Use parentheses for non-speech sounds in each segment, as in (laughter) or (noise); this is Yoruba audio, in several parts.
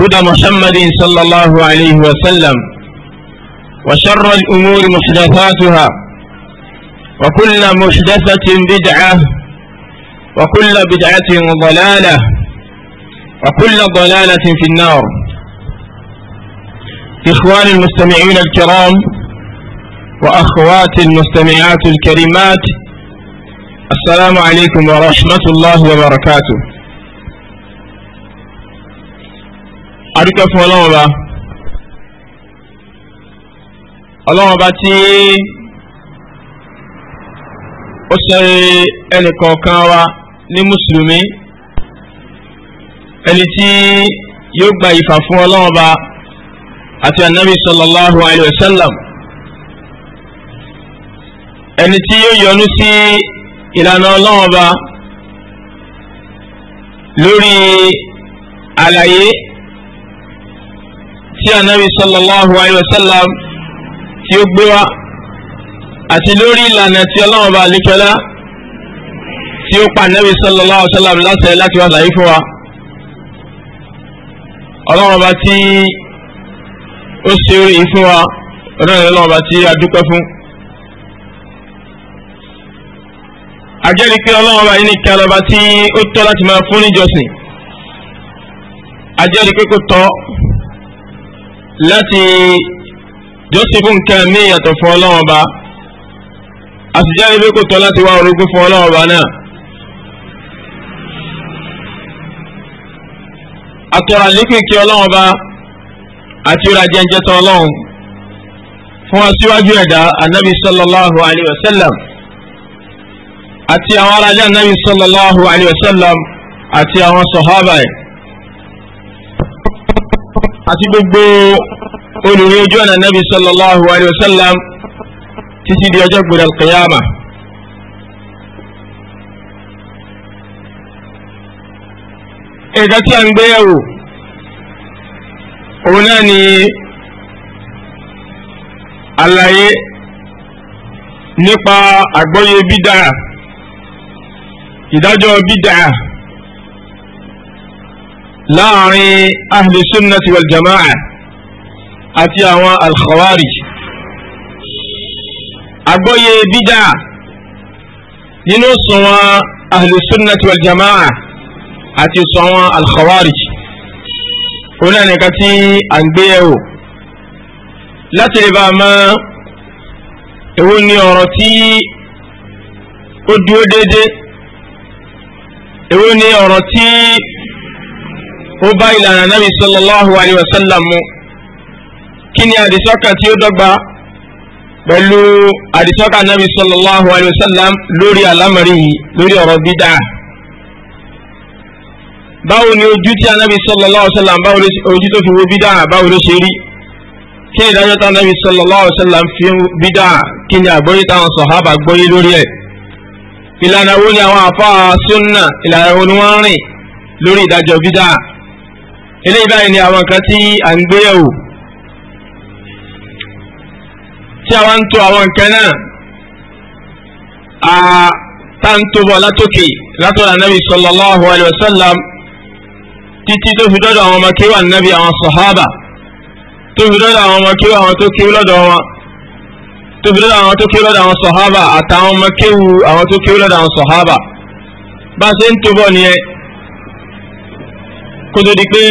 هدى محمد صلى الله عليه وسلم وشر الأمور محدثاتها وكل محدثة بدعة وكل بدعة ضلالة وكل ضلالة في النار إخواني المستمعين الكرام وأخواتي المستمعات الكريمات السلام عليكم ورحمة الله وبركاته adúpẹ́ fún ọlọ́run ọba ọlọ́run ọba tí ó ṣe ẹnìkọ̀ọ̀kan wa ní mùsùlùmí ẹni tí yóò gba ìfà fún ọlọ́run ọba àti anabi sallallahu alayhi wa sallam ẹni tí yóò yọ́nú sí ìlànà ọlọ́run ọba lórí àlàyé tí anabi sallallahu alayhi wa sallam tí ó gbé wá àti lórí ìlànà tí ọlọ́run bá àlékọ́lá tí ó pa anabi sallallahu alayhi wa sallam láṣẹ láti wá sàyè fún wa ọlọ́run bá tí ó ṣe orí fún wa ọlọ́run bá tí a dúpẹ́ fún. àjẹ́rìí pé ọlọ́run bá yín ní kí alọ́ba tí ó tọ́ láti máa fún níjọsìn àjẹ́rìí pé kò tọ́ láti jọ́sìn fún nǹkan ní ìyàtọ̀ fún ọlọ́run ọba àtijọ́ ilé kò tọ́ láti wá orogún fún ọlọ́run ọba náà. àtọ̀rọ̀ àlékún kí ọlọ́run ọba àti ìrà jẹ́njẹ́ tán ọlọ́run fún aṣíwájú ẹ̀dá anabi sallallahu alayhi wa sallam àti àwọn aráàlú anabi sallallahu alayhi wa sallam àti àwọn sọ̀hábà ẹ̀ àti gbogbo olùrin ojú ọ̀nà nabi sallallahu alayhi wa sallam títí di ọjọ́ gbọdọ̀ alqiyama. ẹ̀ka tí a ń gbé yẹ̀wò òun náà ni àlàyé nípa àgbọ́yé bídà ìdájọ́ bídà láàrin ahlu sunnati wal jama'a àti àwọn alkhawarij àgbọ́yé bídà nínú sọ̀wọ́n ahlùsúnnàtì wal jama'a àti sọ̀wọ́n alkhawarij òun náà nìkan tí à ń gbé yẹ̀wò láti lè bá a mọ èwo ni ọ̀rọ̀ tí ó dúró déédéé èwo ni ọ̀rọ̀ tí ó bá ìlànà nàbì sallallahu alayhi wa kí ni àdìsọ́kàn tí ó dọ́gba pẹ̀lú àdìsọ́kàn Nabi sallallahu alayhi wa sallam lórí alámọ̀rí yìí lórí ọ̀rọ̀ bídà báwo ni ojú tí Ànábì sallallahu alayhi wa sallam báwo ojú tó fi wo bídà báwo ló ṣe rí kí ni ìdájọ́ tí Ànábì sallallahu alayhi wa sallam fi bídà kí ni àgbọ́yé táwọn sàhábà gbọ́yé lórí ẹ̀ ìlànà wo ni àwọn àfa sunna ìlànà wo ni wọ́n rìn lórí ìdájọ́ bídà eléyìí báyìí ni àwọn kan tí à ń gbéyàwó tí àwa ń to àwọn nǹkan náà tá ń to bọ̀ látòkè látọ̀dọ̀ anábì sallallahu alayhi wa sallam títí tó fi dọ́dọ̀ àwọn ọmọ kéwà nábì àwọn sàhábà tó fi dọ́dọ̀ àwọn ọmọ kéwà àwọn tó kéwù lọ́dọ̀ wọn tó fi lọ́dọ̀ àwọn tó kéwú lọ́dọ̀ àwọn sọ̀hábà àtàwọn ọmọ kéwú àwọn tó kéwú lọ́dọ̀ àwọn sọ̀hábà bá a ṣe ń tóbọ̀ nìyẹn kó tó di pé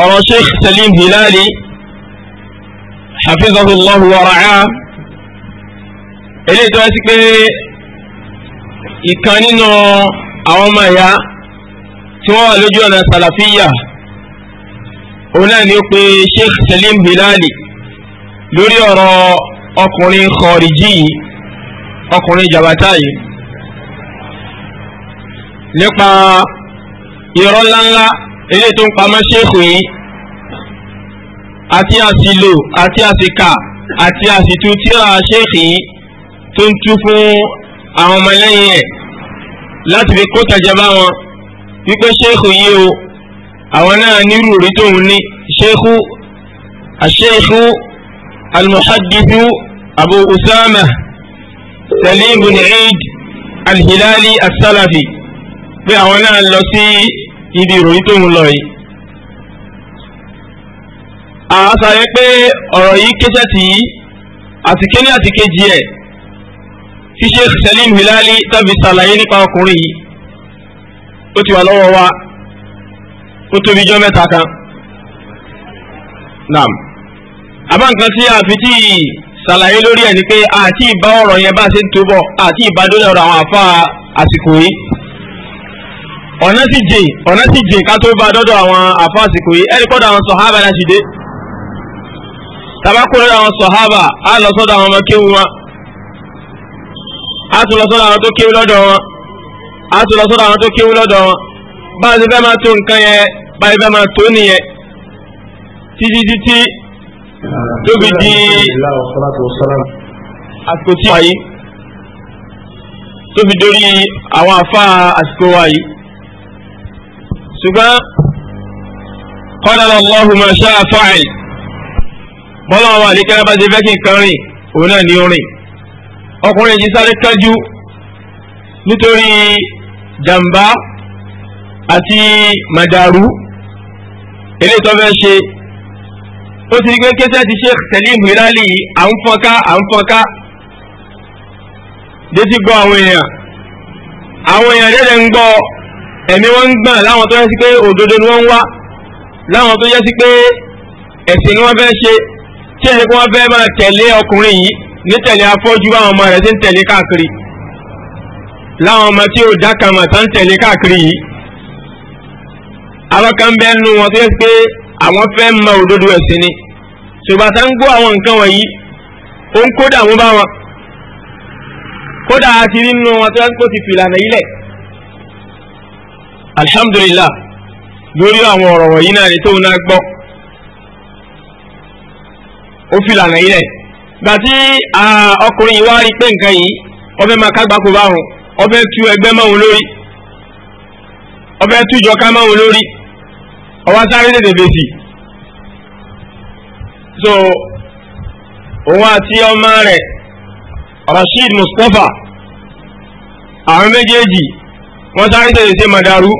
ọ̀rọ̀ sheikh salim hilali hafizahullahu wa ra'ah eléyìí tó wá sí pé ìkan nínú àwọn ọmọ ẹ̀yà tí wọ́n wà lójú ọ̀nà sàlàfíyà òun náà ni ó pe sheikh salim hilali lórí ọ̀rọ̀ ọkùnrin kọ̀ọ̀rìjì ọkùnrin jàbátá yìí nípa irọ́ ńláńlá eléyìí tó ń pamọ́ ṣéèkù yìí àti àsìlò àti àsìkà àti àsìtú tíra ṣéèkì tó ń tú fún àwọn ọmọlẹ́yìn ẹ̀ láti fi kó tajàbá wọn wípé ṣéèkù yìí o àwọn náà nírú rí tóun ní ṣéèkù àṣéèkù almuhadithu abu usama salim bin eid alhilali asalafi pé àwọn náà lọ sí ibi ìròyìn tó ń lọ yìí. àṣàyẹ pé ọ̀rọ̀ yìí kéṣẹ́ tì í àti kéní àti kejì ẹ̀ tí Sheikh Salim Hilali tàbí ṣàlàyé nípa ọkùnrin yìí ó ti wà lọ́wọ́ wa ó tóbi jọ́ mẹ́ta kan. naam àbá nǹkan tí a fi tí ṣàlàyé lórí ẹ̀ ni pé àti ìbá ọ̀rọ̀ yẹn bá ṣe ń tó bọ̀ àti ìbádọ́lẹ̀ ọ̀rọ̀ àwọn àfa àsìkò yìí ọ̀nà sì jìn ọ̀nà sì jìn ká tó bá dọ́dọ̀ àwọn àfáàsìkò yìí ẹ̀rí kọ́dọ̀ àwọn sọ̀hábà láti dé tabakó lọ́dọ̀ àwọn sọ̀hábà á lọ sọ́dọ̀ àwọn ọmọ kéwu wọn á tún lọ sọ́dọ̀ àwọn tó kéwu lọ́dọ̀ wọn á tún lọ sọ́dọ̀ àwọn tó kéwu lọ́dọ̀ wọn bá a ti fẹ́ máa tó nǹkan yẹn bá a ti fẹ́ máa tó nìyẹn títí títí tóbi di àsìkò tí wáyé tóbi dórí àwọn àfáà àsìkò wáyé ṣùgbọ́n qadara Allahu ma sha'a fa'al bọ́lá wa ní kẹ́lá bá ṣe fẹ́ kí n kan rìn òun náà ní orin ọkùnrin yìí sáré kájú nítorí jàǹbá àti màdàrú eléyìí fẹ́ ṣe ó ti rí pé kéṣẹ́ ti Sheikh Salim Hilali à ń fọ́nká à ń fọ́nká létí gbọ́ àwọn èèyàn àwọn èèyàn lẹ́lẹ̀ ń gbọ́ ẹ̀mí wọn ń gbọ̀n láwọn tó yẹ sí pé òdodo ni wọ́n ń wá láwọn tó yẹ sí pé ẹ̀sìn ni wọ́n fẹ́ ṣe tí ẹ̀sìn kí wọ́n fẹ́ máa tẹ̀lé ọkùnrin yìí ní tẹ̀lé afọ́jú báwọn ọmọ rẹ̀ ti ń tẹ̀lé káàkiri láwọn ọmọ tí ó dákàmọ̀ tán tẹ̀lé káàkiri yìí àwọn kan bẹ́ẹ̀ nu wọn tó yẹ pé àwọn fẹ́ mọ òdodo ẹ̀sìn ni ṣùgbọ́n tá ń gbọ́ àwọn nǹkan wọ̀nyí ó ń kódà mú bá wọn kódà àti nínú wọn tó yẹ kó ti alhamdulillah lórí àwọn ọ̀rọ̀ wọ̀nyí náà ni tóun náà gbọ́ ó fi lànà ilẹ̀ gbà tí ọkùnrin yìí wá rí pé nǹkan yìí ọbẹ̀ máa kágbá kó bá rùn ọbẹ̀ tú ẹgbẹ́ mọ́ òun lórí ọbẹ̀ tú ìjọ ká mọ́ òun lórí ọwọ́ sáré lè dèbè sí so òun àti ọmọ rẹ̀ Rasheed Mustapha àwọn méjèèjì wọ́n sáré tètè ṣe màdàrú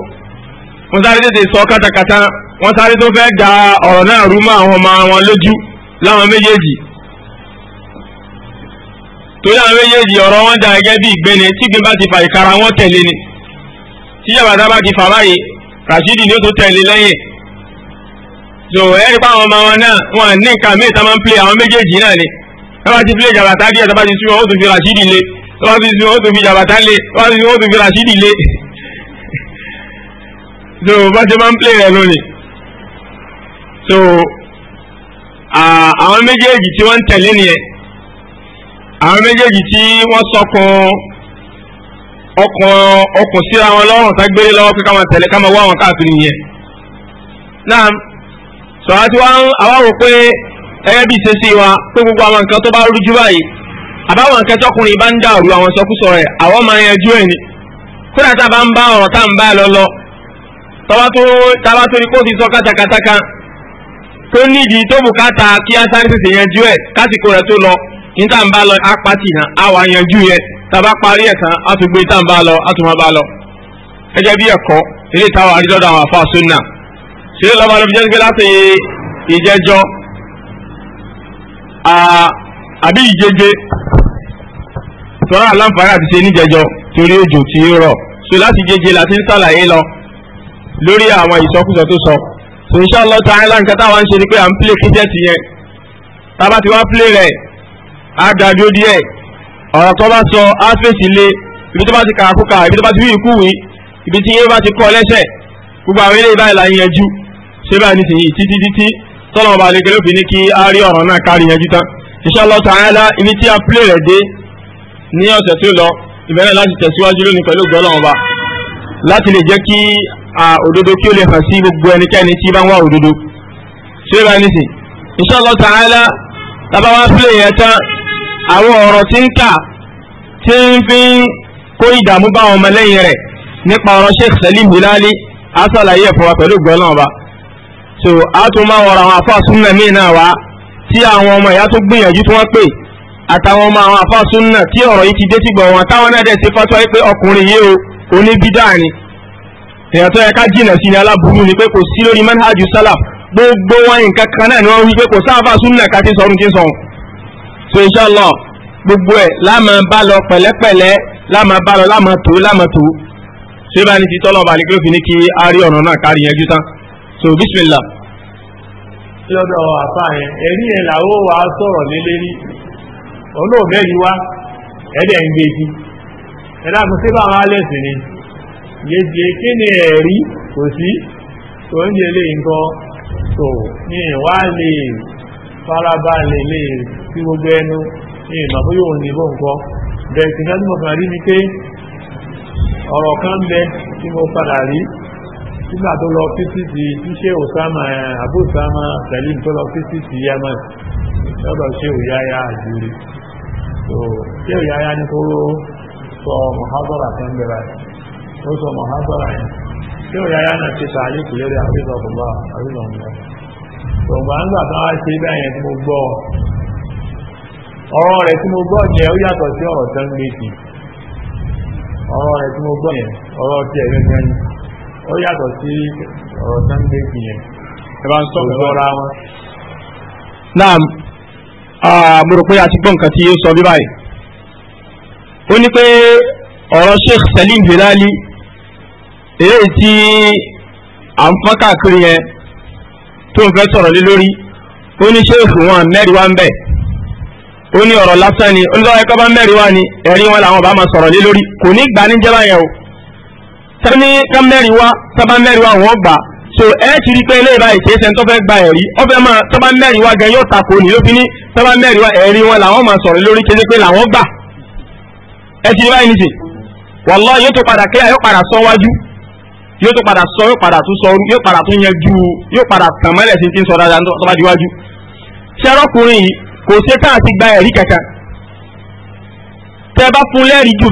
wọ́n sáré tètè sọ kátàkátà wọ́n sáré tó fẹ́ da ọ̀rọ̀ náà rú mọ́ àwọn ọmọ wọn lójú láwọn méjèèjì torí àwọn méjèèjì ọ̀rọ̀ wọn dà gẹ́gẹ́ bí ìgbẹ́ni tí gbé bá ti fà ìkara wọn tẹ̀lé ni tí yàbàdà bá ti fà báyìí Rashidi ni ó tó tẹ̀lé lẹ́yìn so ẹ̀rí pa àwọn ọmọ wọn náà wọn à ní nǹkan míì tá máa ń play àwọn méjèèjì náà ni tá bá ti play jàbàtà díẹ̀ tá bá ti sú wọn ó tún fi Rashidi lé wọ́n ti sin wọ́n tún fi jàbàtà lé wọ́n ti sin wọ́n tún fi rasidi lé so bá ṣe máa ń play rẹ̀ lónìí so àwọn méjèèjì tí wọ́n ń tẹ̀lé nìyẹn àwọn méjèèjì tí wọ́n sọkun ọkùn ọkùn síra wọn lọ́rùn tá gbélé lọ́wọ́ pé káwọn tẹ̀lé káwọn wá wọn káàkiri nìyẹn náà sọ̀rọ̀ àti wọn àwọn rò pé ẹgbẹ́ bíi ṣe sí wa pé gbogbo àwọn nǹkan tó bá rújú báyìí àbáwọn akẹ́tọ́kùnrin bá ń dá òru àwọn sọkúsọ rẹ̀ àwọn máa yanjú ẹ̀ ni kódà tá a bá ń bá ọ̀rọ̀ tá à ń bá lọ lọ tọ́wá tó ní kó ti sọ kátàkátà kan tó nídìí tó bùkátà kí á sáré tètè yanjú ẹ̀ kásìkò rẹ̀ tó lọ ní tá à ń bá lọ apáti náà á wà yanjú yẹn tàbá parí ẹ̀ tán á tún gbé tá à ń bá lọ á tún máa bá lọ. ẹjẹ bí ẹ̀kọ́ ilé ìtawà àrídọ́dọ̀ àwọn àfa sunna sílẹ̀ àbí ìjẹjẹ tọ́ra aláǹfààní àti ṣe níjẹjọ torí òjò tí ó rọ̀ so láti jẹjẹ láti ń sàlàyé lọ lórí àwọn ìsọkúsọ tó sọ so inshallah ta'ala nǹkan táwa ń ṣe ni pé à ń play kíjẹ́tì yẹn tába ti wá play rẹ̀ á dájú díẹ̀ ọ̀rọ̀ tó bá sọ á fèsì lé ibi tó bá ti kàkú kà ibi tó bá ti wí ikú wí ibi tí yéé bá ti kọ́ lẹ́sẹ̀ gbogbo àwọn eléyìí báyìí la ń yanjú ṣé báyìí nísìnyí títí títí tọ́lọ́mọba àlekèlè òfin ní kí á rí ọ̀rọ̀ náà kárí yanjú tán inshallah ta'ala ibi tí a plé rẹ̀ dé ní ọ̀sẹ̀ tí ó lọ ìbẹ̀rẹ̀ láti tẹ̀síwájú lónìí pẹ̀lú gbọ́lọ́wọ́n ba láti lè jẹ́ kí òdodo kí ó lè hàn sí gbogbo ẹnikẹ́ni tí bá ń wá òdodo ṣé bá ní sí inshallah ta'ala tábà wá plé yẹn tán àwọn ọ̀rọ̀ tí ń kà tí ń fi kó ìdààmú bá àwọn ọmọlẹ́yìn rẹ̀ nípa ọ̀rọ̀ Sheikh Salim Hilali asàlàyé ẹ̀fọ́ wa pẹ̀lú gbọ́lọ́wọ́n ba so a tún máa wọ̀rọ̀ àwọn afọ́ àsúnmọ̀ míì náà wá tí àwọn ọmọ ìyá tó gbìyànjú tí wọ́n pè àtàwọn ọmọ àwọn àfa súnà tí ọ̀rọ̀ yìí ti dé sígbọ̀ wọn táwọn náà dẹ̀ ṣe fọ́tọ́ pé ọkùnrin yìí o oníbídà ni èèyàn tó yẹ ká jìnà sí ni aláburú ni pé kò sí lórí manhaj salaf gbogbo wọn nǹkan kan náà ni wọ́n wí pé kò sáfà súnà ká ti sọ̀rọ̀ ti sọ̀rọ̀ so inshallah gbogbo ẹ̀ láàmà bá lọ pẹ̀lẹ́pẹ̀lẹ́ láàmà bá lọ láàmà tó láàmà tó ṣé bá ní ti tọ́lọ̀ balẹ̀ pé òfin ní kí a rí ọ̀nà náà kárí yẹn jú tán so bismillah. lọ́dọ̀ àfá yẹn ẹ̀rí yẹn làwó wa sọ̀rọ̀ lélé rí olóòmẹ́rí wá ẹ̀dẹ̀ ń gbé jí ẹ̀dàkùn sí alẹ́sì ni yéje kí ni ẹ̀rí kò sí tó ń yẹlé nǹkan tó ní ìwá lè lè sí gbogbo ẹnu ní ìmọ̀ ní nígbà tó lọ fífí ti ṣíṣe òsámà àbú òsámà tẹ̀lé tó lọ fífí ti yẹmọ lọ́dọ̀ ṣe òyáyá àjúrí tó ṣe òyáyá ní kó sọ mọ̀hábọ́rà tó ń bẹ̀rẹ̀ ó sọ mọ̀hábọ́rà yẹn ṣe òyáyá náà ti sàálì kù lórí àríwọ̀kùnbọ̀ àríwọ̀kùnbọ̀ ọ̀gbà ńgbà tó wá ṣe bẹ́yẹn tí mo gbọ́ ọ̀rọ̀ rẹ̀ tí mo gbọ́ yẹn ó yàtọ̀ sí ọ̀rọ̀ tó ń gbé ti ọ̀rọ̀ rẹ̀ tí mo gbọ́ yẹn ọ̀rọ̀ tí ẹ̀yẹ́ ó yàtọ̀ sí ọ̀rọ̀ sunday kìyẹn ẹ bá ń sọ ọ̀rọ̀ ara wọn. náà ah, mo rò pé a ti gbọ́ nǹkan tí yóò sọ bí báyìí ó ní pé ọ̀rọ̀ Sheikh Salim Hilali èyí tí à ń fọ́n káàkiri yẹn tó ń fẹ́ sọ̀rọ̀ lé lórí ó ní Sheikh wọn mẹ́rin wá ń bẹ̀ ó ní ọ̀rọ̀ lásán ni ó ní sọ́wọ́ ẹ̀kọ́ bá mẹ́rin wá ni ẹ̀rí wọn làwọn bá máa sọ̀rọ̀ lé lórí kò ní gbà níjẹ́ báyẹn o tẹ́ni kán mẹ́rin wá tọ́ba mẹ́rin wá wọ́n gbà so ẹ ti rí pé eléyìí báyìí kìí ṣe ń tọ́fẹ́ gba ẹ̀rí ọbẹ̀ máa tọ́ba mẹ́rin wá gan yóò takò ní ló fi ní tọ́ba mẹ́rin wá ẹ̀rí wọn làwọn máa sọ̀rọ̀ lórí kéde pé làwọn gbà ẹ ti rí báyìí nìsín wọ́lọ́ yóò tó padà kéyà yóò padà sọ wájú yóò tó padà sọ yóò padà tún sọ yóò padà tún yẹn ju yóò padà tàn mọ́lẹ̀ sí ti ń sọ dáadáa tọ́ba di wájú ṣẹ́rọ́kùnrin yìí kò ṣe káàtì gba ẹ̀rí kankan tẹ́ bá fún lẹ́rìí ju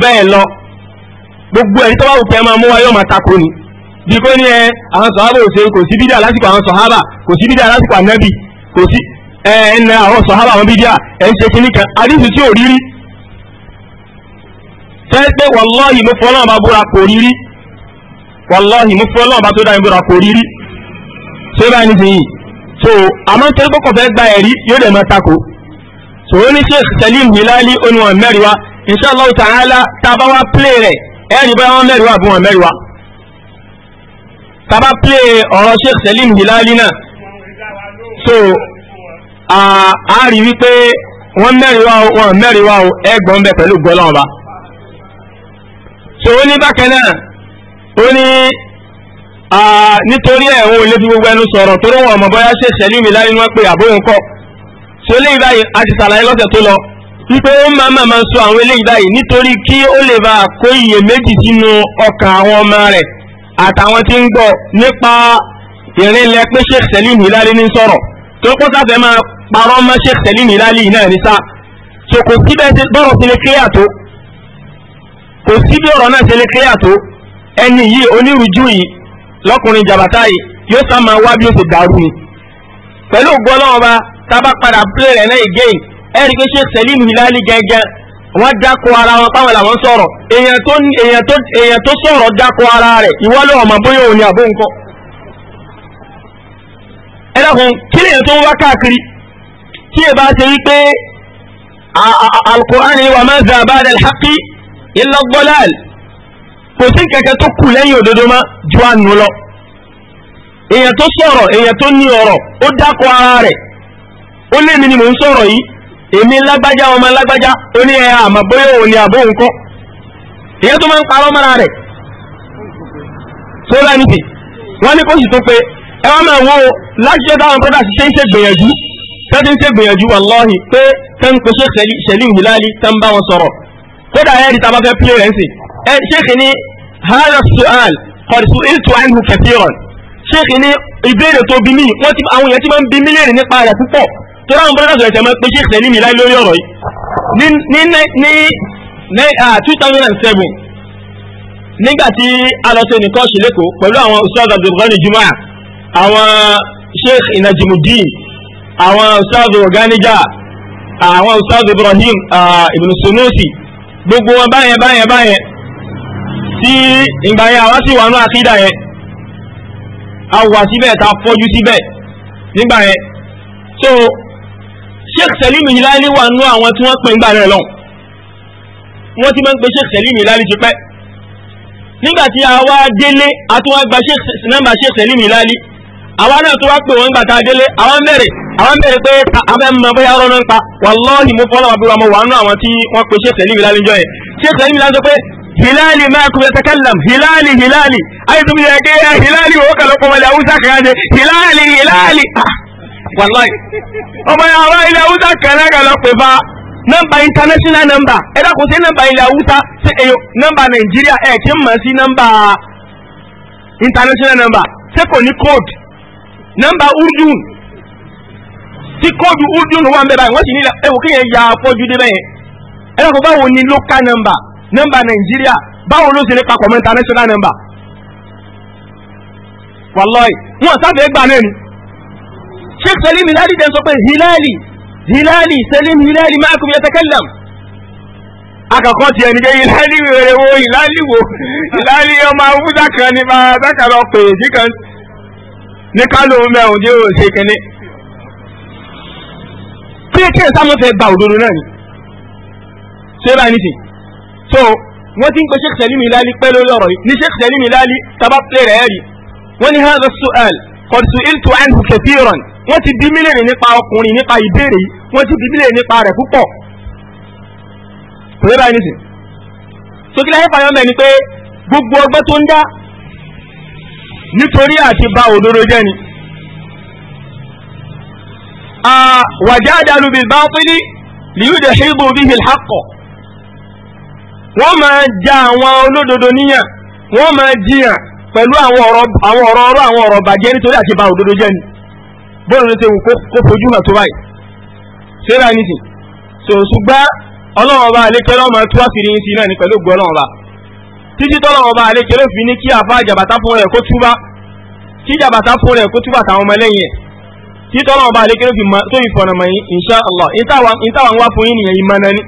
gbogbo ẹni tó bá wùkẹ́ máa mú wa yóò máa takò ni bí kò ní ẹ àwọn sọ̀hábà ò ṣe kò sí bídíà lásìkò àwọn sọ̀hábà kò sí bídíà lásìkò ànábì kò sí ẹ ẹ na àwọn sọ̀hábà àwọn bídíà ẹ ń ṣe kíní kan àdìsí tí ò rí rí pé wàláhì mo fọ́ náà bá búra kò rí rí wàláhì fọ́ náà bá tó dáa búra kò rí ṣé báyìí nìyí so àmọ́ tẹ́lẹ̀ kọ́kọ́ fẹ́ gba ẹ̀rí yóò dẹ̀ máa takò so ó ní Sheikh Salim Hilali oníwọ̀n mẹ́rin wa inshallah ta'ala tabawa a play rẹ̀ ẹ̀rí bá wọn mẹ́rin wà bí wọn mẹ́rin wà tàbá plé ọ̀rọ̀ Sheikh Salim Hilali náà so a rí wípé wọ́n mẹ́rin wà ó wọ́n mẹ́rin wà ó ẹgbọ́n bẹ pẹ̀lú gbọ́lọ́n ọba so ó ní bákan náà ó ní nítorí ẹ̀ òun lè fi gbogbo ẹnu sọ̀rọ̀ torí wọn ọmọ bọ́yá Sheikh Salim Hilali ni wọ́n pe àbóhùn kọ́ so eléyìí báyìí a ti sàlàyé lọ́sẹ̀ tó lọ wípé ó máa máa máa sọ àwọn eléyìí báyìí nítorí kí ó lè bá kó iyèméjì sínú ọkàn àwọn ọmọ rẹ̀ àtàwọn tí ń gbọ́ nípa ìrìnlẹ̀ pé Sheikh Salim Hilali ní sọ̀rọ̀ tó kó sáfẹ́ máa parọ́ mọ́ Sheikh Salim Hilali náà ní sá so kò sí bẹ́ẹ̀ bọ́rọ̀ sí lè kílíà tó kò sí bí ọ̀rọ̀ náà ṣe lè kílíà tó ẹni yìí onírújú yìí lọ́kùnrin jàbátá yìí yóò sá máa wá bí ó ti dàrú ni pẹ̀lú ògbọ́n ọba tá padà pílẹ̀ rẹ̀ náà again ẹ̀rí pé Sheikh Salim Hilali gẹ́gẹ́ wọ́n dákọ̀ ara wọn páwọn làwọn sọ̀rọ̀ èèyàn tó sọ̀rọ̀ dákọ̀ ara rẹ̀ ìwọ́lẹ̀ ọmọ bóyá òun ni àbó nǹkan ẹ̀dàkùn kí lèyàn tó ń wá káàkiri tí ẹ bá ṣe wí pé al-Qur'an wa ma za ba'da al-haqqi illa kò sí kẹ̀kẹ́ tó kù lẹ́yìn òdodo má ju àánú lọ èèyàn tó sọ̀rọ̀ èèyàn tó ní ọ̀rọ̀ ó dákọ̀ ara rẹ̀ ó lé mi ni mò ń sọ̀rọ̀ yìí èmi lágbájá ọmọ lágbájá ó ní ẹ àmọ́ bóyá òun ni àbó nǹkan ìyẹn tó máa ń parọ́ mọ́ra rẹ̀ tó lẹ́nìtì wọ́n ní kó sì tó pé ẹ wá máa wo láṣẹ táwọn bọ́dà ṣiṣẹ́ ń ṣègbìyànjú tẹ́tí ń ṣègbìyànjú wallahi pé tẹ́ ń pèsè ṣẹ̀lí ìhìláàlì tẹ́ ń bá wọn sọ̀rọ̀ kódà ẹ̀ rí tàbá fẹ́ pí rẹ̀ ń sè ẹ ṣéèkì ní hàlẹ́ sual kọ̀dùsù ìtù àìhù kẹfìràn ṣéèkì ní ìbéèrè tó bí mí wọ́n ti àwọn èèyàn ti máa ń bí mílíọ̀nù nípa rẹ̀ púpọ̀ tó ráwọn brothers rẹ̀ tẹ̀mọ́ pé sheikh sẹ́ni mi ni ni ọ̀rọ̀ yìí ní ní two thousand and seven nígbà tí a lọ sí nìkan ṣe lẹ́kọ̀ọ́ pẹ̀lú juma àwọn sheikh inajimudin àwọn ustaz organija àwọn ustaz ibrahim ibn sunusi gbogbo wọn báyẹn báyẹn báyẹn tí ìgbà yẹn àwa sì wà ní àkídà yẹn a wà síbẹ̀ tá fọ́jú síbẹ̀ nígbà yẹn so sheikh salim hilali wà nú àwọn tí wọ́n pè ń gbà rẹ̀ lọ wọ́n ti máa ń pe sheikh salim hilali ti pẹ́ nígbà tí a wá délé a tún wá gba nọ́mbà sheikh salim hilali àwa náà tó wá pè wọ́n gbà tá a délé àwọn mẹ́rin àwọn mẹ́rin pé abẹ́ mọ bóyá ọ̀rọ̀ náà ń pa wàlọ́ọ̀hì mo fọ́lọ́ àbúrò wà nú àwọn tí wọ́n pe sheikh salim hilali jọ yẹn sheikh salim hilali sọ pé hilali maakum yatakallam hilali hilali ayé tó bí yẹ kí hilali wò ó kàlọ́ kọ́mọlẹ̀ haúsá kàkàdé hilali hilali. Ah. wàláì ọmọ yà ọ̀rọ̀ ilẹ̀ haúsá kẹrẹ́ kẹrẹ́ lọ pè fa international nọ́mbà ẹ dákun sí nọ́mbà ilẹ̀ sí nàìjíríà ẹ kí n mọ̀ sí nọ́mbà international nọ́mbà ṣé kò ní code nọ́mbà urdu tí kóòdù wà ń bẹ báyìí wọ́n sì ní ẹwọ ya afọ́jú dé bẹ́yẹn ẹ báwo ni local nàìjíríà báwo ló ṣe papọ̀ mọ́ international wọn sábẹ́ gbà sheikh salim hilali dẹ̀ sọ pé hilali hilali salim hilali ma'akum yatakallam akọ̀kọ́ ti ẹni pé hilali wèrè wo hilali wo hilali ọmọ awúdá kan ní bá dákàlọ́ pè sí kan ní kálò mẹ́rin ní òṣè kínní tí èké ìsámọ́fẹ́ gba òdodo náà ni ṣé báyìí nìsín so wọ́n ti ń pe sheikh salim hilali pẹ́ lórí ọ̀rọ̀ yìí ní sheikh salim hilali tabapilẹ̀ rẹ̀ rí wọ́n ní hadha su'al kọ̀dùsù ìlú àìsù kẹfìràn wọ́n ti bí mílíọ̀nù nípa ọkùnrin nípa ìbéèrè wọ́n ti bí mílíọ̀nù nípa rẹ̀ púpọ̀ kò lè báyìí nìsín. sókè láyé fàyọ́ mẹ́ni pé gbogbo ọgbẹ́ tó ń dá nítorí àti ba òdodo jẹ́ ni. wajadalu bil batili liyudhidu bihi al-haqq wọ́n máa ja àwọn olódodo níyàn wọ́n máa jiyàn pẹ̀lú àwọn ọ̀rọ̀ ọ̀rọ̀ àwọn ọ̀rọ̀ bàjẹ́ nítorí àti ba òdodo jẹ́ ni bóòlù ní ṣe wù kó fojú hàn tó báyìí sarah ní sìn so ṣùgbọ́n ọlọ́run ọba àlékẹ́ lọ́mọ tó wá fìrí sí náà ní pẹ̀lú ògbó ọlọ́run ọba títí tọ́lọ́run ọba àlékẹ́ ló fi ní kí àfa jàbàtà fún rẹ̀ kó túbá kí jàbàtà fún rẹ̀ kó túbá táwọn ọmọ ẹlẹ́yìn ẹ̀ tí tọ́lọ́run ọba àlékẹ́ ló fi tó ìfọ̀nà mọ̀ yín insha Allah ìtawà ń wá fún yín nìyẹn ìmọ̀ náà ni.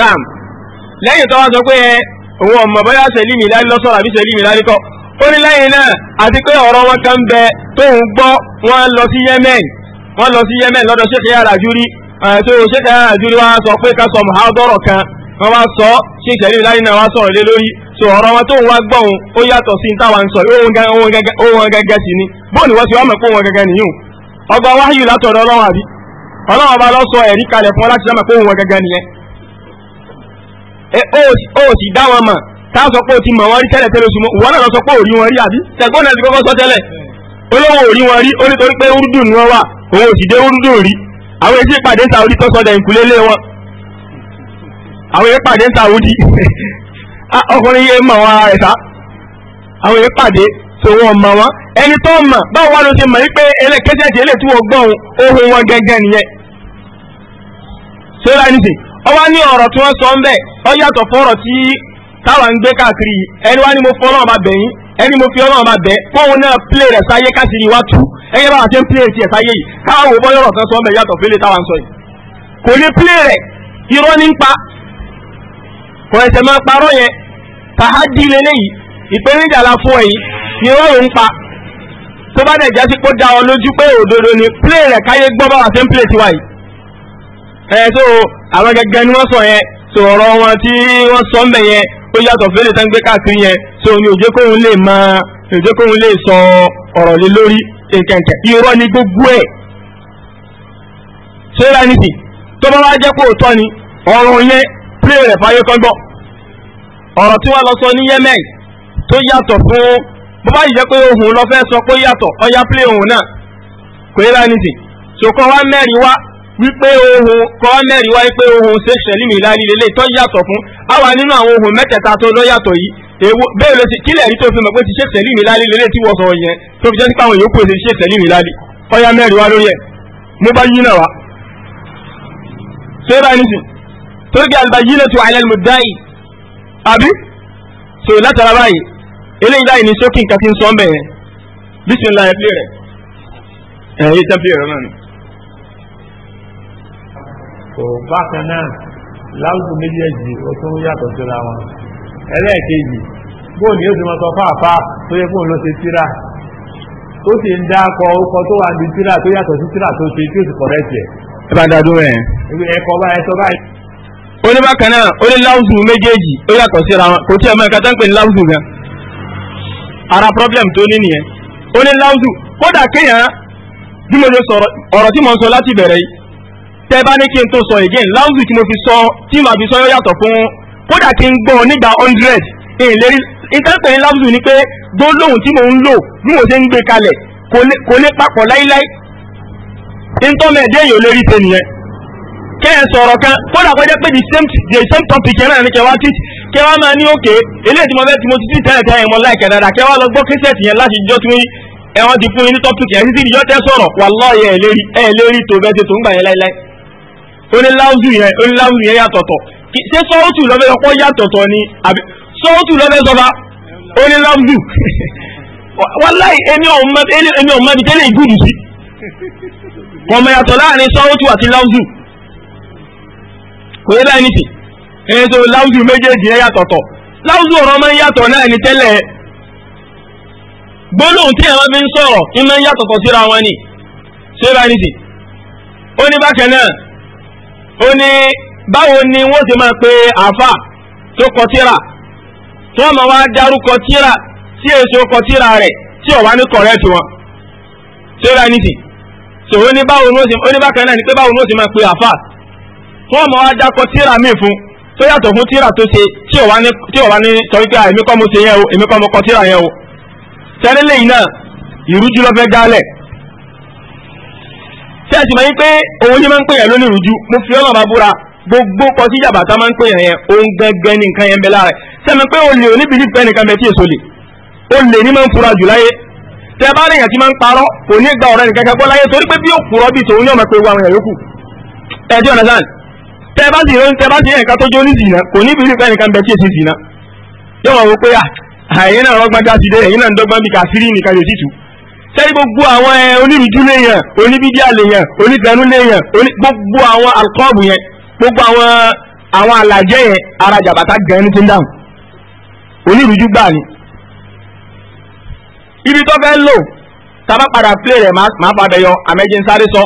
naam lẹ́yìn tó wá sọ pé òun ọmọ bóyá sẹ́lí mi lárí lọ́sọ̀rọ̀ àbí sẹ́lí mi lárí kọ́ ó ní lẹ́yìn náà àti pé ọ̀rọ̀ wọn kan bẹ tóun gbọ́ wọn lọ sí Yemen wọn lọ sí Yemen lọ́dọ̀ ṣèkè yàrá júrí tó ṣèkè yàrá júrí wọn sọ pé ká sọ mọ̀hádọ́rọ̀ kan wọn wá sọ ṣe ìṣẹ̀lẹ̀ ìlànà náà wá sọ̀rọ̀ lé lórí so ọ̀rọ̀ wọn tó ń wá gbọ́ òun ó yàtọ̀ sí táwa ń sọ ohun gẹ́gẹ́ sí ni bóòlù wọ́n ti wá mọ̀ pé òun gẹ́gẹ́ nìyún ọgbà wáyù látọ̀dọ̀ ọlọ́run àbí ó eh, sì oh, oh, dá wọn mọ̀ tá a sọ pé o ti mọ̀ wọn rí tẹ́lẹ̀ tẹ́lẹ̀ oṣù wọn náà sọ pé ò rí wọn rí àbí tẹ̀gbọ́n náà ti kọ́kọ́ sọ tẹ́lẹ̀ olówó wọn rí pé urdu ni wọ́n wà òun ò sì dé urdu rí àwọn èsì ìpàdé ń ta orí wọn àwọn ìpàdé ń (laughs) ah, ọkùnrin yẹn mọ̀ wọn sá àwọn ìpàdé tó wọn mọ̀ wọn ẹni tó mọ̀ báwo ló ṣe mọ̀ ọ wá ní ọ̀rọ̀ tí wọ́n sọ ń bẹ̀ ọ yàtọ̀ fún ọ̀rọ̀ tí táwa ń gbé káàkiri ẹni wá ní mo fọ́ náà bá bẹ̀ yín ẹni mo fi ọlọ́run bá bẹ̀ fóun náà plé rẹ̀ sáyé káṣírí wá tú ẹyẹ bá àti plé tiẹ̀ sáyé yìí káwọ bọ́yọ̀rọ̀ kan sọ ń bẹ̀ yàtọ̀ fẹ́lẹ́ táwa ń sọ yìí kò ní plé rẹ̀ irọ́ ní ń pa kò ẹsẹ̀ máa parọ́ yẹn tàhádì lélẹ́yìí ìpèníjà ẹ̀ so àwọn gẹ́gẹ́ ni wọ́n sọ yẹn so ọ̀rọ̀ wọn tí wọ́n sọ mbẹ̀ yẹn ó yàtọ̀ fẹ́lẹ̀ tán gbé káàkiri yẹn so ní òjé kóhun lè mọ òjé kóhun lè sọ ọ̀rọ̀ lé lórí ìkẹ̀kẹ̀ irọ́ ni gbogbo ẹ̀ ṣé ra ní sì tó bá wá jẹ́ pé òótọ́ ni ọ̀rọ̀ yẹn pílé rẹ̀ fáyé kan gbọ́ ọ̀rọ̀ tí wọ́n lọ sọ ní Yemen tó yàtọ̀ fún bó bá jẹ́ pé ohun lọ fẹ́ sọ pé yàtọ̀ ọ̀yá pílé ohun náà kò yẹ ra ní sì so kọ́ wá mẹ́rin wípé ohun kọ́ mẹ́rin wáyé pé ohun ṣe ṣẹ̀límù ìlàrí lélẹ̀ tó yàtọ̀ fún àwa nínú àwọn ohun mẹ́tẹ̀ẹ̀ta tó lọ́yàtọ̀ yìí èwo bẹ́ẹ̀ ló ti kílẹ̀ rí tó fi mọ̀ pé ti ṣe ṣẹ̀límù ìlàrí lélẹ̀ tí wọ́n sọ yẹn tó fi jẹ́ sípò àwọn yòókù ṣe ṣe ṣẹ̀límù ìlàrí ọya mẹ́rin wá lórí ẹ̀ mo bá yín náà wá. ṣé bá ní sìn torí kí alìbàyí náà ti wà ilẹ̀ mùdáì àbí sọ látara báyìí eléyìí báyìí ní sókè nǹkan ti ń sọ ọ́ bẹ̀yẹn bísí tó bákan náà láwùjọ méjèèjì ó tún yàtọ̀ síra wọn ẹlẹ́ẹ̀kejì bóun ni ó ti mọ sọ tó yẹ bóun ló ṣe tíra tó sì ń dákọ orúkọ tó wà ní tíra tó yàtọ̀ sí tíra tó ṣe tí ó sì kọ̀rẹ́tì ẹ̀. ẹ bá rẹ̀. bá báyìí. ó ní bákan náà gan. ara problem tó ní nìyẹn ó ní láwùjọ kódà kéèyàn bí mo ṣe tẹ́ bá ní kí n tó sọ again láwùjù tí mo fi sọ tí màá fi sọ yóò yàtọ̀ fún kódà kí n gbọ́ nígbà hundred ìlérí ìtẹ́pẹ̀ láwùjù ni pé gbólóhùn tí mò ń lò bí mo ṣe ń gbé kalẹ̀ kò lè papọ̀ láíláí ntọ́mọ̀ ẹ̀dẹ́ yìí ò lè rí ṣe nìyẹn kẹ́ ẹ̀ sọ̀rọ̀ kan kódà kọjá pé the same the same topic yẹn náà ni kẹwàá tí kẹwàá máa ní òkè eléyìí tí mo fẹ́ tí mo ti ti tẹ́lẹ̀ tẹ́lẹ̀ mọ́ láìkẹ́ dáadáa kẹwàá lọ gbọ́ kíṣẹ́ẹ̀tì yẹn láti jọ́ tún ẹ̀wọ̀n ti fún yín ní topic yẹn títí ìjọ́ tẹ́ sọ̀rọ̀ wàlọ́ọ̀yẹ ẹ̀ lérí tó bẹ́ẹ̀ tó ń gbà yẹn láíláí ó ní láwùjù yẹn ó ní láwùjù yẹn yàtọ̀tọ̀ ṣé sọ́ọ̀tù lọ́fẹ́ ọkọ̀ yàtọ̀tọ̀ ni àbí sọ́ọ̀tù lọ́fẹ́ sọ́ba ó ní láwùjù (laughs) wàláì èmi ọ̀mọ ti tẹ́lẹ̀ ìgúdù sí ọmọ yàtọ̀ láàrin sọ́ọ̀tù àti láwùjù kò yẹ láì nìsín ẹni tó láwùjù méjèèjì yẹn yàtọ̀tọ̀ láwùjù ọ̀rọ̀ máa ń yàtọ̀ náà ní tẹ́lẹ̀ gbólóhùn tí àwọn fi ń sọ̀rọ̀ ní máa ń yàtọ̀tọ̀ síra wọn ni ṣé láì nìsín ó ní bákan náà ó ní báwo ni wọ́n ti máa pe àfà tó kọ tíra tó máa wá dárúkọ tíra tí èso kọ tíra rẹ̀ tí ó wà ní kọ̀rẹ́ẹ̀tì wọn tí ó rà nìsín so ó ní báwo ni ó ti ó ní bákan náà ni pé báwo ni ó ti máa pe àfà tó máa wá dákọ tíra míì fún tó yàtọ̀ fún tíra tó ṣe tí ó wà ní tí ó ní sọ wípé èmi mo ṣe yẹn o èmi kọ́ mo kọ tíra yẹn o tẹ́lẹ̀ lẹ́yìn náà ìrújú ló fẹ́ náà sì máa ń pé òun ní máa ń pè yẹn lónìí rújú mo fi ọ̀nà bá búra gbogbo kọ sí ìjàmbá tá máa ń pè yẹn yẹn òun gẹ́gẹ́ ní nǹkan yẹn bẹ lára sẹ́mi pé olè òní bìlíf pé nìkan bẹ tí èso lè olè ní máa ń fura jù láyé tẹ bá rìn àti máa ń parọ́ kò ní gba ọ̀rẹ́ nìkan kẹ́kọ́ láyé torí pé bí òkúrọ́ bíi tòun ní ọmọ pé wà àwọn èèyàn ẹ jẹ́ ọ̀nà sáà tẹ bá sì tẹ bá sì yẹn tó jó ní zìnà kò ní bìlíf pé nìkan bẹ tí èso zìnà yóò máa wọ pé ah, àyè náà rọgbọn dá sí dé ẹ̀yìn náà ń dọ́gbọ́n bí kàṣírí nìkan yóò sì tù tẹ́rí gbogbo àwọn ẹ eh, onírújú léèyàn oníbídíà léèyàn onígbẹ̀nú léèyàn gbogbo àwọn alkọ́ọ̀bù yẹn gbogbo àwọn àwọn àlàjẹ́ yẹn ara jàbàtà gan ní ti ń dáhùn onírújú gbà ni. ibi tó fẹ́ lò tábà padà pé rẹ̀ máa padà yọ àmẹ́jẹ́ ń sáré sọ.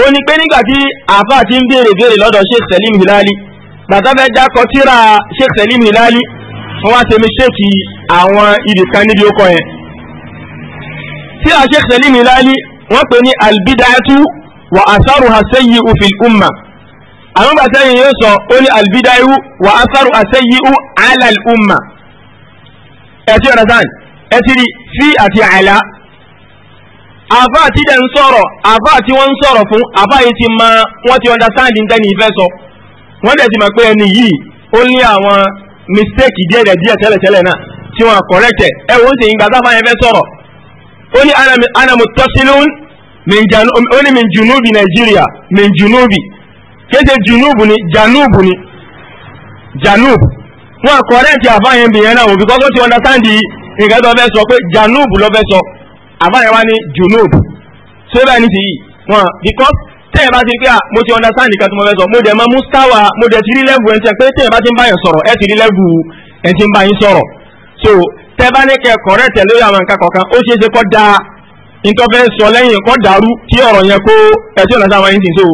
ó ní pé nígbà tí àáfàá ti ń béèrè béèrè lọ́dọ̀ Sheikh Salim Hilali gbàtà fẹ́ jákọ́ tíra Sheikh Salim Hilali wọ́n wá ṣe mi ṣèkì àwọn ibì kan níbi ó kọ yẹn tí a Sheikh Salim Ilani wọ́n pè ní albidatu wa asaru hasayi ufil umma àwọn bàtà yìí yóò sọ ó ní albidatu wa asaru hasayi u alal umma ẹtí ọ̀rẹ́sán ẹtí rí fi àti àìlá àfáà tí dẹ̀ ń sọ̀rọ̀ àfáà tí wọ́n ń sọ̀rọ̀ fún àfáà yìí ti ma wọ́n ti understand ntẹ́ni ìfẹ́ sọ wọ́n dẹ̀ ti mọ̀ pé ẹni yìí ó ní àwọn mistake díẹ̀ díẹ̀ tẹ́lẹ̀tẹ́lẹ̀ náà tí wọ́n correct ẹ̀ wọ́n sì ń gbà sáfà yẹn fẹ́ sọ̀rọ̀ ó ní ana muttasilun ó ní min junubi Nigeria min junubi kéde junubu ni janubu ni janubu wọn àkọrẹ́ǹtì àfáyẹn bìyẹn náà wò bí kọ́kọ́ ti understand nǹkan tó fẹ́ sọ pé janubu ló fẹ́ sọ àfáyẹn wá ní junubu ṣé báyìí ní ti yìí wọn because tẹ́ ẹ̀ bá ti pé à ah, mo ti understand nǹkan tí mo fẹ́ sọ mo dẹ̀ mọ mustawa mo dẹ̀ ti rí level ẹ̀ ń tẹ́ pé tẹ́ bá ti ń báyẹn sọ̀rọ̀ ẹ̀ ti rí level ẹ̀ ti ń báyẹn sọ̀rọ̀ so tẹ́bá ní kẹ́ kọ̀rẹ́ tẹ̀ àwọn nǹkan kọ̀ọ̀kan ó ṣeé ṣe kọ́ da nítorí fẹ́ sọ lẹ́yìn kọ́ dàrú kí ọ̀rọ̀ yẹn kó ẹtí ọ̀nà sáwọn yìí so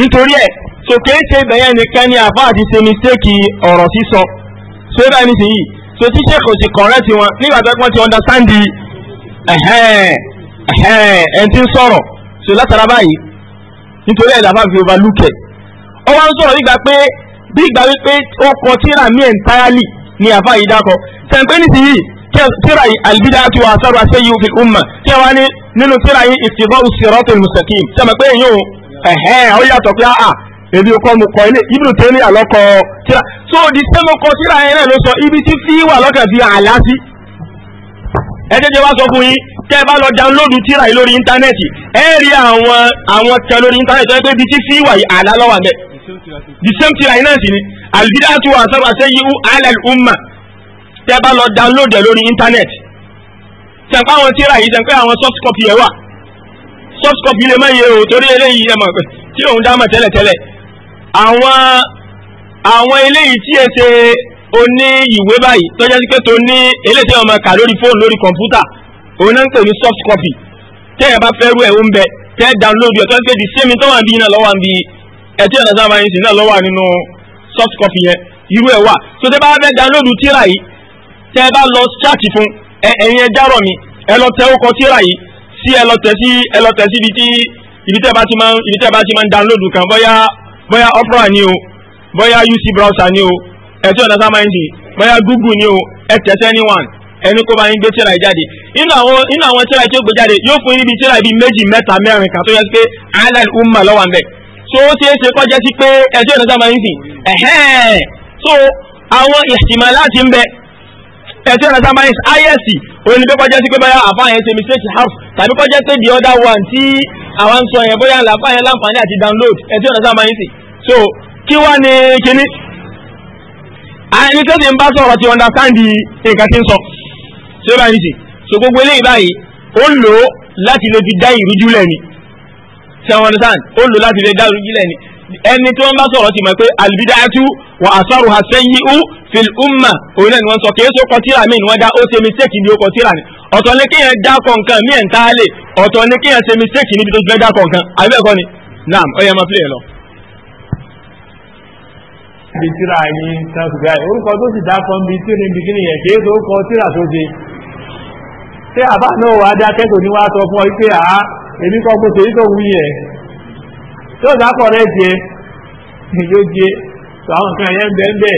nítorí ẹ̀ so kéèké bẹ̀yẹn nìkan ní àfa àti ṣe mistake ọ̀rọ̀ sísọ so ẹ báyìí nísìnyí so tí ṣe kò sí kọ̀rẹ́ ti wọn nígbà tó wọ́n ti understand ẹ̀hẹ́n ẹ̀hẹ́n ẹ̀ ti ń sọ̀rọ̀ so látara báyìí nítorí ẹ̀ làbá fi overlook ẹ̀ wá ń sọ̀rọ̀ nígbà pé bí ìgbà wípé ó kọ tíra mi entirely ni àfa yìí dákọ̀ tẹ̀ǹpẹ́ nísìnyí tíra yìí albidatu wa asaru asẹ́yìí fil umma tí a wá ní nínú tíra yìí ittiba'u siratul mustaqim tí a mọ̀ pé èyí ò ẹ̀hẹ́n ó yàtọ̀ pé àà ah, èmi ò kọ́ mu kọ́ ilé ibùdó tẹ́lẹ̀ àlọ́kọ́ tíra so di sẹ́mu kọ́ tíra yẹn náà ló sọ ibi tí fi wà lọ́kàn di àlá sí. ẹ jẹ́jẹ́ wá sọ fún yín kẹ́ ẹ bá lọ download tíra yìí lórí íńtánẹ́ẹ̀tì ẹ rí àwọn àwọn tẹ lórí íńtánẹ́ẹ̀tì tó yẹ pé ibi tí fi wà yìí àlá lọ́wọ́ àbẹ. di sẹ́mu tíra yìí náà sì ni albidatu wa asaru asẹ́yìí alal umma tẹ́ bá lọ download ẹ̀ lórí internet tẹ̀ pé àwọn tíra yìí tẹ̀ pé àwọn soft copy ẹ̀ wà soft copy lè má yẹ o torí eléyìí ẹ̀ mọ̀ pé tí òun dá mọ̀ tẹ́lẹ̀tẹ́lẹ̀ àwọn àwọn eléyìí tí ẹ ṣe oní ìwé báyìí tó jẹ́ pé tó ní eléyìí tí wọ́n máa kà lórí fóònù lórí kọ̀ǹpútà òun náà ń pè ní soft copy tẹ́ ẹ bá fẹ́ rú ẹ̀ ó ń bẹ tẹ́ ẹ download ẹ̀ tó ń pè di sẹ́mi tó wà ń bí iná lọ́wọ́ àbí ẹ̀ tí ọ̀nà sábà ń sìn náà lọ́wọ́ nínú soft copy yẹn irú ẹ̀ wà tó tẹ́ bá fẹ́ download tíra yìí tẹ́ ẹ bá lọ ṣáàtì fún ẹ̀yin ẹjárọ̀ mi ẹ lọ tẹ orúkọ tíra yìí sí ẹ lọ tẹ sí ẹ lọ tẹ sí ibi tí ibi tẹ́ bá ti máa ibi tẹ́ bá ti máa ń download kan bóyá bóyá opera ni o bóyá uc browser ni o ẹ tí ọ̀nà sáà máa google ni o ẹ tẹ̀sẹ̀ ní one ẹni kó bá yín gbé tíra yìí jáde nínú àwọn nínú àwọn tíra tí ó gbé jáde yóò fún yín níbi tíra bíi méjì mẹ́ta mẹ́rin kan tó yẹ pé island umma lọ́wọ́ so ó ṣeé ṣe kọjá sí pé ẹ tí ọ̀nà so àwọn ìsìnmọ̀ láti ń bẹ ẹ̀sìn ọ̀nà sábà ní ISC òun ni sí pé báyà àfáàyàn ṣe mistake half tàbí kọjá pé the other one tí àwọn ń sọ yẹn bóyá àfáàyàn láǹfààní àti download ẹ̀sìn ọ̀nà sábà ní sí. so kí wá ní kíní àyẹ̀ni tẹ́sí ń bá sọ̀rọ̀ ti understand nǹkan tí ń sọ tí ó bá ní sí. so gbogbo eléyìí báyìí ó lò láti lè fi dá ìrújú lẹ̀ ni ṣe understand ó lò láti lè dá ìrújú lẹ̀ ni ẹni tí wọ́n bá sọ̀rọ̀ ti mọ̀ pé albidatu wa asaru hasanyi u fil umma òun náà ni wọ́n sọ kì í sọ kọtíra mi ni wọ́n dá ó ṣe mistake ní o kọtíra ni ọ̀tọ̀ ni kéèyàn dá kọ̀ọ̀kan mí ẹ̀ ń tálẹ̀ ọ̀tọ̀ ni kéèyàn ṣe mistake níbi tó ti fẹ́ dá kọ̀ọ̀kan àbí ẹ̀kọ́ ni naam ó yẹ máa fi lè lọ. ibi tíra yín sáfù gáì orúkọ tó sì dá kan bíi tí ó ní bikini yẹn kì í sọ kọ tíra tó ṣe ṣé àbá náà wàá dá kẹ́kọ̀ọ́ ni wàá sọ fún ọ pé yóò dá pọ̀ rẹ̀ jẹ́ yóò jẹ́ tó àwọn nǹkan ń bẹ ń bẹ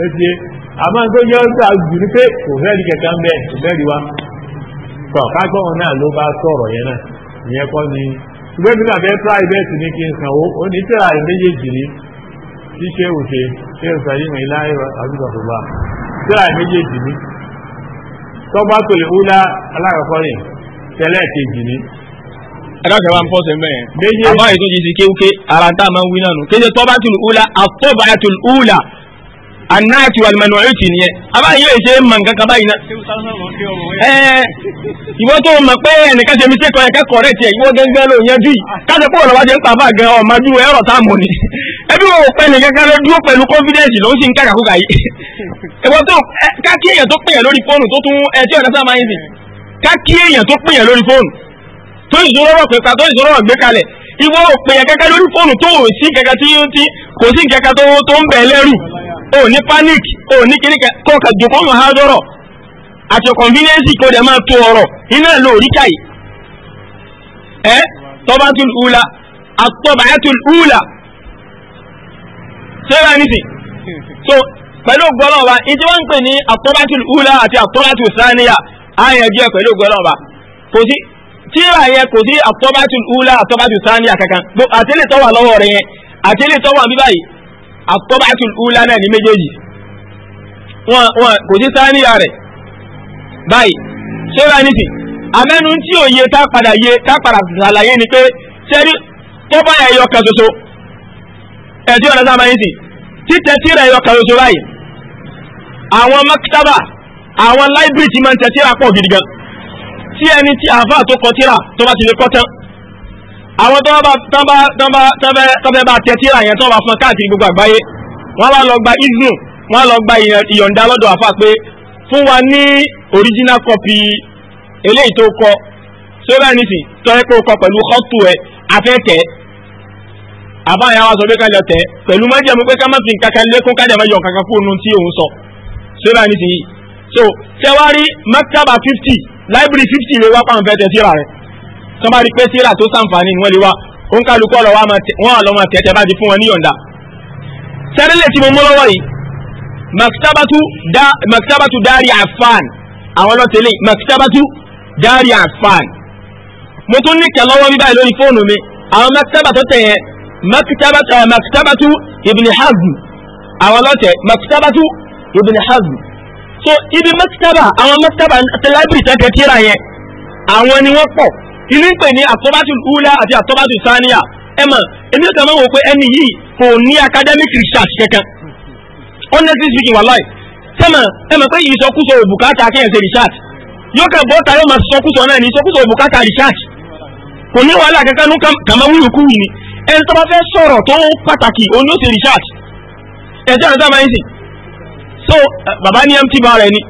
ó jẹ́ àmọ́ tó yẹ ó ta ní pé kò fẹ́ẹ̀rí kẹta ń bẹ kò fẹ́ẹ̀rí wa tọ̀ kágbọ́n náà ló bá sọ̀rọ̀ yẹn náà ìyẹn kọ́ ni ṣùgbọ́n private ní kí n sanwó ó ní ní ṣíṣe òṣè ṣé ẹ̀dáṣẹ̀ wa ń pọ̀ sí mẹ́rin. méjì àbá ètò yìí ti kéwké ara ń tà máa ń wí náà nù kéde tọ́bátùl ula àtọ́bátùl ula anáàtì wà lùmọ̀nù ọ̀rẹ́ nìyẹn abá yìí yóò ṣe é mọ̀ nǹkan kan báyìí náà. ẹ̀ẹ́ ìwọ tó mọ̀ pé ẹnìkan ṣe mi ṣe kan ẹ̀kẹ́ kọ̀ọ̀rẹ́ tiẹ̀ ìwọ gẹ́gẹ́ ló yẹn dùn káṣẹ́ pọ̀ lọ́wọ́ ṣe ń pàbá gan ọmọ dúró ẹ̀rọ tá a mọ̀ ni. ẹbí wo pẹ́ ní kankan ló dúró pẹ̀lú confidence ló ń ṣe ń kàkàkùkà yìí. ìwọ tó káàkiri èèyàn tó pè tó ìṣòro pẹ̀ka tó ìṣòro gbé kalẹ̀ ìwọ òpè yẹn kẹ́kẹ́ lórí fóònù tó ò sí kẹ́kẹ́ tí ó ti kò sí kẹ́kẹ́ tó tó ń bẹ̀ lẹ́rù ò ní panic ò ní kiri kọ́ ka jòkó mọ̀ ha dọ́rọ̀ àti convenience kò dẹ̀ máa tó ọ̀rọ̀ iná lò rí káyì ẹ tọ́ba tún ula àtọ́ba ẹ tún ula ṣé bá ní sí so pẹ̀lú gbọ́lọ́ba ìdí wọ́n ń pè ní àtọ́ba tún ula àti àtọ́ba tún sáníyà á yẹ díẹ̀ pẹ̀lú gbọ́lọ́ba kò sí tíra yẹn kò sí àtọ́bátù ula àtọ́bátù sani kankan àtẹ́lẹ̀ tó wà lọ́wọ́ rẹ̀ yẹn àtẹ́lẹ̀ tó wà bíbáyìí àtọ́bátù ula náà ní méjèèjì wọn wọn kò sí sáníà rẹ̀ báyìí ṣé wà nísìn amẹ́nu tí ò yẹ tá padà yẹ tá padà ṣàlàyé ni pé sẹ́ni tó bá yẹ ẹyọ kan ṣoṣo ẹ̀dí ọ̀nà sáà máa ń sìn títẹ tíra ẹyọ kan báyìí àwọn maktaba àwọn láìbírì máa ń tẹ pọ̀ gidi sí ẹni tí àáfà tó kọ tíra tó bá ti lè kọ tán àwọn tó bá tọ́fẹ́ bá tẹ tíra yẹn tó bá fún káàkiri gbogbo àgbáyé wọ́n wá lọ gba izu wọ́n lọ gba ìyọ̀ǹda lọ́dọ̀ àáfà pé fún wa ní original copy eléyìí tó kọ tó bá ní sìn tó yẹ kó kọ pẹ̀lú kọ́tù ẹ̀ afẹ́tẹ̀ àbá yẹn wá sọ pé ká lọ tẹ̀ pẹ̀lú májẹ̀mú pé ká má fi nǹkan kan lékún ká jẹ̀mọ́ yọ̀ kankan kúrò nù tí òun sọ tó bá ní sìn yìí so tẹwárí maktaba fifty láìbírì fifty lè wá pàmò fẹ́ tẹ síra rẹ̀ tó bá rí pé síra tó sàǹfààní ni wọ́n lè wá òun kálukọ́ lọ wọ́n àlọ́ máa tẹ̀tẹ̀ bá ti fún wọn ní yọ̀ǹda. sẹ́rẹ́lẹ̀ tí mo mú lọ́wọ́ yìí maktabatu dari afan àwọn ọlọ́tẹ̀lẹ̀ maktabatu dari afan mo tún ní kẹ́ lọ́wọ́ bíbáyìí lórí fóònù mi àwọn maktabatu tẹ̀ yẹn eh, maktabatu ibn hazm àwọn ọlọ́tẹ̀ maktabatu ibn hazm so ibi mọ́tíkábà àwọn mọ́tíkábà celebrity tẹ́tẹ́ tíra yẹn àwọn ni wọ́n pọ̀ ilé ń pè ní àtọ́bátù húlá àti àtọ́bátù sáníà ẹ mọ̀ èmi kàn máa wò pé ẹni yìí kò ní academic research kankan honestly speaking wàláì sẹ́mọ̀ ẹ mọ̀ pé ìsọkúsọ òbùkátà kéèyàn ṣe research yóò kàn bọ́ tayọ́ máa sọkúsọ náà ní ìsọkúsọ òbùkátà research kò ní wàhálà kankan ní kàmá wúlò kú yìí ni ẹni tó bá fẹ́ sọ̀rọ̀ tó pàtàkì òun ló ṣe research ẹ̀jẹ̀ àti àmà yìí sìn so eh, bàbá ní mt bá rẹ̀ ni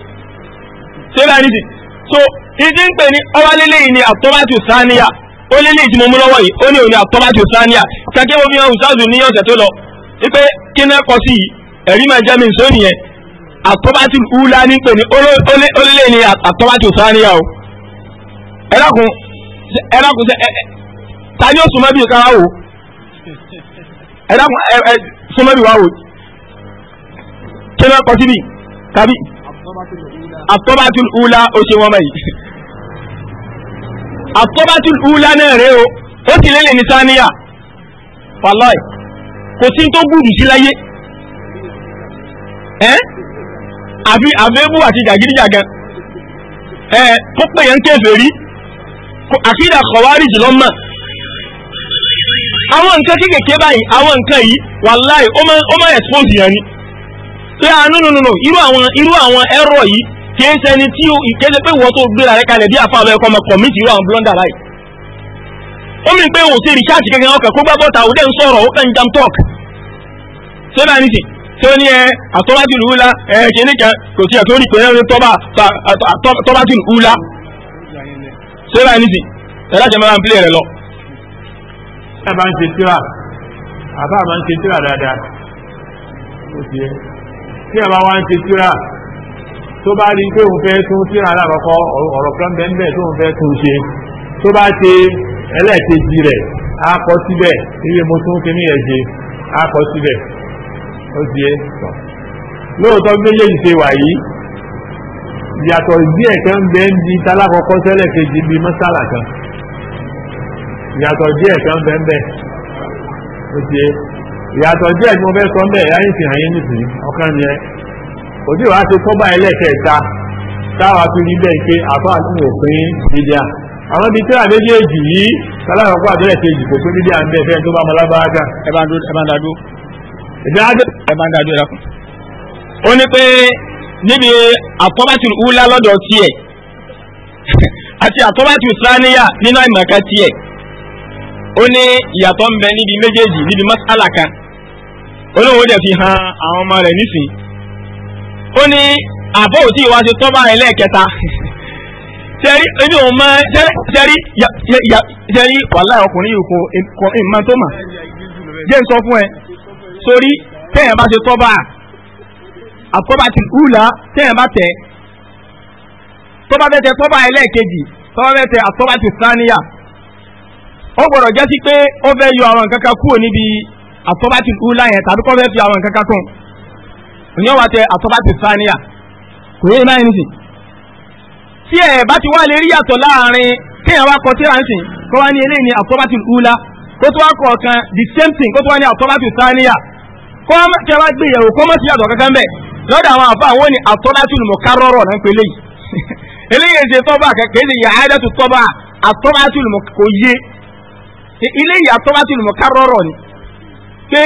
ṣé nídìí so ìdí ń pè ní ọwálélé yìí ni àtọ́bátì sáníyà ó lélẹ̀ ìdí mo mú lọ́wọ́ yìí ó ní òní àtọ́bátì sáníyà kẹ́kẹ́ mo fi hàn ṣáàzù ní ọ̀sẹ̀ tó lọ wípé kí náà kọ sí ẹ̀rí máa jẹ́ mi nsó nìyẹn àtọ́bátì wúlá ní pè ní ọlélẹ̀ ní àtọ́bátì sáníyà o ẹ̀rákùn ẹ̀rákùn ṣe ta ni ó súnmọ́ bí káwá wò ẹ̀rákùn ẹ̀ súnmọ́ bí wá wò kí ló kọ síbi tàbí àtọ́bátúl ula ó ṣe wọ́n báyìí àtọ́bátúl ula náà rèé o ó sì lélẹ̀ ní sáníyà wàláì kò sí tó gbùdù sí láyé ẹ́ àbí àbẹ́bù àti jàgídíjàgan ẹ̀ kó pè yẹn kẹfẹ́ rí àkídà kọ̀wárì jùlọ mọ̀ àwọn nǹkan kéékèèké báyìí àwọn nǹkan yìí wàláì ó máa expose yẹn ni pé àánú nù nù irú àwọn irú àwọn ẹ̀rọ yìí kì í ṣẹni tí ó ìkéde pé wọ́n tó gbéra rẹ kalẹ̀ bí àfàlọ́ ẹ̀kọ́ ọmọ kọ̀mìtì irú àwọn blọ́ndà láì. ó mì pé òun ṣe rìsáàjì kankan ọkàn kó gbá bọ́ta ń sọ̀rọ̀ ó jam talk. ṣé bá nìsín tí ó ní ẹ àtọ́bátìlú wúlá ẹ kìíní kan kò sí àtọ́rí pé ẹni tọ́bátìlú wúlá ṣé bá nìsín ẹ̀rọ àjẹmọ́ máa ń rẹ lọ. ẹ bá ń ṣe tíra àbá àbá ń ṣe tíra dáadáa tí àbá wá ń ṣe síra tó bá rí pé òun fẹ́ tún síra alákọ̀ọ́kọ́ ọ̀rọ̀ kan tó òun fẹ́ tún ṣe tó bá ṣe ẹlẹ́ẹ̀kejì rẹ̀ á kọ síbẹ̀ iye mo tún kíní ẹ̀ ṣe á kọ síbẹ̀ ó ti yé sọ. lóòótọ́ méjèèjì ṣe wà yìí yàtọ̀ díẹ̀ kan bẹ́ẹ̀ ń di tálákọ̀ọ́kọ́ sẹ́lẹ̀ kejì bíi mọ́sálà kan yàtọ̀ díẹ̀ kan bẹ́ẹ̀ bẹ́ẹ̀ ó ti yé ìyàtọ̀ díẹ̀ ni mo fẹ́ sọ ń bẹ̀ láyé fi hàn yín nìsín ọ̀kan yẹn òdì wàá ti tọ́ba ẹlẹ́kẹ̀ẹ́ta táwa fi rí bẹ́ẹ̀ pé àfáà tún ò pín ìdíà àwọn ibi tí àméjèèjì yìí sálára ọkọ àdúrà kejì kò pín ìdíà ń bẹ́ẹ̀ fẹ́ tó bá mọ lábáráká. ẹ bá ń dúró ẹ bá ń dá dúró. ìdájọ́ ẹ bá ń dá dúró ẹ̀rọ. ó ní pé níbi àkọ́bátìrì húlá lọ́dọ̀ tiẹ̀ (laughs) àti àkọ́bátìrì sáníyà nínú àìmọ̀ká tiẹ̀ ó ní ìyàtọ̀ ń bẹ níbi méjèèjì níbi mọ́sálà kan olóhùn dẹ̀ fi han àwọn ọmọ rẹ̀ nísìn ó ní àbọ̀ òtí ìwà ti tọ́ báyìí lẹ́ẹ̀kẹta tẹ́rí (laughs) ebi òun máa tẹ́rí tẹ́rí wàhálà ọkùnrin yìí kò ìmọ̀ tó mà jẹ́ ń sọ fún ẹ sórí tẹ́yìn bá ṣe tọ́ bá àkọ́bá ti hùlà tẹ́yìn bá tẹ̀ tó bá bẹ́tẹ̀ tọ́ bá ẹ lẹ́ẹ̀kejì tó bẹ́tẹ̀ àtọ́bá ti sáníyà ó gbọ́dọ̀ jẹ́ sí pé ó fẹ́ yọ àwọn nǹkan kan kúrò níbi àtọ́bá ti kú láyẹn tàbí kọ́ fẹ́ fi àwọn nǹkan kankan òyìn wa tẹ àtọ́bá ti kò yé náà nìsín. tí ẹ bá ti wá lè rí yàtọ̀ láàrin kéèyàn wá kọ tíra ń kó wá ní eléyìí ní àtọ́bá ti kó tó wá kọ ọ̀kan the same thing kó tó wá ní àtọ́bá ti sáníyà kó tẹ wá gbé yẹ̀wò kó mọ̀ sí yàtọ̀ kankan bẹ́ẹ̀ lọ́dọ̀ àwọn àfa àwọn (laughs) ni àtọ́bá mọ̀ kárọ́rọ̀ náà pélé yìí eléyìí ṣe ni pé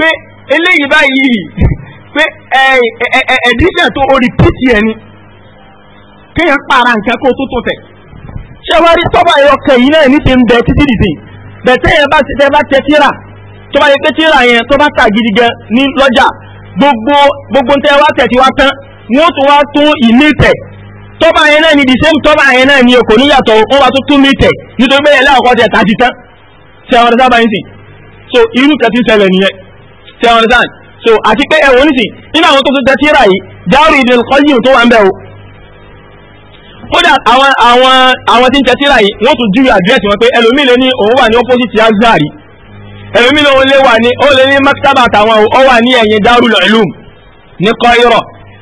pé eléyìí báyìí pé ẹ̀ẹ́dísẹ̀ tó orí pìtì ẹni kéèyàn pààrà nǹkan kó tó tó tẹ̀. ṣé wàá rí tọ́ba ọkàn yìí náà ní ti ń bẹ títí dìde bẹ̀tẹ̀ yẹn bá tẹ bá tẹ tíra tó bá yẹ pé tíra yẹn tó bá tà gidi gan ní lọ́jà gbogbo gbogbo ń tẹ wá tẹ̀ tí wá tán wọ́n tún wá tún ìmí tẹ̀ tọ́ba yẹn náà ni the same tọ́ba yẹn náà ni kò níyàtọ̀ wọ́n wá tún tún mí tẹ̀ nítorí bẹ́ẹ̀ láàkọ́ tẹ̀ tà ti tán ṣé àwọn ọ̀rẹ́ sábà yín sìn so irú kan ti ṣẹlẹ̀ nìyẹn ṣe wọn sàn so àti pé ẹ̀wọ̀n nísìn nínú àwọn tó tó tẹ́tíra yìí jáwèrè ìdè kọ́yìn tó wà ń bẹ̀ o kódà àwọn àwọn àwọn tí ń tẹ́tíra yìí wọ́n tún júwe àdírẹ́sì wọn pé ẹlòmíì lè ní òun wà ní opposite azari ẹlòmíì lè lè wà ní ó lè ní maktaba àtàwọn ó wà ní ẹ̀yìn darul ulum ní Kairo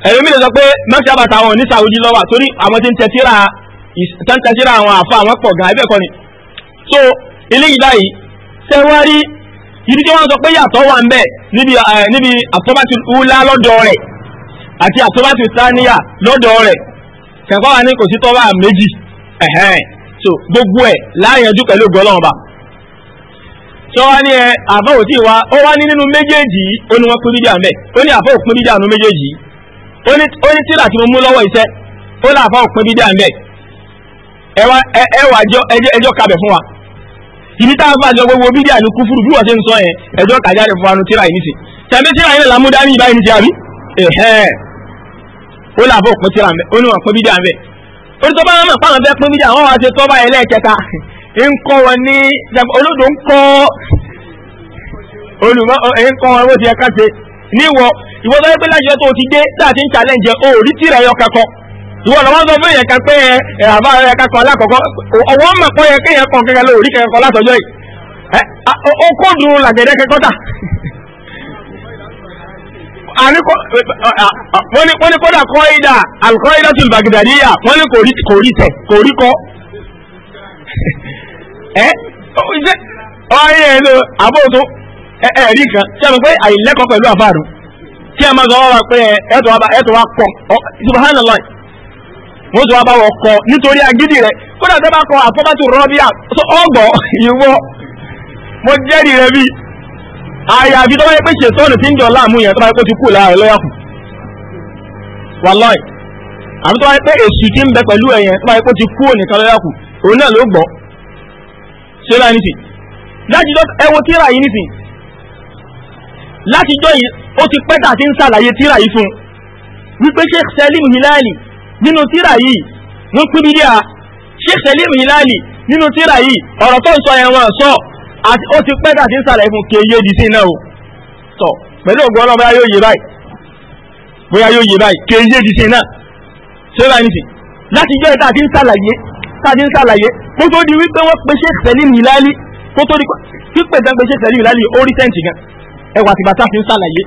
ẹlòmíì lè sọ pé maktaba àtàwọn ní Saudi lọ́wà torí àwọn tí ń tẹ́tíra tẹ́tíra àwọn àfa àwọn pọ̀ gan ẹ̀bẹ̀ kọ́ni so eléyìí báyìí sẹ́wárí ibi tí wọ́n sọ pé yàtọ̀ wà ń bẹ̀ níbi àtọ́bátì ula lọ́dọ̀ rẹ̀ àti àtọ́bátì saniya lọ́dọ̀ rẹ̀ kẹ̀kọ́ wa ní kò sí tọ́ba méjì so gbogbo ẹ̀ láàyànjú pẹ̀lú gọlọ́ọ̀ba tí wọ́n ní ẹ àbá òtí wa ó wá ní nínú méjèèjì ó ní wọ́n pín dídí àmẹ́ ó ní àbá òpin dídí àánú méjèèjì ó ní tíra tí mo mú lọ́wọ́ iṣẹ́ ó ní àbá òpin dídí àmẹ́ ẹ wá ẹjọ́ kabẹ̀ fún wa ibi tá a fà jọ gbogbo bídíà ní kúfúrú bí wọ́n ṣe ń sọ yẹn ẹjọ́ kàjáde fún anu tíra yìí nìsí tẹ̀lé tíra yìí la mú dání ìbáyìí nìsí àbí ẹ̀hẹ́ ó là bọ̀ pín tíra mẹ́ ó ní wọn pín bídíà mẹ́ onítọ́ bá wọn mọ̀ pàrọ̀ fẹ́ pín bídíà wọn wá ṣe tọ́ báyìí lẹ́ẹ̀kẹta ń wọn ní olódò ń kọ́ olùmọ́ wọn bó ti ìwọ lọ́wọ́ sọ fún èèyàn kan pé ẹ àbá ẹ kakọ alákọ̀ọ́kọ́ ọwọ́ mọ̀ pé ẹ kéèyàn kan kẹ́kẹ́ lórí kẹ́kọ́ látọjọ́ yìí ó kó dùn làgẹ̀dẹ̀ kẹ́kọ́ tà wọ́n ní kódà kọ́ ìdá alùkọ́ ìdá tún bàgìdàdíyà wọ́n ní kò rí tẹ̀ kò rí kọ́ (laughs) ẹ ọ̀rẹ́ ẹ̀ ló àbóòtó ẹ̀rí kan tí a mọ̀ pé àìlẹ́kọ̀ọ́ pẹ̀lú àfáàrù tí a máa sọ wọ́n wá pé ẹ̀tọ́ wa pọ̀ subhanallah wọ́n tún wá bá wọ kọ nítorí agídí rẹ̀ kódà tó bá kọ àfọ́bátò rọ́bíà ọgbọ̀ ìwọ mo jẹ́rì rẹ̀ bí àyàfi tó bá yẹ pé ṣètọ́nù tí ń jọ láàmú yẹn tó bá yẹ pé ti kú láàrẹ̀ lọ́yà kù wàláì tó bá yẹ pé èsù tí ń bẹ pẹ̀lú ẹ̀yẹn tó bá yẹ pé ti kú ònìkan lọ́yà òun náà ló gbọ́ ṣé láì nìsín dájúdọ́ ẹwọ tíra yìí nìsín látijọ́ yìí ó ti pẹ́ tà sí ń sàlàyé tíra yìí fún wípé Sheikh Salim nínú tíra yìí wọ́n pín bídíà Sheikh Salim Hilali nínú tíra yìí ọ̀rọ̀ tó ń sọ yẹn wọ́n sọ àti ó ti pẹ́ tà ti ń sàlẹ̀ fún kéye di sí iná o tọ̀ pẹ̀lú ògùn ọlọ́run bóyá yóò yé báyìí bóyá yóò yé báyìí kéye di sí iná ṣé báyìí nìsín láti jẹ́ ìta àti ń sàlàyé tá a ti ń sàlàyé kó tó di wípé wọ́n pe Sheikh Salim Hilali kó tó di pípẹ́ tán pe Sheikh Salim Hilali ó sẹ́ǹtì gan ẹwà tìgbà fi ń sàlàyé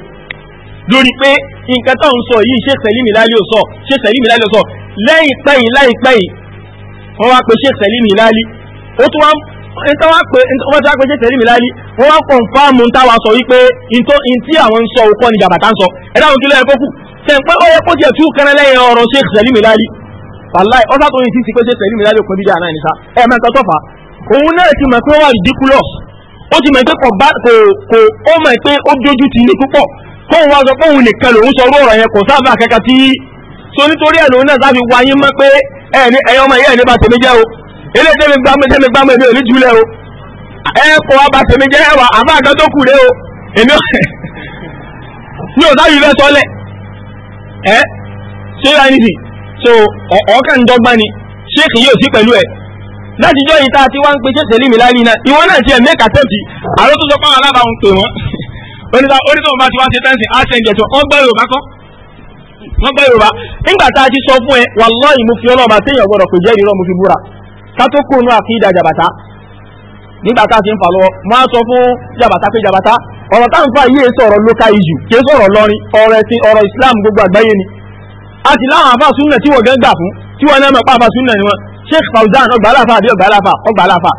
lórí pé nǹkan tó ń sọ yìí ṣe sẹ́límì láàlì ò sọ ṣe sẹ́límì láàlì ò sọ lẹ́yìn pẹ́yìn láì pẹ́yìn wọ́n wá pé ṣe sẹ́límì láàlì ó tún wá ń tán wá pé wọ́n ti wá pé ṣe sẹ́límì láàlì wọ́n wá pọ̀ nfààmù ń táwa sọ wípé ntí àwọn ń sọ òkọ ni jàbàtà ń sọ ẹ dáhùn kílẹ̀ ẹ̀kọ́ kù tẹ̀pẹ́ ó yẹ kó tiẹ̀ tú kẹrẹ lẹ́yìn ọ̀rọ̀ ṣe sẹ́límì láàlì wàláì ọ́sà tó yin sísì pé ṣe sẹ́límì láàlì òpin bídíà náà nìsa ẹ̀ mẹ́ta tọ́fà òun náà ti mọ̀ kóun wá sọ pé òun nìkan lòun sọ ọ̀rọ̀ yẹn kò sáàbà tí so nítorí ẹ̀ lòun náà sáfi wá yín mọ́ pé ẹyọ ọmọ yẹn ní bá tèmi o ilé tèmi gbámú tèmi gbámú èmi ò o ẹ kọ́ wa bá tèmi ẹwà o èmi ní ọ̀sá yìí fẹ́ sọ́lẹ̀ ẹ ṣé so ọ̀ọ́kàn dọ́gba ni ṣéèkì yóò sí pẹ̀lú ẹ̀ láti jọ ń pe náà onítọ̀hún bá ti wá ṣe tẹ́ǹsì á ṣe ìjẹ̀jọ́ wọ́n gbọ́ Yorùbá kọ́ wọ́n gbọ́ Yorùbá nígbà tá a ti sọ fún ẹ wàláhì mo fi ọlọ́ọ̀bà séèyàn gbọ́dọ̀ kò jẹ́ ìrírọ́ mo fi búra ká tó kó inú àkídà jàbàtà nígbà tá a ti ń fà lọ́wọ́ máa sọ fún jàbàtà pé jàbàtà ọ̀rọ̀ tá n fa yìí èso ọ̀rọ̀ local issue kì í sọ̀rọ̀ lọ́rin ọ̀rọ̀ ẹ̀sìn ọ̀rọ̀ Islam gbogbo àgbáyé ni a ti láwọn àfa súnà tí wọ́n gán gbà fún tí wọ́n náà mọ̀ pa àfa súnà ni wọ́n Sheikh Fauzan ọgbà aláfa àbí ọgbà aláfa ọgbà aláfa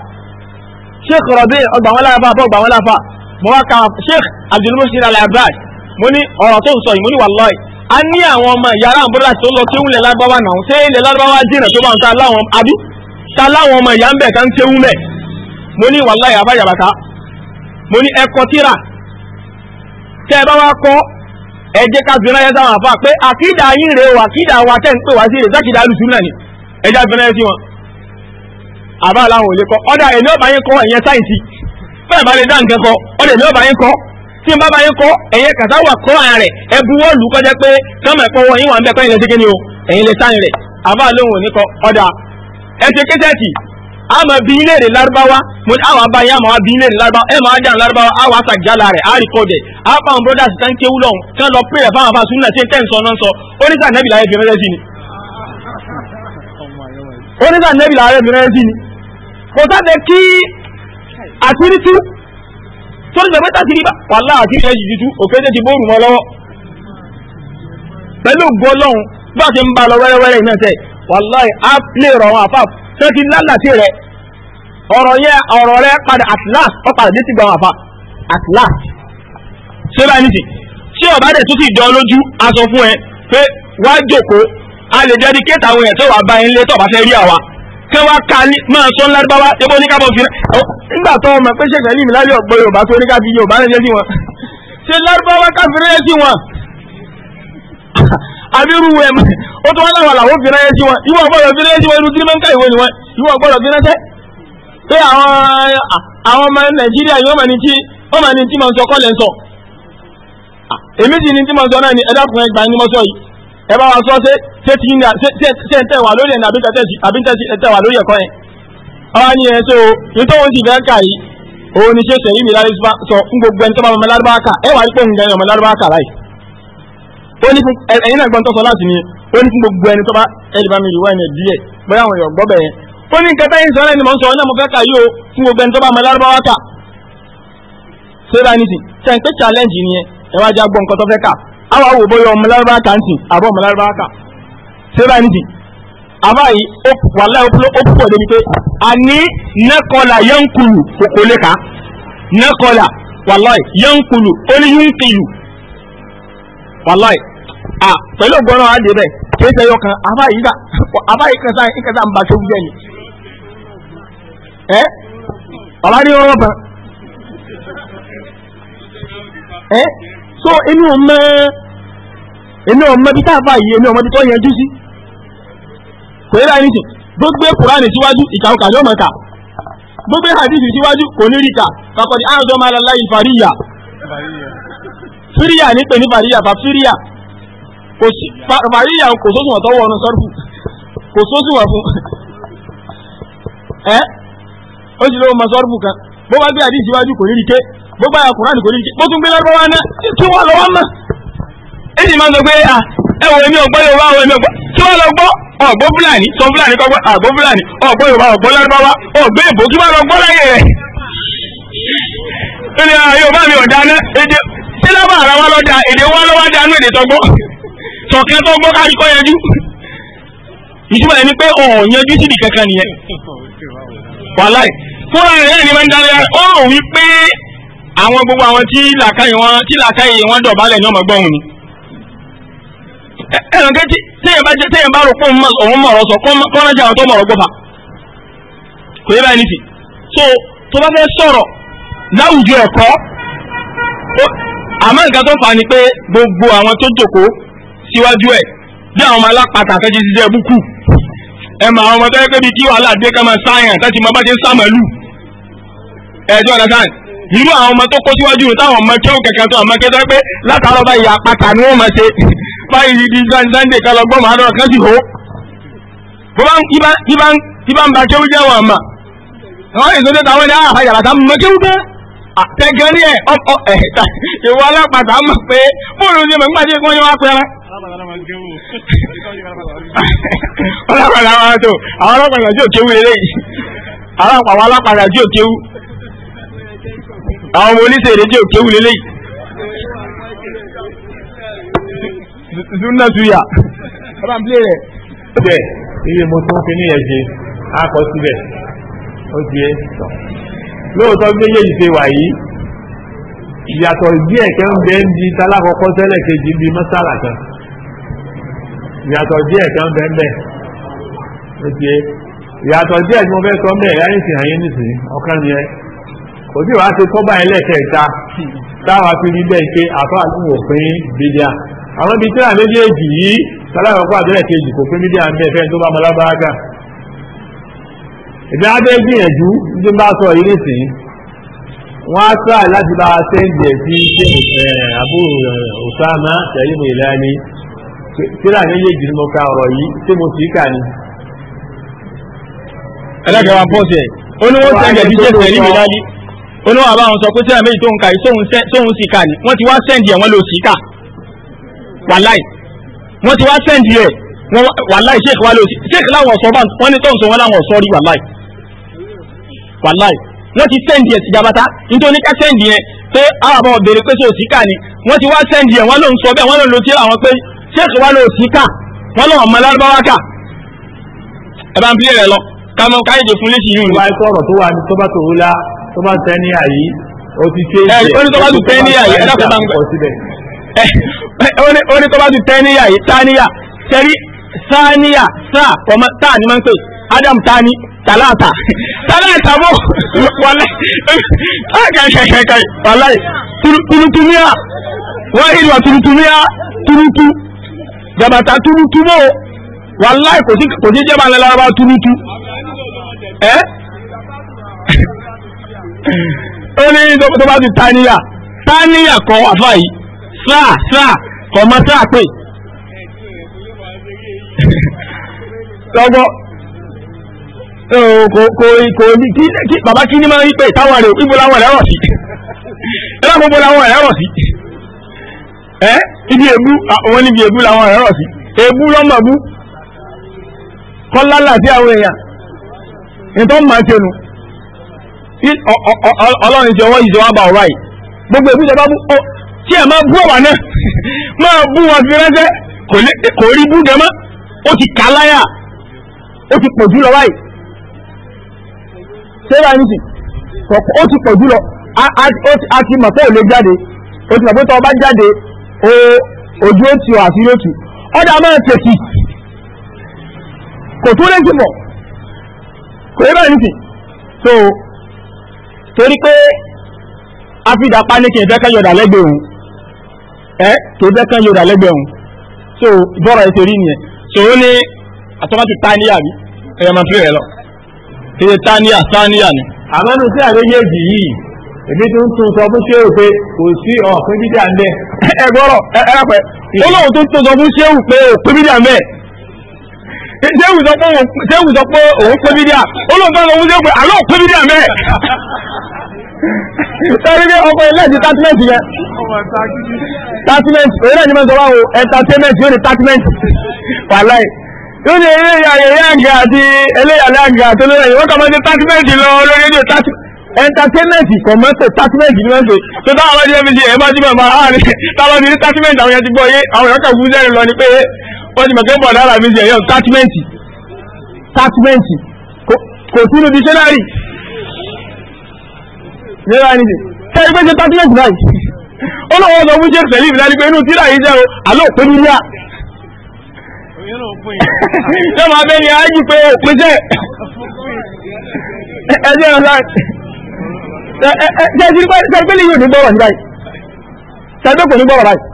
Sheikh Rabi ọgbà wọn láfa àbọ̀ ọgbà wọn láfa mo wá ka Sheikh abdulmusir al-abbas mo ní ọ̀rọ̀ tó ń sọ yìí mo ní wàlọ́ọ̀ì a ní àwọn ọmọ yàrá àbúrò tó lọ kéwù lẹ̀ lárúbáwá náà ṣé ilẹ̀ lárúbáwá dìnnà tó bá ń ta láwọn abí ta láwọn ọmọ ìyá ń bẹ̀ ká ń kéwù mẹ́ mo ní wàlọ́ọ̀ì àbájábàtà mo ní ẹ̀kọ́ tíra tẹ́ ẹ bá wá kọ́ ẹ jẹ́ ká fi ránṣẹ́ sáwọn àfa pé àkídà yín rèé o àkídà wa tẹ́ ń pè wá sí rèé sákìdá lùsù náà ni ẹ jẹ́ fi ránṣẹ́ sí wọn tí n bá bá yín kọ́ ẹ̀yẹ kàtàwà kọ́ ara rẹ̀ ẹ buwọ́ lù kọjá pé kọ́mọ̀ ẹ̀pọ̀ wọ yín wà ń bẹ kọ́yìn lè ṣe kí ni o ẹ̀yin lè sáyìn rẹ̀ àbá lóhùn òní kọ ọ̀dà ẹ ṣe kẹ́sẹ̀tì àmọ́ bí ilé rẹ̀ lárúbáwá mo ní àwọn abáyé àmọ́ bí ilé rẹ̀ lárúbáwá ẹ̀ máa jà lárúbáwá àwọn aṣàjálà rẹ̀ á rìkọ́dẹ̀ àpá àwọn brothers tán kéwú lọ́hùn kí wọ́n lọ pé rẹ̀ fáwọn afáṣú náà ṣe tẹ́ ń sọ náà ń sọ oníṣà nẹ́bìlà ayé bìrẹ́ sí ni oníṣà nẹ́bìlà ayé bìrẹ́ sí ni kò sáde kí àṣírí tú tó ní bẹ̀rẹ̀ tàbí níbà wàhálà àti ilẹ̀ yìí tutù òkété ti bóòrù wọn lọ́wọ́ pẹ̀lú gọlọ́hún bá ti ń ba lọ wẹ́rẹ́wẹ́rẹ́ iná tẹ̀ wàhálà á lè rọ̀ wọn àfà tó ti lálàtì rẹ̀ ọ̀rọ̀ yẹ ọ̀rọ̀ rẹ̀ padà atlas ó padà dé ti gbà wọn àfà atlas ṣé bá ní ti tí ọba dẹ̀ tún ti dán lójú a sọ fún ẹ pé wá jòkó a lè dedicate àwọn ẹ̀ tó wà bá ẹ ń lé tó ọba fẹ́ kí wọ́n ká ní máa sọ ńlárúbáwá yẹ́bọ́ oníkàbọ̀ fi rẹ̀ nígbà tó ọmọ pé ṣẹ̀ṣẹ̀ ní ìmìlárí ọ̀gbọ́ yorùbá tó oníkà fi yorùbá rẹ̀ sí wọn ṣe lárúbáwá káfíńrẹ́ sí wọn abirú (laughs) ẹ̀ ó tó wọ́n láwọn làwọn fi rẹ̀ sí wọn ìwọ gbọ́dọ̀ fi rẹ̀ sí wọn irú tí mẹ́ńkà ìwé ni wọn ìwọ gbọ́dọ̀ fi rẹ̀ pé àwọn ọmọ nàìjíríà yìí wọ́n mà tí wọ́n mà tí mà ni ẹ̀dá kan ẹgbàá ẹ bá wa sọ ṣé ṣé ti ń ṣe ń tẹ̀ wá lórí ẹ̀ ní àbí ń tẹ̀ wá lórí ẹ̀kọ́ yẹn. àwa ni ẹ̀ so ìtòhun sì fẹ́ kà yìí òun ni ṣe ṣèyí mi lárí sọ fún gbogbo ẹni tó bá ọmọ lárúbáwá kà ẹ wà rí pé òun gan ọmọ lárúbáwá kà láì. ó ní fún ẹ̀yin náà gbọ́n tó sọ láti ni ó ní fún gbogbo ẹni tó bá ẹni bá mi ìwà ẹni díẹ̀ bóyá àwọn èèyàn gbọ́ bẹ̀ yẹn. ó ní nǹkan tẹ́yìn sọ lẹ́nu mọ̀ ń sọ ọ́nà mo fẹ́ kà yóò fún gbogbo ẹni tó bá ọmọ lárúbáwá kà. ṣé bá ní sìn pé challenge ni ẹ wá já gbọ́ nǹkan tó fẹ́ kà àwọn àwòbọ̀yọ̀ ọmọ lárúbá kà ń sìn àbọ̀ ọmọ lárúbá kà ṣé bá ń sìn àbáyìí wàláyé ó púpọ̀ débi pé a ní nẹ́kọ̀là yẹ́nkùlù kòkó lè ká nẹ́kọ̀là wàláyé yẹ́nkùlù ó ní yúnkìlù wàláyé à pẹ̀lú ọgbọ́n náà á dé bẹ́ẹ̀ kìí ṣe yọkan àbáyìí dà àbáyìí kẹta ìkẹta ń ba tó jẹ ni ẹ ọ̀la ní ọ̀rọ̀ ban ẹ. so èmi ò mọ èmi ò mọ bí tá a fà yìí èmi ò mọ bí tó yanjú sí kò ní láì gbogbo kuraani síwájú ìkàwé kàdé ọmọ ká gbogbo hadith síwájú kò ní rí ká kakọ̀dí àádọ́ máa lọ láyé fàríyà fíríyà ní pè kò sí kò sóṣù wọn tọwọ́ ọ̀nà kò sóṣù wọn fún ẹ ó sì lọ́wọ́ kan bó gbé hadith síwájú kò ní rí ké gbogbo àyà kùránì kò ní jẹ́ gbogbo gbé lọ́wọ́ náà kí wọ́n lọ́wọ́ mọ́ èyí máa ń sọ pé à ẹ wọ èmi ọgbọ́ yorùbá àwọn èmi ọgbọ́ kí wọ́n lọ gbọ́ ọ̀gbọ́ fúlàní sọ fúlàní kọ́gbọ́ àgbọ́ fúlàní ọ̀gbọ́ yorùbá ọ̀gbọ́ lárúbáwá ọ̀gbẹ́ ìbò kí wọ́n lọ gbọ́ láyé rẹ̀ ó ní yorùbá mi ọ̀dà náà èdè sílábà ara wa lọ́dà èdè wa lọ́wọ́ dànù èdè tọ́gbọ́ tọ̀kẹ́ tọ́gbọ́ káríkọ́ yanjú ìtumọ̀ ẹni pé ọ̀yanjú síbi kankan nìyẹn wàláì fúnra rẹ̀ ní máa ń darí ó rò wípé àwọn gbogbo àwọn tí làákàyè wọn tí làákàyè wọn dọ̀bálẹ̀ ní ọmọ gbọ́n ni. ẹnì kẹ́tì téèyàn bá téèyàn bá rò pé òun mọ̀rọ̀ sọ kọ́nájà àwọn tó mọ̀rọ̀ gbọ́fà kò yẹ báyìí nìsí. so tó bá fẹ́ sọ̀rọ̀ láwùjọ ẹ̀kọ́ àmọ́ nǹkan tó fà á ni pé gbogbo àwọn tó jòkó síwájú ẹ̀ bí àwọn ọmọ alápatà àtẹ́jẹ́ ṣiṣẹ́ ẹbú kù ẹ mọ àwọn ọmọ tó yẹ pé kí wàhálà dé ká máa sáyàn láti máa bá ṣe ń sá màálù sáyàn irú àwọn ọmọ tó kó síwájú ní táwọn ọmọ kẹ́hùn kankan tó àmọ́ kẹ́tọ́ pé látàárọ̀ báyìí àpáta ni wọ́n máa ṣe báyìí di sànńdé kan lọ gbọ́n kan sì hó. ibà ń ba kẹ́hùn jẹ́ wọn àmà àwọn ìṣòro táwọn ní àwọn ah, àyàrá tá mọ kẹ́hùn bẹ́ẹ̀ tẹ̀gán ní ẹ̀ ọ̀pọ̀ ẹ̀ ìwọ alápàtà mọ̀ pé fóònù ni mọ̀ nígbàdí kí wọ́n yẹ wá pẹ́rẹ́ ọlọ́pàá ọlọ́pàá àwọn ọmọ oníṣẹ́ èdè jẹ́ òkè wulẹ̀ lẹ́yìn zuna suya ọba n play rẹ. bẹ́ẹ̀ iye mo tún fi ní ẹ̀jẹ̀ á kọ síbẹ̀ ó ti yẹ sọ lóòótọ́ méjèèjì ṣe wà yìí ìyàtọ̀ díẹ̀ kẹ́ ń bẹ ń di tálákọ̀ọ́kọ́ tẹ́lẹ̀ kejì bíi mọ́sálà kan ìyàtọ̀ díẹ̀ kẹ́ ń bẹ ń bẹ ó ti yẹ ìyàtọ̀ díẹ̀ ni mo fẹ́ sọ mẹ́ẹ̀ yáyìn sì hàn yín nìsín ọ̀kan yẹn kò sí wàá ṣe tọ́ba ẹlẹ́kẹ̀ẹ́ta táwa fi rí bẹ́ẹ̀ pé àfáà tún wò pín bídíà àwọn ibi tí àwọn méjèèjì yìí sáláwọ̀ pọ̀ kejì kò pín bídíà ń bẹ́ẹ̀ fẹ́ tó bá mọ lábáráká ìgbà abẹ́ gbìyànjú tí bá sọ yìí nìsín wọ́n á sáà láti bá sẹ́ńdì ẹ̀ sí ṣé àbúrò eh, méjèèjì ni mo ka ọ̀rọ̀ yìí mo sì kà olówó àbáwọn sọ pé sẹ́yà méjì tóun kà yìí tóun sì kà ní wọ́n ti wá sẹ́ǹdì ẹ̀ wọ́n lò sí wàláì wọ́n ti wá sẹ́ǹdì ẹ̀ wàláì sheikh wa lò sí sheikh láwọn ọ̀sọ́ bá wọ́n ní tóun sọ wọ́n láwọn ọ̀sọ́ rí wàláì wàláì wọ́n ti sẹ́ǹdì ẹ̀ sí jabata nítorí ká sẹ́ǹdì ẹ̀ pé àwọn ọ̀bẹ̀rẹ̀ pé sóò sí wọ́n ti wá sẹ́ǹdì ẹ̀ wọ́n ló sọ bẹ́ẹ̀ wọ́n ló wa lò sí kà wọ́n lọ́wọ́ ọmọ lárúbáwá kà ẹ bá ń bí rẹ̀ lọ ká mọ káyọ̀dé fún léṣi yìí. wọ́n á kọ́ ọ̀rọ̀ tó tó bá tẹ́ ní àyí ó ti ṣe ìṣe ẹ̀ ó ní tó bá tún tẹ́ ní àyí ẹ̀dá kan máa ń gbọ́ síbẹ̀. ó ní tó bá tún tẹ́ ní àyí táníyà sẹ́rí sáníyà sáà ọmọ táà ni máa ń pè Adam tani talata talata mo wallahi kai kai kai kai wallahi turutumia wahidi wa turutumia turutu jabata kò sí jẹba ńlẹ lára bá turutu ẹ ó ní tó bá ti taniya taniya kọ àfà yìí sáà sáà kọ̀ mọ́ sáà pé lọ́gbọ́ kò kò kò kí kí bàbá kí ní máa ń pè táwọn rẹ̀ ibo làwọn rẹ̀ rọ̀ sí ẹ̀rọ gbogbo làwọn rẹ̀ rọ̀ sí ẹ́ ibi èbú àwọn níbi èbú làwọn rẹ̀ rọ̀ sí èbú lọ́mọ bú kọ́lá láti àwọn èèyàn nítorí máa ń tẹnu ọlọ́run jọ wọ́n ìjọ àbà ọ̀rá yìí gbogbo ìbújẹ bá bú ó tí ẹ̀ máa bú ọ̀wà náà (laughs) máa bú wọn fi ránṣẹ́ kò rí bújẹ mọ́ ó ti kà láyà ó ti pọ̀ jùlọ báyìí sẹ́yà ní sì ó ti pọ̀ jùlọ a ti mọ̀ pé ò lè jáde ó ti mọ̀ pé tó o bá jáde ojú ó ti ọ̀ àti yóò tù ọ̀dà máa tètè kò tó lè túbọ̀ kò yẹ báyìí ní sì so. torí pé afidapa ní kí n fẹ́ yọ̀dà lẹ́gbẹ̀ẹ́ òun ẹ kí n yọ̀dà lẹ́gbẹ̀ẹ́ so bọ́ọ̀rọ̀ ẹ̀ so ó ní àtọ́mọ́ ti bí ẹ̀yẹ máa fi rẹ̀ lọ kí ni ta ni. àmọ́ nu sí àlejò yìí èmi tó ń tún sọ fún ṣéwù pé kò sí ọ̀pẹ́ ń ẹ ẹ ẹ pẹ́ ó lóun tó ń sẹ́wù sọ pé òun pé mídíà olóòótọ́ ló ń ṣe pé àlọ́ pé mídíà mẹ́ẹ̀. sọ́rí pé ọkọ̀ ilé ẹ̀jẹ̀ tátímẹ́ǹtì yẹn tátímẹ́ǹtì òun náà ní mẹ́sàn-án wà o ẹ̀ńtàtẹ́mẹ́ǹtì yóò ní tátímẹ́ǹtì wàláì yóò ní eléyà yẹ̀yẹ́ àgà àti eléyà lágà àti olóyè wọ́n kà máa ń ṣe tátímẹ́ǹtì lọ lórí rédíò tátímẹ́ǹtì entertainment kọ̀mọ́tò tatimẹ́ǹt ni wọ́n ń pè tó táwọn ọlọ́dún ẹbí ṣe ẹ̀ bá jí bàbá àárín táwọn ọdún tatimẹ́ǹt àwọn yẹn ti gbọ́ yé àwọn èèyàn kan wúzẹ́ lọ ni wọ́n ti mọ̀kẹ́ bọ̀ lára mi jẹ́ yọ tátímẹ́ǹtì tátímẹ́ǹtì kò sínú dictionary nígbà níbi tẹ́lẹ̀ pé ṣe tátímẹ́ǹtì náà ó lọ wọ́n sọ fún ṣe tẹ̀lé ìfìdá ní pé inú tíra yìí jẹ́ o àlọ́ òpin ní yá ṣé máa bẹ́ ni ájú pé òpin jẹ́ ẹjẹ́ ọ̀la tẹ́lẹ̀ pé ní yóò ní gbọ́rọ̀ ní báyìí tẹ́lẹ̀ pé kò ní gbọ́rọ̀ báyìí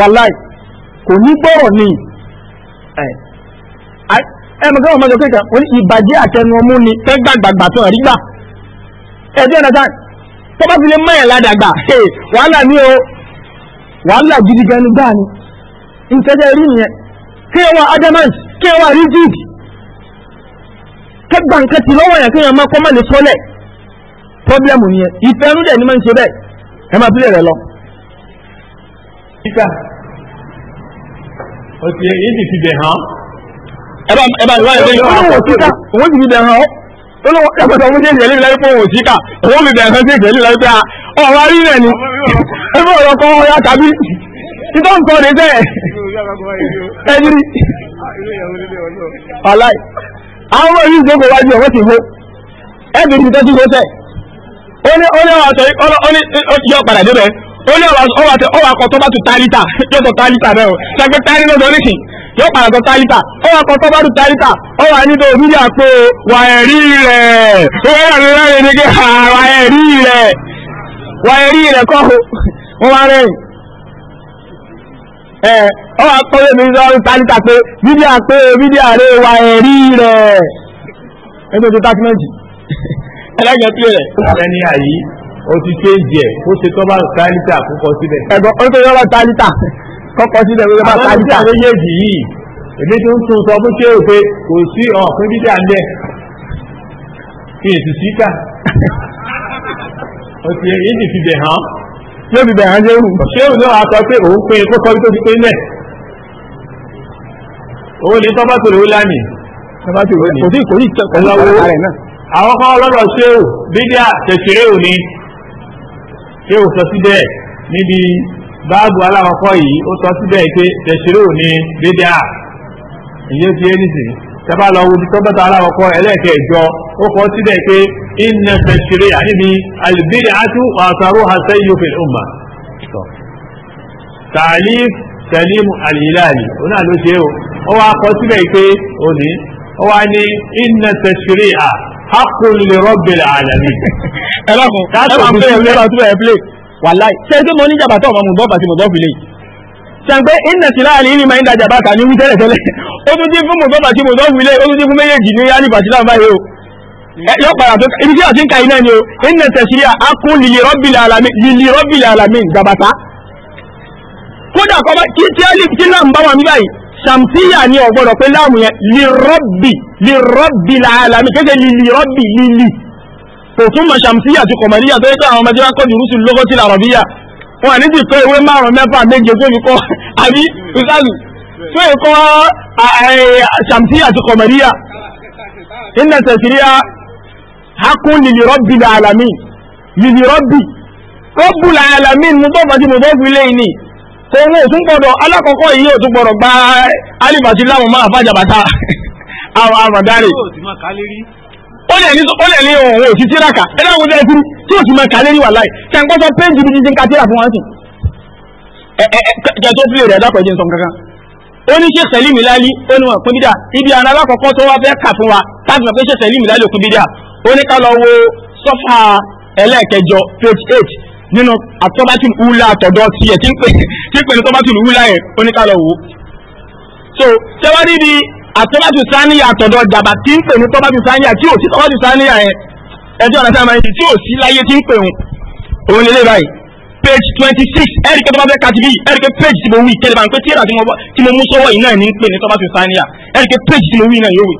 wàláì kò ní gbọ́rọ̀ ni ẹmọ kí wọ́n mọ́jọ kéka wọ́n ní ìbàjẹ́ àtẹnu ọmú ni tẹ́ gbàgbàgbà tó rí gbà ẹ̀dẹ́ ẹ̀dá tó bá fi lè mọ́yàn ládàgbà wàhálà ní o wàhálà gidi gan ni gbáà ni ìtẹ́jẹ́ rí nìyẹn kí wọ́n adamant kí wọ́n rigid kẹgbà nǹkan ti lọ́wọ́ yẹn kí wọ́n máa kọ́ mọ́ lè sọ́lẹ̀ pọ́blẹ́mù nìyẹn ìfẹ́ ẹnu dẹ̀ ni máa ń ṣe bẹ́ẹ̀ ẹ máa bílẹ̀ ó ti èyí sì fi hàn. ẹ bá ìwà ìwé yìí wọ́n wò síkà òun sì fi bẹ̀ hàn ó olówó ẹgbẹ̀sọ̀ fún jẹ́jẹ́ lébi láyé fóun síkà òun fi bẹ̀ hàn jẹ́jẹ́ lébi láyé pé ah, ọ̀rọ̀ arí rẹ̀ ni ẹ bá ọ̀rọ̀ kọ́ tàbí títọ́ nǹkan rẹ̀ bẹ́ẹ̀ ẹ jírí. aláì àwọn ọmọ yìí ìjókòó wájú ọ̀wọ́ ti hó ẹ Only was a ó ní ọwọ́ akọ tó bá tu tálítà yóò tọ tálítà bẹ́ẹ̀ o ṣàgbé táyé lọ́dọ̀ oníṣìn yóò padà tọ tálítà ọwọ́ akọ tó bá tu tálítà ó wà nínú òmìnira pé are ẹ̀rí rẹ̀ ó wà ẹ̀rí rẹ̀ ní kí wà ẹ̀rí rẹ̀ wà ẹ̀rí rẹ̀ kọ́ wọ́n wá rẹ̀ ẹ̀ ọwọ́ akọ yóò nínú ọdún tálítà pé fídíà pé fídíà rẹ̀ wà ẹ̀rí rẹ̀ ẹ̀ o ti change ẹ̀ ó ṣe tọ́ba tálítà kọ́kọ́ síbẹ̀. ẹ̀gbọ́n ó ṣe tọ́ba tálítà kọ́kọ́ síbẹ̀ ó ṣe tọ́ba tálítà. àwọn méjèèjì yìí èmi tó ń tún sọ fún ṣé o pé kò sí ọ̀pìn bídà ń bẹ̀ kí èsì síkà ó ti èyí ti fi bẹ̀ hàn. yóò fi bẹ̀ hàn ṣé òun. ṣé òun náà sọ pé òun pé kó sọ tó ti pé náà òun ní tọ́ba tó lè wó lánìí. tọ́ba tó lè wó lánìí. kò sí kò sí ìtọ́kọ̀ àwọn o bídà ṣé o sọ síbẹ̀ níbi báàbù aláwọ̀kọ́ yìí ó sọ síbẹ̀ pé tẹ̀sírò ní bídíà ìyẹn ti ẹni sìn sábà lọ wo tọ́gbọ́ta aláwọ̀kọ́ ẹlẹ́ẹ̀kẹjọ ó kọ síbẹ̀ pé inna tẹ̀sírò yà níbi alìbírí àti àtàrò hasẹ́ yóò fi ọmọ. tàlíf sẹ́límù àlìyíláàlì òun náà ló ṣe é o ó wá kọ síbẹ̀ pé òní ó wá ní inna tẹ̀sírò hakun lè rọ́bìlì àlàní. ẹ lọ́kùn ẹ máa ń pè é lọ́wọ́ tó ẹ̀ pílẹ̀ wàláì ṣé pé mo ní jàbá tó ọmọ mo bọ́ bàtí mo bọ́ fìlẹ̀ sàgbé iná sí láàrin ìrìnmà ìdá jàbá kà ní wí tẹ́lẹ̀ tẹ́lẹ̀ ó tún ti fún mo bọ́ bàtí mo bọ́ fìlẹ̀ ó tún ti fún méjèèjì ní yálì bàtí láǹfà yìí o yọ padà tó ibi tí a ti ń ka iná ni o iná tẹ̀sírí akún lìlì rọ́bìlì àlàmì lìlì rọ́bìlì àlàmì jàbàtà kódà kọ́ bá kí tí a lè kí náà ń bá wà mí báyìí ṣàmtíyà ni ọ̀gbọ́dọ̀ pé láàmù yẹn lirọ́bì lirọ́bì làálàmì kéde lirọ́bì lílì kò tún mọ̀ ṣàmtíyà ti kọ̀mọ̀líyà tó yẹ kí àwọn ọmọdé wá kọ́jú rúṣù lọ́gọ́ sí làrọ̀bíyà wọn àní ti kọ́ ìwé márùn mẹ́fà méje tó fi kọ́ (laughs) àbí ìsàlù tó yẹ kọ́ ṣàmtíyà ti kọ̀mọ̀líyà iná tẹ̀síríà hakun lirọ́bì làálàmì lirọ́bì rọ́bù làálàmì mú bọ́ so otu ò tún gbọdọ̀ alákọ̀ọ́kọ́ yìí ò tún gbọdọ̀ gba alifasi láwọn máa fàjà (laughs) àmàdárì ó lè ní òun ò sí tíraka ẹ̀rọ àwọn tí ò sì máa kà wà láì kí sọ péjì bí jíjí ka tíra fún wọn sí kẹtọ́ pílẹ̀ rẹ̀ ibi àwọn alákọ̀ọ́kọ́ tó wá fẹ́ kà fún wa láti mọ̀ pé ṣe sẹ́lí mi lálí nínú àtọ́bátìlù húlà àtọ̀dọ̀ tiẹ̀ tí ń pè tí ń pè ní tọ́bátìlù húlà yẹn oníkàlọ̀ wò. so tẹ́wárí di àtọ́bátìlù sáníyà àtọ̀dọ̀ dàbà tí ń pè ní tọ́bátìlù sáníyà tí ò sí tọ́bátìlù sáníyà yẹn ẹjọ́ ọ̀nà sáà máa ń yìí tí ò sí láyé tí ń pè wọn. òun ni eléyìí page twenty six ẹ̀rí kẹ́ tó bá fẹ́ kàti bí ẹ̀rí page tí mo wí kẹ́lẹ́ bá ń tí ẹ̀rọ tí mo mú sọ́wọ́ yìí náà ní ń pè ní tọ́bátìlù sáníyà ẹ̀rí page tí mo wí náà yóò wí.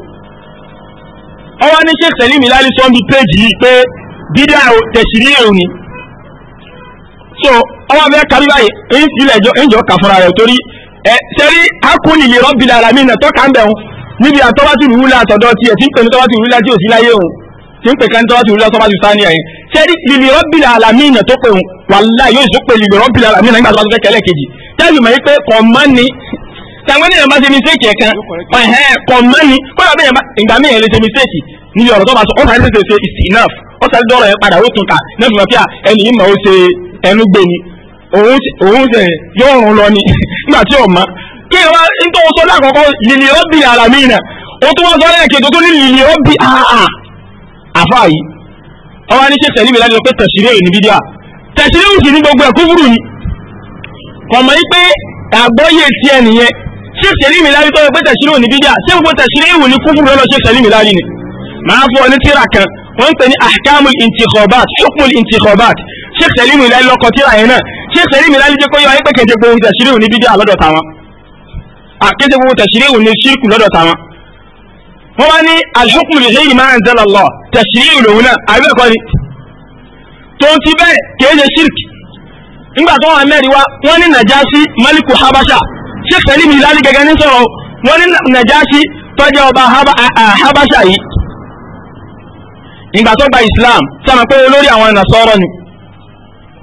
ọwọ́ ní sẹ́sẹ̀ ní mi láyé sọ́ọ́ bí page yìí pé bídà tẹ̀sírí èrò ni so ọwọ́ abẹ́ kárí báyìí ń tilẹ̀ jọ ń jọ kà fúnra rẹ̀ torí ẹ sẹ́rí akúni lè rọ́bìlà ara mi náà tọ́ka ń bẹ̀ wọn níbi àtọ́wátì rúwúlà àtọ̀dọ̀ tiẹ̀ tí ń pè ní tọ́wátì rúwúlà tí ò sí láyé òun tí ń pè ká ní tọ́wátì rúwúlà tọ́wátì sáà ní ẹ̀yìn sẹ́rí lìlì rọ́bìlà ara mi náà tó pè wọn wàlá yóò tó pè lìlì rọ́bìlà ara náà nígbà tó fẹ́ kẹlẹ́ kejì tẹ́lẹ̀ mọ̀ pé kọ̀ mọ́ ni tàwọn ènìyàn bá ṣe mistake kan ẹ̀hẹ́n kọ̀ mọ́ ni kọ́lá bẹ́ẹ̀ ìgbà míì ẹ̀ lè ṣe mistake níbi ọ̀rọ̀ tó bá sọ ó fà ṣe ṣe enough ó sáré dọ́rọ̀ yẹn padà ó tún kà nẹ́ẹ̀fì mọ̀ pé ẹni yìí mọ̀ ó ṣe ẹnu gbé ni òun sẹ yóò rún lọ ni (laughs) nígbà tí ò mọ kí ẹ wá nítorí sọ lákòókò lìlì rọ́bì àlàmì náà ó tún wọ́n sọ lẹ́ẹ̀kẹ́ tó tó ní lìlì rọ́bì ah, ah. àfà yìí ọwọ́ ní ṣe tẹ̀lé mi láti lọ pé tẹ̀sílẹ̀ òní bídíà tẹ̀sílẹ̀ òsì ní gbogbo ẹ̀kú burú ni kọ̀mọ̀ yìí pé àgbọ́yé ti ẹ nìyẹn ṣé tẹ̀lé mi láti tọ́ pé tẹ̀sílẹ̀ òní bídíà ṣé gbogbo tẹ̀sílẹ̀ ìwò ní kúfùrú lọ́lọ́ ṣe tẹ̀lé mi láti ni màá fọ ní tíra kan wọ́n ń pè ní ahkamul intikhobat hukmul intikhobat sheikh salim ilali lọ́kọ̀ tíra yẹn náà sheikh salim ilali jẹ́ kó yọ ayé pé kéde gbogbo tẹ̀sírí òní bídí àlọ́dọ̀ tàwọn àkéde gbogbo tẹ̀sírí òní ṣírkù lọ́dọ̀ tàwọn. wọ́n wá ní alhukmu lè ṣéyìí máa ń zẹ́lọ̀ lọ tẹ̀sírí òlòwú náà àbẹ́ ẹ̀kọ́ ni. tó ń ti bẹ́ẹ̀ kéde ṣírkì ìgbà tó gba islam sáà pé olórí àwọn nasọ́rọ̀ ni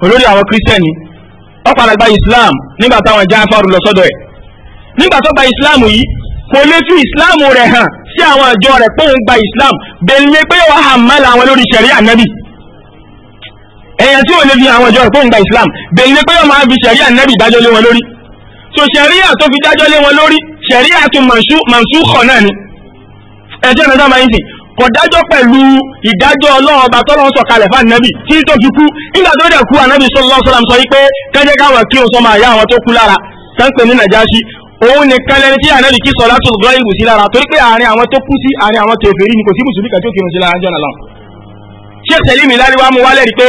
olórí àwọn kírísítẹ́nì ó padà gba islam nígbà táwọn jáfàrù lọ sọ́dọ̀ ẹ̀ nígbà tó gba islam yìí kò lè fi islam rẹ̀ hàn sí àwọn àjọ rẹ̀ pé gba islam bẹ̀lẹ́ pé wàá hàmàlà àwọn lórí sẹ̀rí ànábì èèyàn tí ò lè fi àwọn àjọ rẹ̀ pé gba islam bẹ̀lẹ́ pé wọ́n máa fi sẹ̀rí ànábì dájọ́ lé wọn lórí so sẹ̀ríà tó fi dájọ́ lé wọn lórí sẹ̀ríà tó mọ̀nsú mọ̀nsú kọ̀ náà ni ẹ̀jẹ̀ náà sábà sìn kò dájọ́ pẹ̀lú ìdájọ́ ọlọ́run ọba tọ́lọ́run sọ̀kalẹ̀ fún ànábì tí tó fi kú nígbà tó dẹ̀ kú ànábì sallallahu alaihi wasallam sọ wípé kẹ́jẹ́ káwọn kí o sọ máa yá àwọn tó kú lára kánpẹ̀ ní nàjáṣí òun nìkan lẹni tí ànábì kí sọ láti ọ̀dọ́ ìbù sí lára torí pé àárín àwọn tó kú sí àárín àwọn kèfèrí ni kò sí mùsùlùmí kan tó kírun sí lára jọ́nà lọ́n ṣé sẹ́lí mi láríwá mu wálẹ̀ rí pé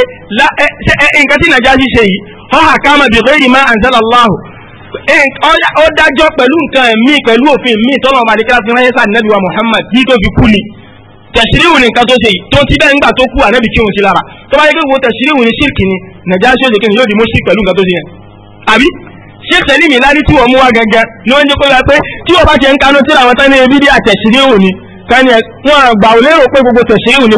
nǹkan tí nàjáṣí ṣe yìí ọ̀hà kama bi ghairi ma anzala Allah ó dájọ́ pẹ̀lú nǹkan míì pẹ̀lú òfin míì tọ́lọ́mọba adékẹ́lá fi ránṣẹ́ sáà nàbí wa Muhammad bí tó fi kú ni tẹ̀síríwù ní nǹkan tó ṣe tó ti bẹ́ẹ̀ nígbà tó kú ànábì kí òun sí lára tó bá yẹ kí wọ́n tẹ̀síríwù ní ṣírkì ni nàìjíríà ṣe òṣèké ni yóò di mọ́ṣí pẹ̀lú nǹkan tó ṣe yẹn. àbí ṣé tẹ̀lé mi lárí tí wọ́n mú wa gangan ni wọ́n ń jẹ́ kó yà pé tí wọ́n bá ti ń kanú tí àwọn tán ní ebi dí àtẹ̀síríwù ni kání ẹ wọn àgbà ò lérò pé gbogbo tẹ̀síríwù ni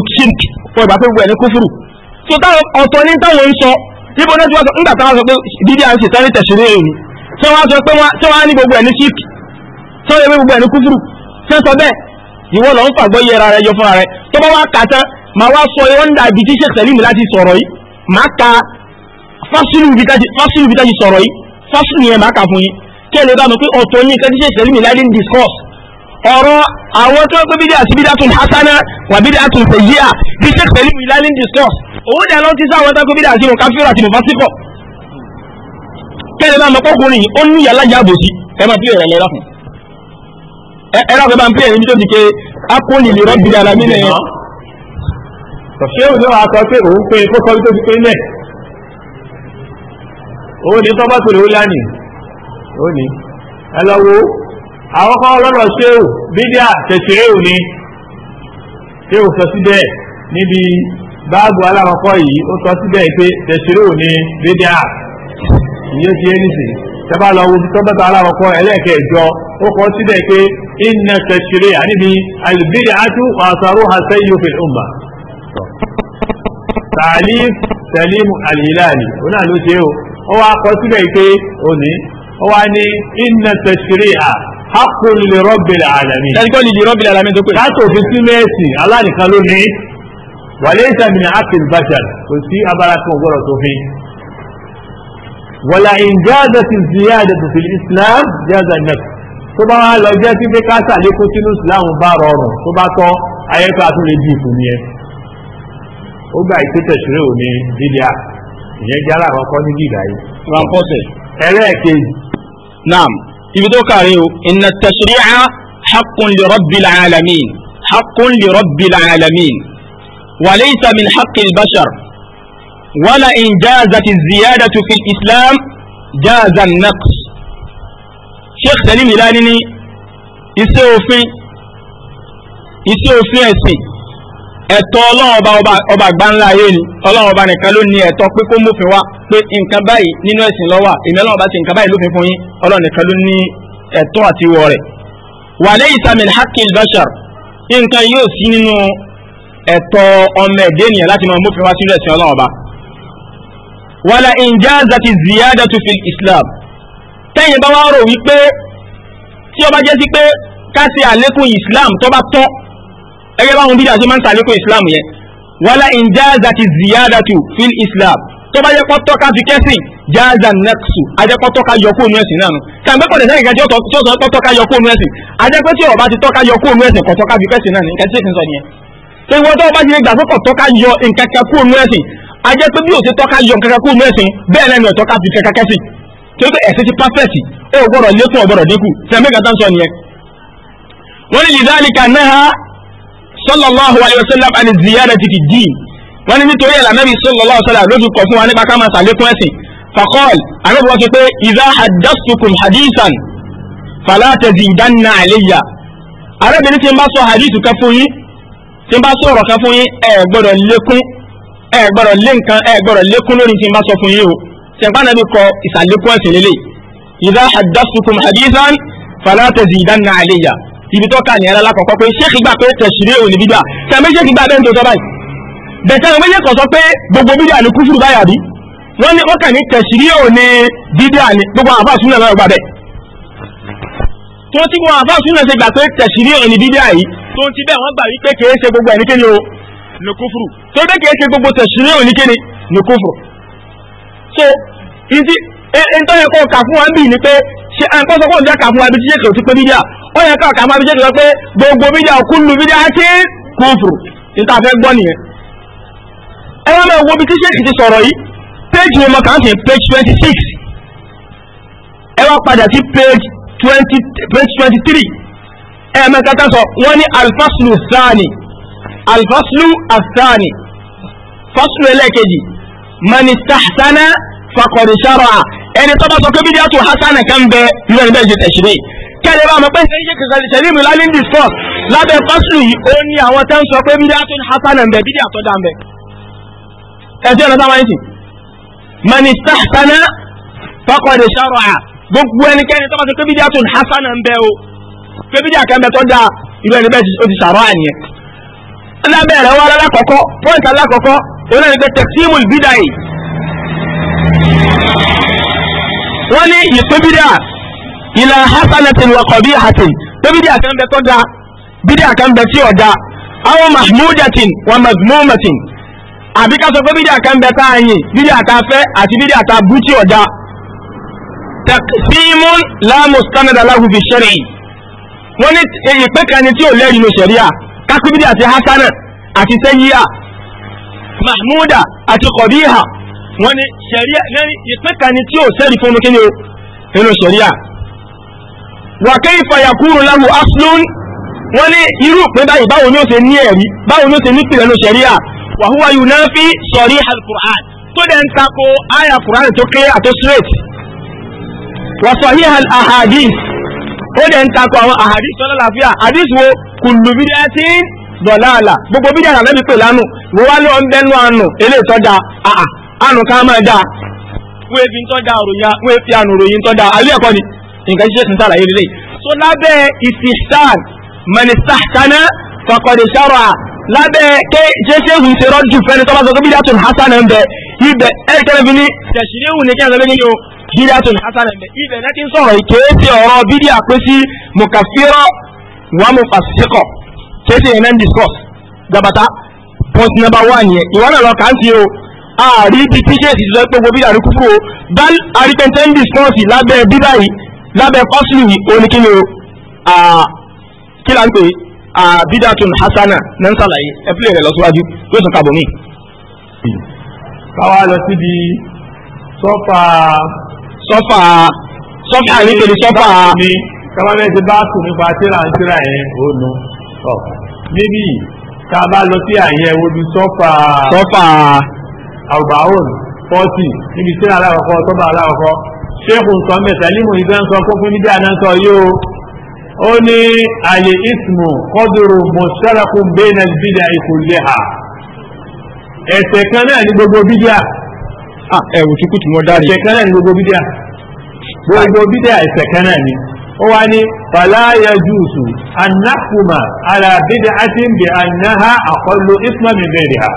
ṣírkì ìwọ lọ ń fàgbọ́ yẹra rẹ yọ fúnra rẹ tó bá wá kà tán màá wá sọ irọ́ nígbà ibi tí Sheikh Salim láti sọ̀rọ̀ yìí màá ka fásitì ibi tá ti sọ̀rọ̀ yìí fásitì yẹn màá kà fún yín kí ẹ lè bá mi pé ọ̀tọ̀ ní nǹkan tí Sheikh Salim láti ń discuss ọ̀rọ̀ àwọn tó ń pè bídíà sí bídíà tún hasana wà bídíà tún sayyi'a bí Sheikh Salim láti ń discuss òun dẹ̀ lọ́n ti sáwọn tó ń pè bídíà sí wọn káfíńrà àti mọ̀fásíkọ̀ kí ẹ̀rọ àgbẹ̀ bá ń pèyàn níbi tó ti ké akóni lè rọ́bì dára mí lẹ́yìn. ṣé òun náà sọ pé òun pé kó sọ tó ti pé lẹ̀ òun ní tọ́ba tó lè ó lánìí òun ní ẹ lọ wo àwọn kan lọ́nà ṣéwù bídíà tẹ̀síré òní ṣéwù sọ síbẹ̀ níbi báàbù aláwọ̀kọ́ yìí ó sọ síbẹ̀ pé tẹ̀síré òní bídíà ìyẹn ti ẹni sèé tẹ́bá lọ wo tọ́gbẹ́ta aláwọ̀kọ́ ẹlẹ́ẹ̀kẹjọ ó kọ́ síbẹ̀ pé iná tẹ̀sírí àníbi àlùbírí àtú àṣàrò àṣẹyìn òfin ọmọ. tàlif tẹlímù àlìláàlì ó náà ló ṣe o ó wá kọ́ síbẹ̀ pé òní ó wá ní iná tẹ̀sírí à hákò lè rọ́bìlì àlàmì. tẹ́lifọ́ lè rọ́bìlì àlàmì tó pé. látò fi sí mẹ́ẹ̀sì alánìkan ló ní wàlẹ́ ìsàmì wọ̀là ìjáde ti ziyada fil islam jáde nẹ́f tó bá wá lọ jẹ́ pípé káṣà lékún sínú islam bá rọrùn tó bá tọ́ ayẹ́tọ́ àtúnlé bí ìfún ni ẹ ó gbà ìpẹ́tẹ̀ ṣeré ò ní dídíà ìyẹn jẹ́ aláàkọ́kọ́ ní gíga yìí. rampọ́sẹ̀. ẹlẹ́ẹ̀kejì. naam ibi tó kàrí o inna tashri'a haqqun li rabbil alamin haqqun li rabbil alamin wa laysa min haqqil bashar wala in jaazati ziyadatu fil islam jaaza naqs sheikh salim ilani ni iṣẹ́ òfin iṣẹ́ òfin ẹ̀sìn ẹ̀tọ́ ọlọ́run ọba ọba àgbáńlá ayé ni ọlọ́run ọba nìkan ló ní ẹ̀tọ́ pé kó mófin wá pé nǹkan báyìí nínú ẹ̀sìn ló wà èmi ọlọ́run ọba ti nǹkan báyìí lófin fún yín ọlọ́run nìkan ló ní ẹ̀tọ́ àti ìwọ rẹ̀ wa laysa min bashar nǹkan yóò sí nínú ẹ̀tọ́ ọmọ ẹ̀dẹ́ ènìyàn láti máa mófin wá sínú ẹ̀sìn ọlọ́run ọba wàlà ìjáàzàtì ziyadatu fil islam tẹ́yìn bá wá rò wípé tí ó bá jẹ́ sí pé ká ṣe àlékún islam tó bá tọ́ ẹgbẹ́ báwọn bídà ṣe máa ń ṣàlékún islam yẹn wàlà ìjáàzàtì ziyadatu fil islam tó bá jẹ́ pọ́tọ́ ká fi kẹ́sìn jáàzà nẹ́kṣù ajẹ́pọ́tọ́ ká yọ kóònù ẹ̀sìn náà nù kàǹgbẹ́ kọ̀dẹ̀ sẹ́yìn kẹ́jọ́ tó sọ pọ́tọ́ ká yọ kóònù ẹ̀sìn ajẹ́pẹ́ tí ọ̀bá ti tọ́ ká yọ kóònù ẹ̀sìn kọ̀tọ́ ká fi kẹ́sìn náà nì kẹ́sìn sọ nìyẹn. ṣé ìwọ́n tó bá jẹ́ gbàgbọ́ kọ̀tọ́ ká yọ nǹkan kan kóònù ẹ̀sìn a jẹ́ pé bí o ṣe tọ́ka yọ kankan kú mẹ́sìn bẹ́ẹ̀ lẹ́nu ọ̀tọ́ka fi kankan kẹ́sì torí pé ẹ̀sìn ti perfect ó gbọ́dọ̀ lékún ó gbọ́dọ̀ dínkù tẹ̀mí kan tán sọ nìyẹn. wọ́n ní lidhalika naha sallallahu alayhi wa sallam an ziyadati fi din wọ́n ní nítorí ẹ̀ lànàbí sallallahu alayhi wa ló fi kọ̀ fún wa nípa ẹ gbọ́dọ̀ lé nǹkan ẹ gbọ́dọ̀ lékún lórí tí n bá sọ fún yín o sẹ̀ǹpá nàbí kọ ìsàlékún ẹ̀sìn lélẹ̀ ìdá haddathukum hadithan fala tazidanna alayya ibi tó kà ní ẹ̀rọ alákọ̀ọ́kọ́ pé ṣéèkì gbà pé tẹ̀sírí òní bíbà tẹ̀mí ṣéèkì gbà bẹ́ẹ̀ tó sọ báyìí bẹ̀tẹ̀ àwọn méjèèkọ̀ sọ pé gbogbo bídà ní kúfùrù báyà bí wọ́n ní wọ́n kà ní tẹ̀sírí òní bídà ní gbogbo àbá súnà náà gbà bẹ́ẹ̀ tó ti gbogbo àbá súnà ṣe gbà pé tẹ̀sírí òní bídà yìí tó ti bẹ́ẹ̀ wọ́n gbà wípé kèé ṣe gbogbo ẹ̀ ní kófùrù tó dé kìí ṣe gbogbo tẹ̀sírí òní kéde ní kófùrù. so ìdí ẹ̀ńtọ́ yẹ kọ́ kà fún wa bí ni pé ṣe àǹkọ́ sọ fún ọ̀dọ́ kà fún wa bí jíjẹ́ kò sí pé bídíà ó yẹ kọ́ kà fún wa bí jíjẹ́ kò sọ pé gbogbo bídíà kúlù bídíà kí kófùrù níta fẹ́ gbọ́ nìyẹn. ẹ wá máa wo bí tíṣẹ́kì ti sọ̀rọ̀ yìí page number kan sí page twenty six ẹ wá padà sí page twenty page twenty three ẹ̀ẹ̀mẹ́ta sọ wọ́n ní alfaslu thani alfaslu athani faslu ẹlẹ́kejì manistahsana fakọ̀dì sára ẹni tó bá sọ pé bídíà tó hasana kan bẹ yóò ní bẹ́ẹ̀ ṣe tẹ̀sírí kẹ́lẹ́ bá mọ̀ pé ṣe ń ṣe kìsàlì tẹ̀lé mi lálẹ́ discourse lábẹ́ faslu yìí ó ní àwọn tẹ́ ń sọ pé bídíà tó hasana ń bẹ bídíà tó dá ń bẹ. ẹ̀sìn ọ̀nà táwọn ẹ̀sìn manistahsana fakọ̀dì gbogbo ẹnikẹ́ni tó bá sọ pé bídíà hasana ń o pé bídíà kan bẹ tó dá irú lábẹ́rẹ̀ wa alákọ̀ọ́kọ́ point alákọ̀ọ́kọ́ òun náà ní pé tẹ̀síìmù ìbídà yìí wọ́n ní ìpébídà ìlà hasanatin wa qabihatin pébídà kan bẹ tó da bídà kan bẹ tí ò da àwọn mahmudatin wa mazmumatin àbí ká sọ pé bídà kan bẹ tá a yìn bídà tá a fẹ́ àti bídà tá a bú tí ò da tẹ̀síìmù la mustanada lahu fi shar'i wọ́n ní ìpé kan ní tí ò lẹ́rìí ní sẹ̀ríà kákúbídì àti hasana àti sẹ́yíà mahmuda àti kọ̀bíhà wọ́n ní sẹ̀ríà lẹ́yìn ìpín kan ní tí ò sẹ́rí fún mi kí ni o nínú sẹ̀ríà wa kayfa yakunu lahu aslun wọ́n ní irú pé báyìí báwo ni ó ṣe ní ẹ̀rí báwo ni ó ṣe ní tìrẹ̀ ló ṣẹ̀ríà wa huwa yunafi sariha al-Qur'an tó dẹ̀ ń tako àyà Qur'an tó clear àtó straight wa sahiha al-ahadith dẹ̀ ń tako àwọn ahadith tó lálàáfíà hadith wo kullu bid'atin dọ̀láàlà gbogbo bídà àlẹ́ mi pè lánù wọ́n wá lọ́ọ́ ń bẹ́nu àánú eléyìí tọ́jà àà àánú ká máa dáa wọ́n fi tọ́jà òròyìn wọ́n fi àánú òròyìn tọ́jà alẹ́ ẹ̀kọ́ ni nǹkan ṣiṣẹ́ tuntun àlàyé lélẹ̀ so lábẹ́ ìsìsàn mẹ́nìsàkánná kọ̀kọ̀dé sára lábẹ́ ké ṣeéṣe ń ṣe rọ́jù fẹ́ni tó sọ pé bídà tún hasan ń bẹ ibẹ̀ ẹ̀rẹ́kẹ́rẹ́ fi ní tẹ̀síríhùn ní kẹ́hìn bídà tún hasan ń bẹ ibẹ̀ náà ti ń sọ̀rọ̀ ìkéèsì ọ̀rọ̀ bídà pé sí ìwà mú pàṣíkọ̀ kesi yẹn náà discuss gabata point number one yẹn ìwà náà lọ kà o ààrí ibi tí ṣe ìṣiṣẹ́ pé gbogbo bídà rúkúkú o bá àrípẹ̀ntẹ́ ń discuss lábẹ́ bíbá yìí lábẹ́ kọ́sìlì yìí ó o kí oh. ah, là ń pè ah, bídà tún hasana náà ń ṣàlàyé ẹ pílẹ̀ rẹ̀ lọ síwájú yóò tún kàbọ̀ mí. káwa lọ síbi sọ́fà sọ́fà sọ́fà nítorí sọ́fà kábàbẹ́ ti bá sùn nípa tíra ń tíra yẹn ó nu ọ̀ níbí ká bá lọ sí àyẹ̀wò bí sọ́fà sọ́fà àgbàhùn fọ́tì níbi tíra aláwọ̀kọ́ sọ́fà aláwọ̀kọ́ ṣéèkù nǹkan mẹ́ta límù ìgbẹ́ ń sọ fún fún níbi àná sọ yóò ó ní àyè ismu kọ́dùrù mọ̀ṣálàkùn bẹ́ẹ̀nà bídà ìkùnlẹ̀hà ẹ̀ṣẹ̀ kan náà ní gbogbo bídà ah, ẹ̀rù tukutu wọn dáre ẹ̀ṣẹ̀ kan náà ní gbogbo bídà gbogbo bídà ẹ̀ṣẹ̀ kan náà ní ó wá ní fàláyà jùsù anákùmà alábídà àti ń bè anáhà àkọlù islam bẹ̀rẹ̀ ha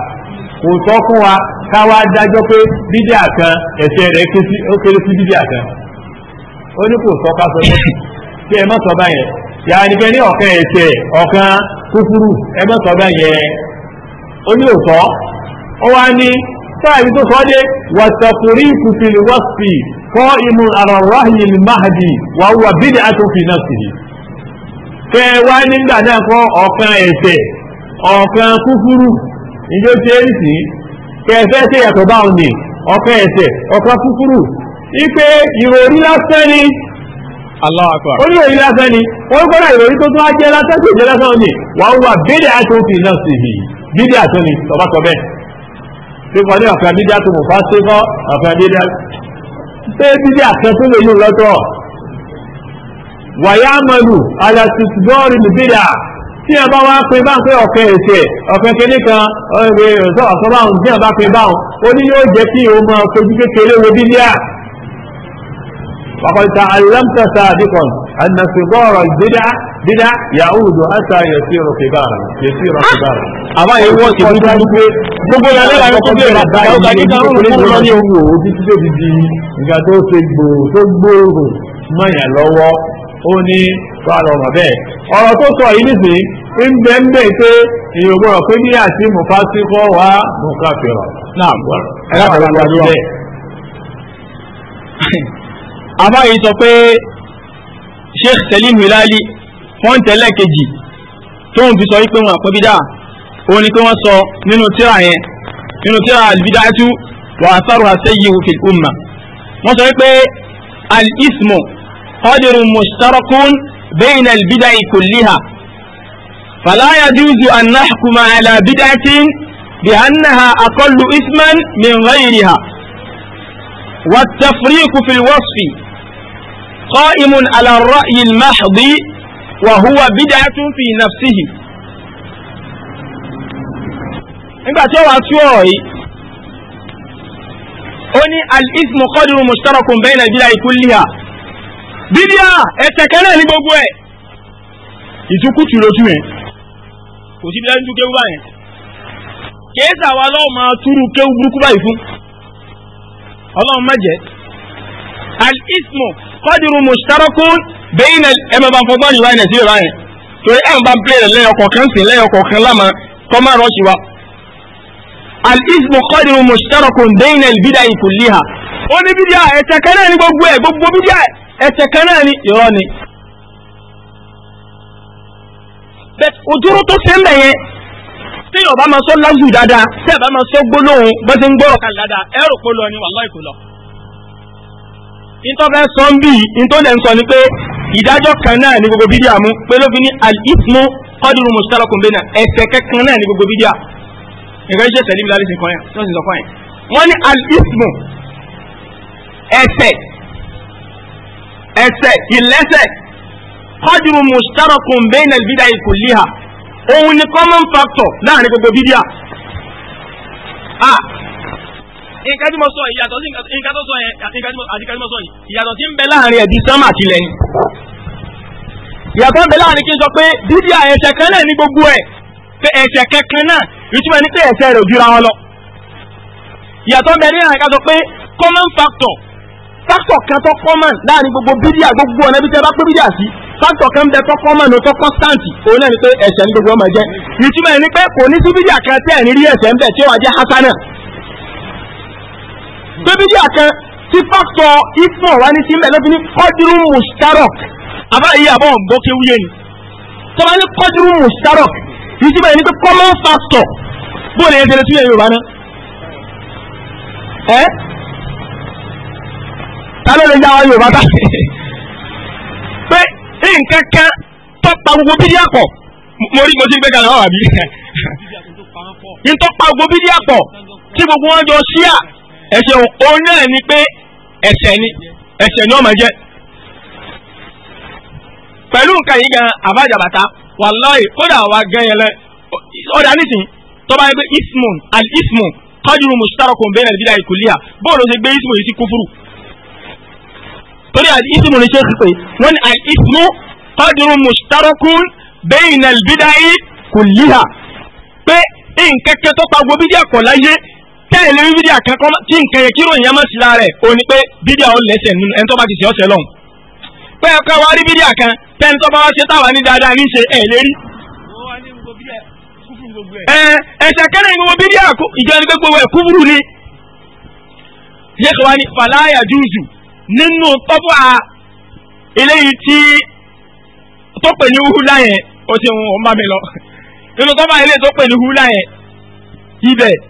kò tọ́ fún wa káwá dájọ́ pé bídíà kan ẹ̀ṣẹ̀ rẹ̀ ó kéré sí bídíà kan ó ní kò tọ́ ká sọ bẹ́ẹ̀ kí ẹ má sọ báyẹn yàrá ni قائم على الرهي المهدي وهو بدعة في نفسه kẹ wá nígbà náà kọ́ ọ̀kan ẹ̀ṣẹ̀ ọ̀kan kúkúrú ìjọ ṣe é sí kẹfẹ́ ṣe yàtọ̀ báwọn ni ọ̀kan ẹ̀ṣẹ̀ ọ̀kan kúkúrú ipe ìròrí lásán ni oníròrí lásán ni wọ́n gbọ́dọ̀ ìròrí tó tún á jẹ́ lásán tó jẹ́ lásán ni wọ́n wà bídẹ̀ àtúnfì náà sì hì bídẹ̀ àtúnfì tọ́bátọ́ bẹ́ẹ̀ ṣe kọ́ ní ọ̀kan bídẹ̀ àtúnfì fásitì kọ́ ọ̀kan bídẹ̀ àtúnfì pé bíbí àkẹ́tún lè yún lọ́tọ̀ wàyá mọ̀lù alàtìtìbọ́ọ̀rì nìbílà tí a bá wá pé bá ń pé ọ̀kẹ́ ẹ̀ṣẹ̀ ọ̀kẹ́ kéde kan ọ̀rẹ́ ọ̀sọ́ ọ̀sọ́ báwọn bí a bá pé báwọn ó ní yóò jẹ́ kí òun máa fojú kékeré wo bíbí à وقد تعلمت سابقا أن صغار البدع بدع يعود أتى يسير كبارا يسير كبارا أما يوم كبير gbogbo yàrá ìlànà tó bèèrè àtàwọn ọgbà nígbà ọrùn fún lọ ní òun òun títí tó fi di ìgbà tó ṣe gbòòrò tó gbòòrò mọ̀yàn lọ́wọ́ ó ní bára ọ̀rọ̀ bẹ́ẹ̀ ọ̀rọ̀ tó sọ yìí nìsín ń bẹ́ ń bẹ́ pé èèyàn gbọ́dọ̀ pé ní àti mùfásíkọ́ wa mùkàfẹ́rọ̀ náà gbọ́dọ̀ ẹ̀ àfáà yìí sọ pé Sheikh Salim Hilali wọ́n tẹ̀lé kejì tó ń fi sọ wípé wọn àpẹ́ bídà òun ni pé wọ́n sọ nínú tíra yẹn nínú tíra albidatu wà àtàrò àṣeyìí fil umma wọ́n sọ wípé al-ismu qadirun mushtarakun bayna al-bida'i kulliha فلا يجوز أن نحكم على بدعة بأنها أقل إثما من غيرها قائم على الرأي المحض وهو بدعة في نفسه nígbà tí ó wá tú ọ̀rọ̀ yìí ó ní al-ismu qadru mushtarakun bayna al-bid'ah kulliha bídíà ẹ̀tẹ̀kẹ́rẹ́ ní gbogbo ẹ̀ ìtukùtù lójú ẹ̀ kò sí bídá nínú kéwú báyẹn kéésà wa lọ́wọ́ máa túrú kéwú burúkú báyìí fún ọlọ́run má al-ismu qadru mushtarakun bẹ́yìn ẹ̀mẹ̀ bá ń fọgbọ́n yìí báyìí nàìjíríà báyìí torí ẹ̀mẹ̀ bá ń pè rẹ̀ lẹ́yọ̀ kọ̀ọ̀kan sí lẹ́yọ̀ kọ̀ọ̀kan lámà kọ́má rọ́ọ̀ṣì wa. al-ismu qadru mushtarakun bẹ́yìn al-bid'a kulliha ó ní bídíà ẹ̀tẹ̀ kan náà ní gbogbo ẹ̀ gbogbo bídíà ẹ̀tẹ̀ kan náà ní irọ́ ni. òdúró tó ṣe ń bẹ̀ yẹn tí yorùbá máa sọ lásù dáadáa tí yorùbá máa sọ gbólóhùn bó ti ń gbọ́rọ̀ kan dáadáa ẹ̀rù kó lọ ni wàláì kó lọ ìtọ́fẹ́ sọ ń bí ìtọ́lẹ̀ ń sọ ni pé ìdájọ́ kan náà ní gbogbo bídíà mú pé ló fi ní al-ithmu qadru mushtarakun baina ẹ̀ṣẹ̀ kẹ́kan náà ní gbogbo bídíà nǹkan ṣe tẹ̀lé mi láti sìn kan yẹn tó sì sọ kan yẹn wọ́n ní al-ithmu ẹ̀ṣẹ̀ ẹ̀ṣẹ̀ ìlẹ́ṣẹ̀ qadru mushtarakun nǹkan tí mo sọ ìyàtọ̀ sí nǹkan tó sọ yẹn àti nǹkan tí mo sọ yìí ìyàtọ̀ tí ń bẹ láàrin ẹ̀dí sánmà àti ilẹ̀ yìí. ìyàtọ̀ ń bẹ láàrin kí n sọ pé dídí ẹ̀ṣẹ̀ kan náà ní gbogbo ẹ̀ pé ẹ̀ṣẹ̀ kankan náà ìtumọ̀ ẹni pé ẹ̀ṣẹ̀ rẹ̀ ò jura wọn lọ. ìyàtọ̀ ń bẹ láàrin ká sọ pé common factor factor kan tó common láàrin gbogbo bídíà gbogbo ọ̀nà ibi tẹ́ bá pé bídíà sí factor kan bẹ tó common tó constant òun náà ni pé ẹ̀ṣẹ̀ ní gbogbo ọmọ jẹ́ ìtumọ̀ ẹni pé kò ní sí bídíà kan tẹ́ ẹ̀ ní rí ẹ̀ṣẹ̀ ń bẹ tí ó wà jẹ́ hasana pé bídíà kan tí pásítọ̀ ifọ̀ wá ní sílẹ̀ lọ́sí ní kọ́dúrú mustarok àbáyé àbọ̀ gbókè wúyẹ ni tó bá ní kọ́dúrú mustarok yìí ti báyìí ní pé common factor bó lè ṣe lè túyẹ̀ yorùbá náà ẹ́ ta ló lè yá wa yorùbá bá pé nǹkan kan tó pa gbogbo bídíà pọ̀ mo rí mo ti ń gbé kalẹ̀ wá wà bí nǹkan pa gbogbo bídíà pọ̀ tí gbogbo wọn jọ ṣíà ẹ̀ṣẹ̀ òun náà ni pé ẹ̀ṣẹ̀ ni ẹ̀ṣẹ̀ ni ó máa jẹ́ pẹ̀lú nǹkan yìí gan àbájábàtà wàláì kódà wa gan ọ̀dà nísìnyí tọ́ba yẹn pé ismun al ismun kájúrú mushtarakun bayna al bid'ah kulliya bóòlù ṣe gbé ismun yìí sí kúfúrú torí al ismu ni ṣe pé wọ́n ní al ismu kájúrú mushtarakun bayna al bid'ah kulliya pé nǹkan kẹtọ́ pa gbogbo bídíà kọ̀ láyé kẹ́yìn lórí bídíà kan kọ́ tí nǹkan yẹ kí ròyìn yẹn mọ̀ sí lára ẹ̀ o ní pé bídíà ó lẹ́sẹ̀ nínú ẹni tó bá ti ṣe ọ̀sẹ̀ lọ́hùn. pé ẹ̀ka wa rí bídíà kan tẹ́ni tó bá wá ṣe táwa ní dáadáa ní ṣe ẹ̀ lérí. ẹ̀ṣẹ̀ kẹ́rin gbogbo bídíà ìjọ ni pé gbogbo ẹ̀ kúburú ni. yẹ́sọ̀ wa ni fàlàyà júùsù nínú tọ́pọ̀ à eléyìí tí tó pè ní húlá yẹn ó ti ń bá mi lọ nínú tọ́pọ̀ eléyìí tó pè ní húlá yẹn ibẹ̀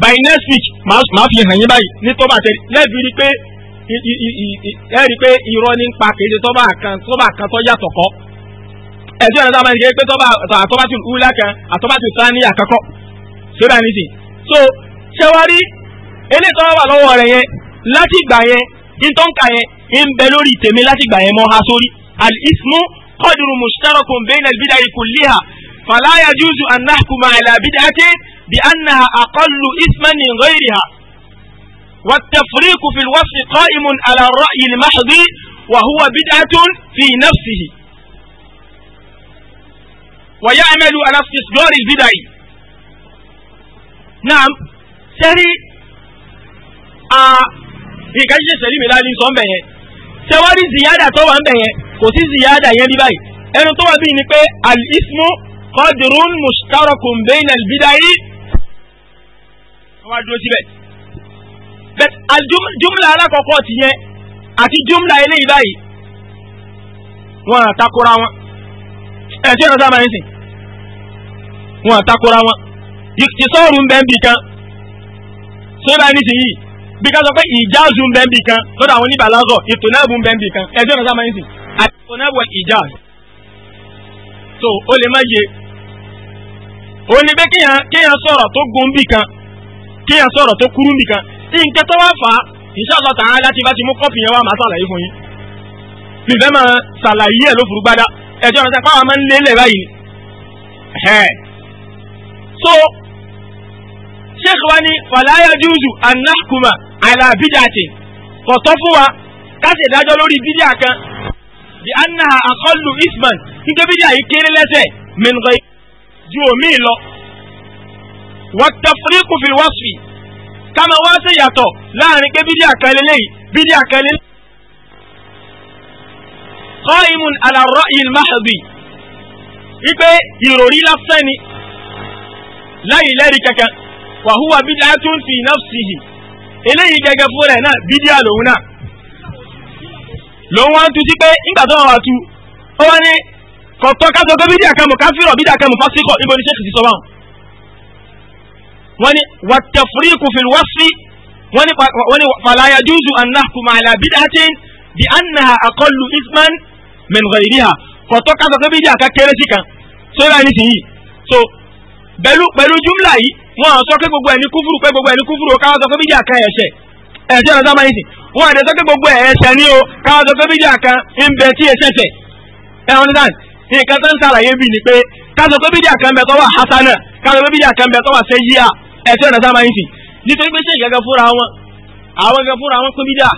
by next week màá fi hàn yín báyìí ní tọ́ba tẹ̀lé lẹ́bi rí pé ẹ rí pé irọ́ ní pa kéde tọ́ba kan tọ́ba kan tọ́ yàtọ̀ kọ́ ẹ̀sìn ọ̀nà sábà ní kéde pé tọ́ba àtọ́ba ti wúlá kan àtọ́ba ti sá ní àkọ́kọ́ sórí àníjì so ṣẹwárí eléyìí tọ́ba wà lọ́wọ́ rẹ̀ yẹn láti ìgbà yẹn ìtọ́ǹkà yẹn ń bẹ lórí tèmi láti ìgbà yẹn mọ́ ha sórí al-ismu qadru mushtarakun bayna al-bid'ah kulliha بأنها أقل إثما من غيرها والتفريق في الوصف قائم على الرأي المحض وهو بدعة في نفسه ويعمل على استصدار البدع نعم سري آه nǹkan ṣe sẹ́rí mi láti sọ ń bẹ̀ yẹn ṣẹ́wárí ziyada tó wà ń bẹ̀ yẹn kò sí ziyada yẹn bí báyìí ẹnu tó wà bí ni pé al-ismu qadrun mushtarakun bayna al-bidai wá dúró síbẹ̀. bẹ́ẹ̀ àjùmùlà alákọ̀ọ́kọ́ ti yẹn àti jùmùlà eléyìí báyìí wọn àtakora wọn ẹ̀ tí ẹ̀rọ sábà ń sìn wọn àtakora wọn ìsọ̀rù ń bẹ́ẹ̀ bì kan ṣé báyìí ní ti yìí bí ká sọ pé ìjáàzù ń bẹ́ẹ̀ bì kan lọ́dọ̀ àwọn oníbàlágọ̀ ìtònẹ́bù ń bẹ́ẹ̀ bì kan ẹ̀ tí ẹ̀rọ sábà ń sìn àti ìtònẹ́bù ìjáàzù so ó lè má yé ó ní pé kéèyàn kéèyàn sọ̀rọ̀ tó gun bì kan kéèyàn sọ̀rọ̀ tó kúrú nìkan nǹkan tó wá fà á inshallah ta'ala láti bá ti mú kọ́ọ̀pù yẹn wá máa ṣàlàyé fún yín mi máa ṣàlàyé ẹ̀ ló furu gbádá ẹjọ́ rẹ̀ sápá wa máa ń lélẹ̀ báyìí so sheikh wa ni falaya juju anahkuma ala bidati kọ̀tọ́ fún wa káṣe ìdájọ́ lórí bídíà kan bí annaha aqallu isman nítorí bídíà yìí kéré lẹ́sẹ̀ min ju omi lọ والتفريق في الوصف كما واسع ياتو لا رك بدي اكللي بدي اكلل قائم على الرأي المحض ipe ìròrí lásán ni láì lẹ́rìí kankan wàhúwà bídíà tún fi nafsihi eléyìí gẹ́gẹ́ fún rẹ̀ náà bídíà lòun náà lòun wá ń tu pé nígbà tó wà tu ó wá ní kọ̀tọ́ ká pé bídíà kan mọ̀ káfírọ̀ bídíà kan mọ̀ fásikọ̀ ibo ni sẹ́kì ti wọ́n ní wàtẹ̀fúríkù fìlwọ́sí wọ́n ní fàlàyà júùsù anáhùkùmá àlàbídàtín bí annaha akọlù isman min ghayriha kọ̀tọ́ ká sọ pé bídíà ká kéré sí kan tó yẹ ní sìyí so pẹ̀lú pẹ̀lú júmlà yìí wọ́n sọ pé gbogbo ẹni kúfúrú pé gbogbo ẹni kúfúrú ká sọ pé bídíà ká ẹ̀ṣẹ̀ ẹ̀ṣẹ̀ ọ̀dọ́ máa ń sìn wọ́n àdé sọ pé gbogbo ẹ̀ṣẹ̀ ni o ká sọ pé bídíà kan ń bẹ tí ẹ̀ṣẹ̀ ṣẹ̀ ẹ̀ ọ̀n nǹkan tó ń ṣàlàyé bíi ni pé ká sọ pé bídíà kan bẹ tó wà hasana ká sọ pé bídíà kan bẹ tó wà sẹ́yíà ẹ̀tí ọ̀nà sáà máa ń sìn nítorí pé ṣé ìyá fúnra wọn àwọn gan fúnra wọn pín bí dáa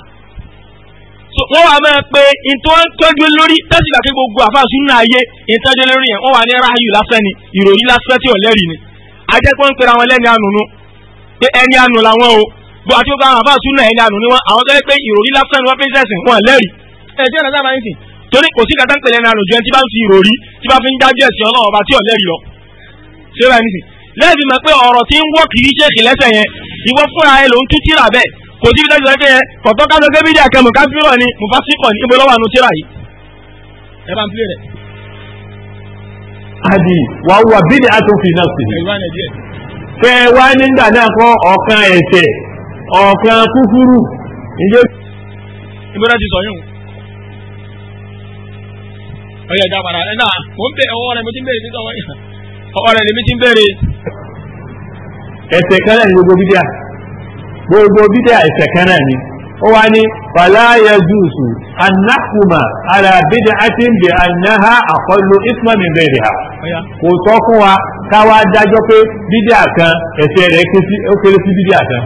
wọ́n wà máa pe ìtọ́ tọ́jú lórí tẹ́sílà kí gbogbo àfàṣù ń náà yé ìtọ́jú lórí yẹn wọ́n wà ní ráàyù lásán ni ìròyìn lásán tí ọ̀lẹ́rì ni ajẹ́pọ̀ ń pera wọn lẹ́ni ànùnú pé ẹni ànù làwọn o bó àti gbogbo àwọn náà ẹni ànù ni wọn àwọn tó yẹ pé ìròyìn lásán ni wọ́n fi ń sẹ̀sìn wọn lẹ́rì ẹ̀jẹ̀ náà sábà ń sìn torí kò sí kàtà ń ànù ju tí bá ń fi ìròrí tí bá fi ń dájú ẹ̀sìn ọlọ́run ọba tí ọ̀lẹ́rì lọ ṣé báyìí nìsín lẹ́ẹ̀fì mọ̀ pé ọ̀rọ̀ tí ń wọ́ kìí ṣe kì lẹ́sẹ̀ yẹn ìwọ fúnra ẹ ló ń tú tíra bẹ́ẹ̀ kò sí bíi dájúdájú yẹn kọ̀tọ́ ká sọ́kẹ́ bíi àkẹ́mù ká fi rọ̀ ni mo bá sí ibo lọ́wọ́ àánú tíra yìí. ẹ bá ń ọ̀rẹ́ lèmi ti ń bẹ̀rẹ̀ kan náà gbogbo bídíà gbogbo bídíà kan náà ni ó wá ní ha. kò fún wa pé bídíà kan kéré sí bídíà kan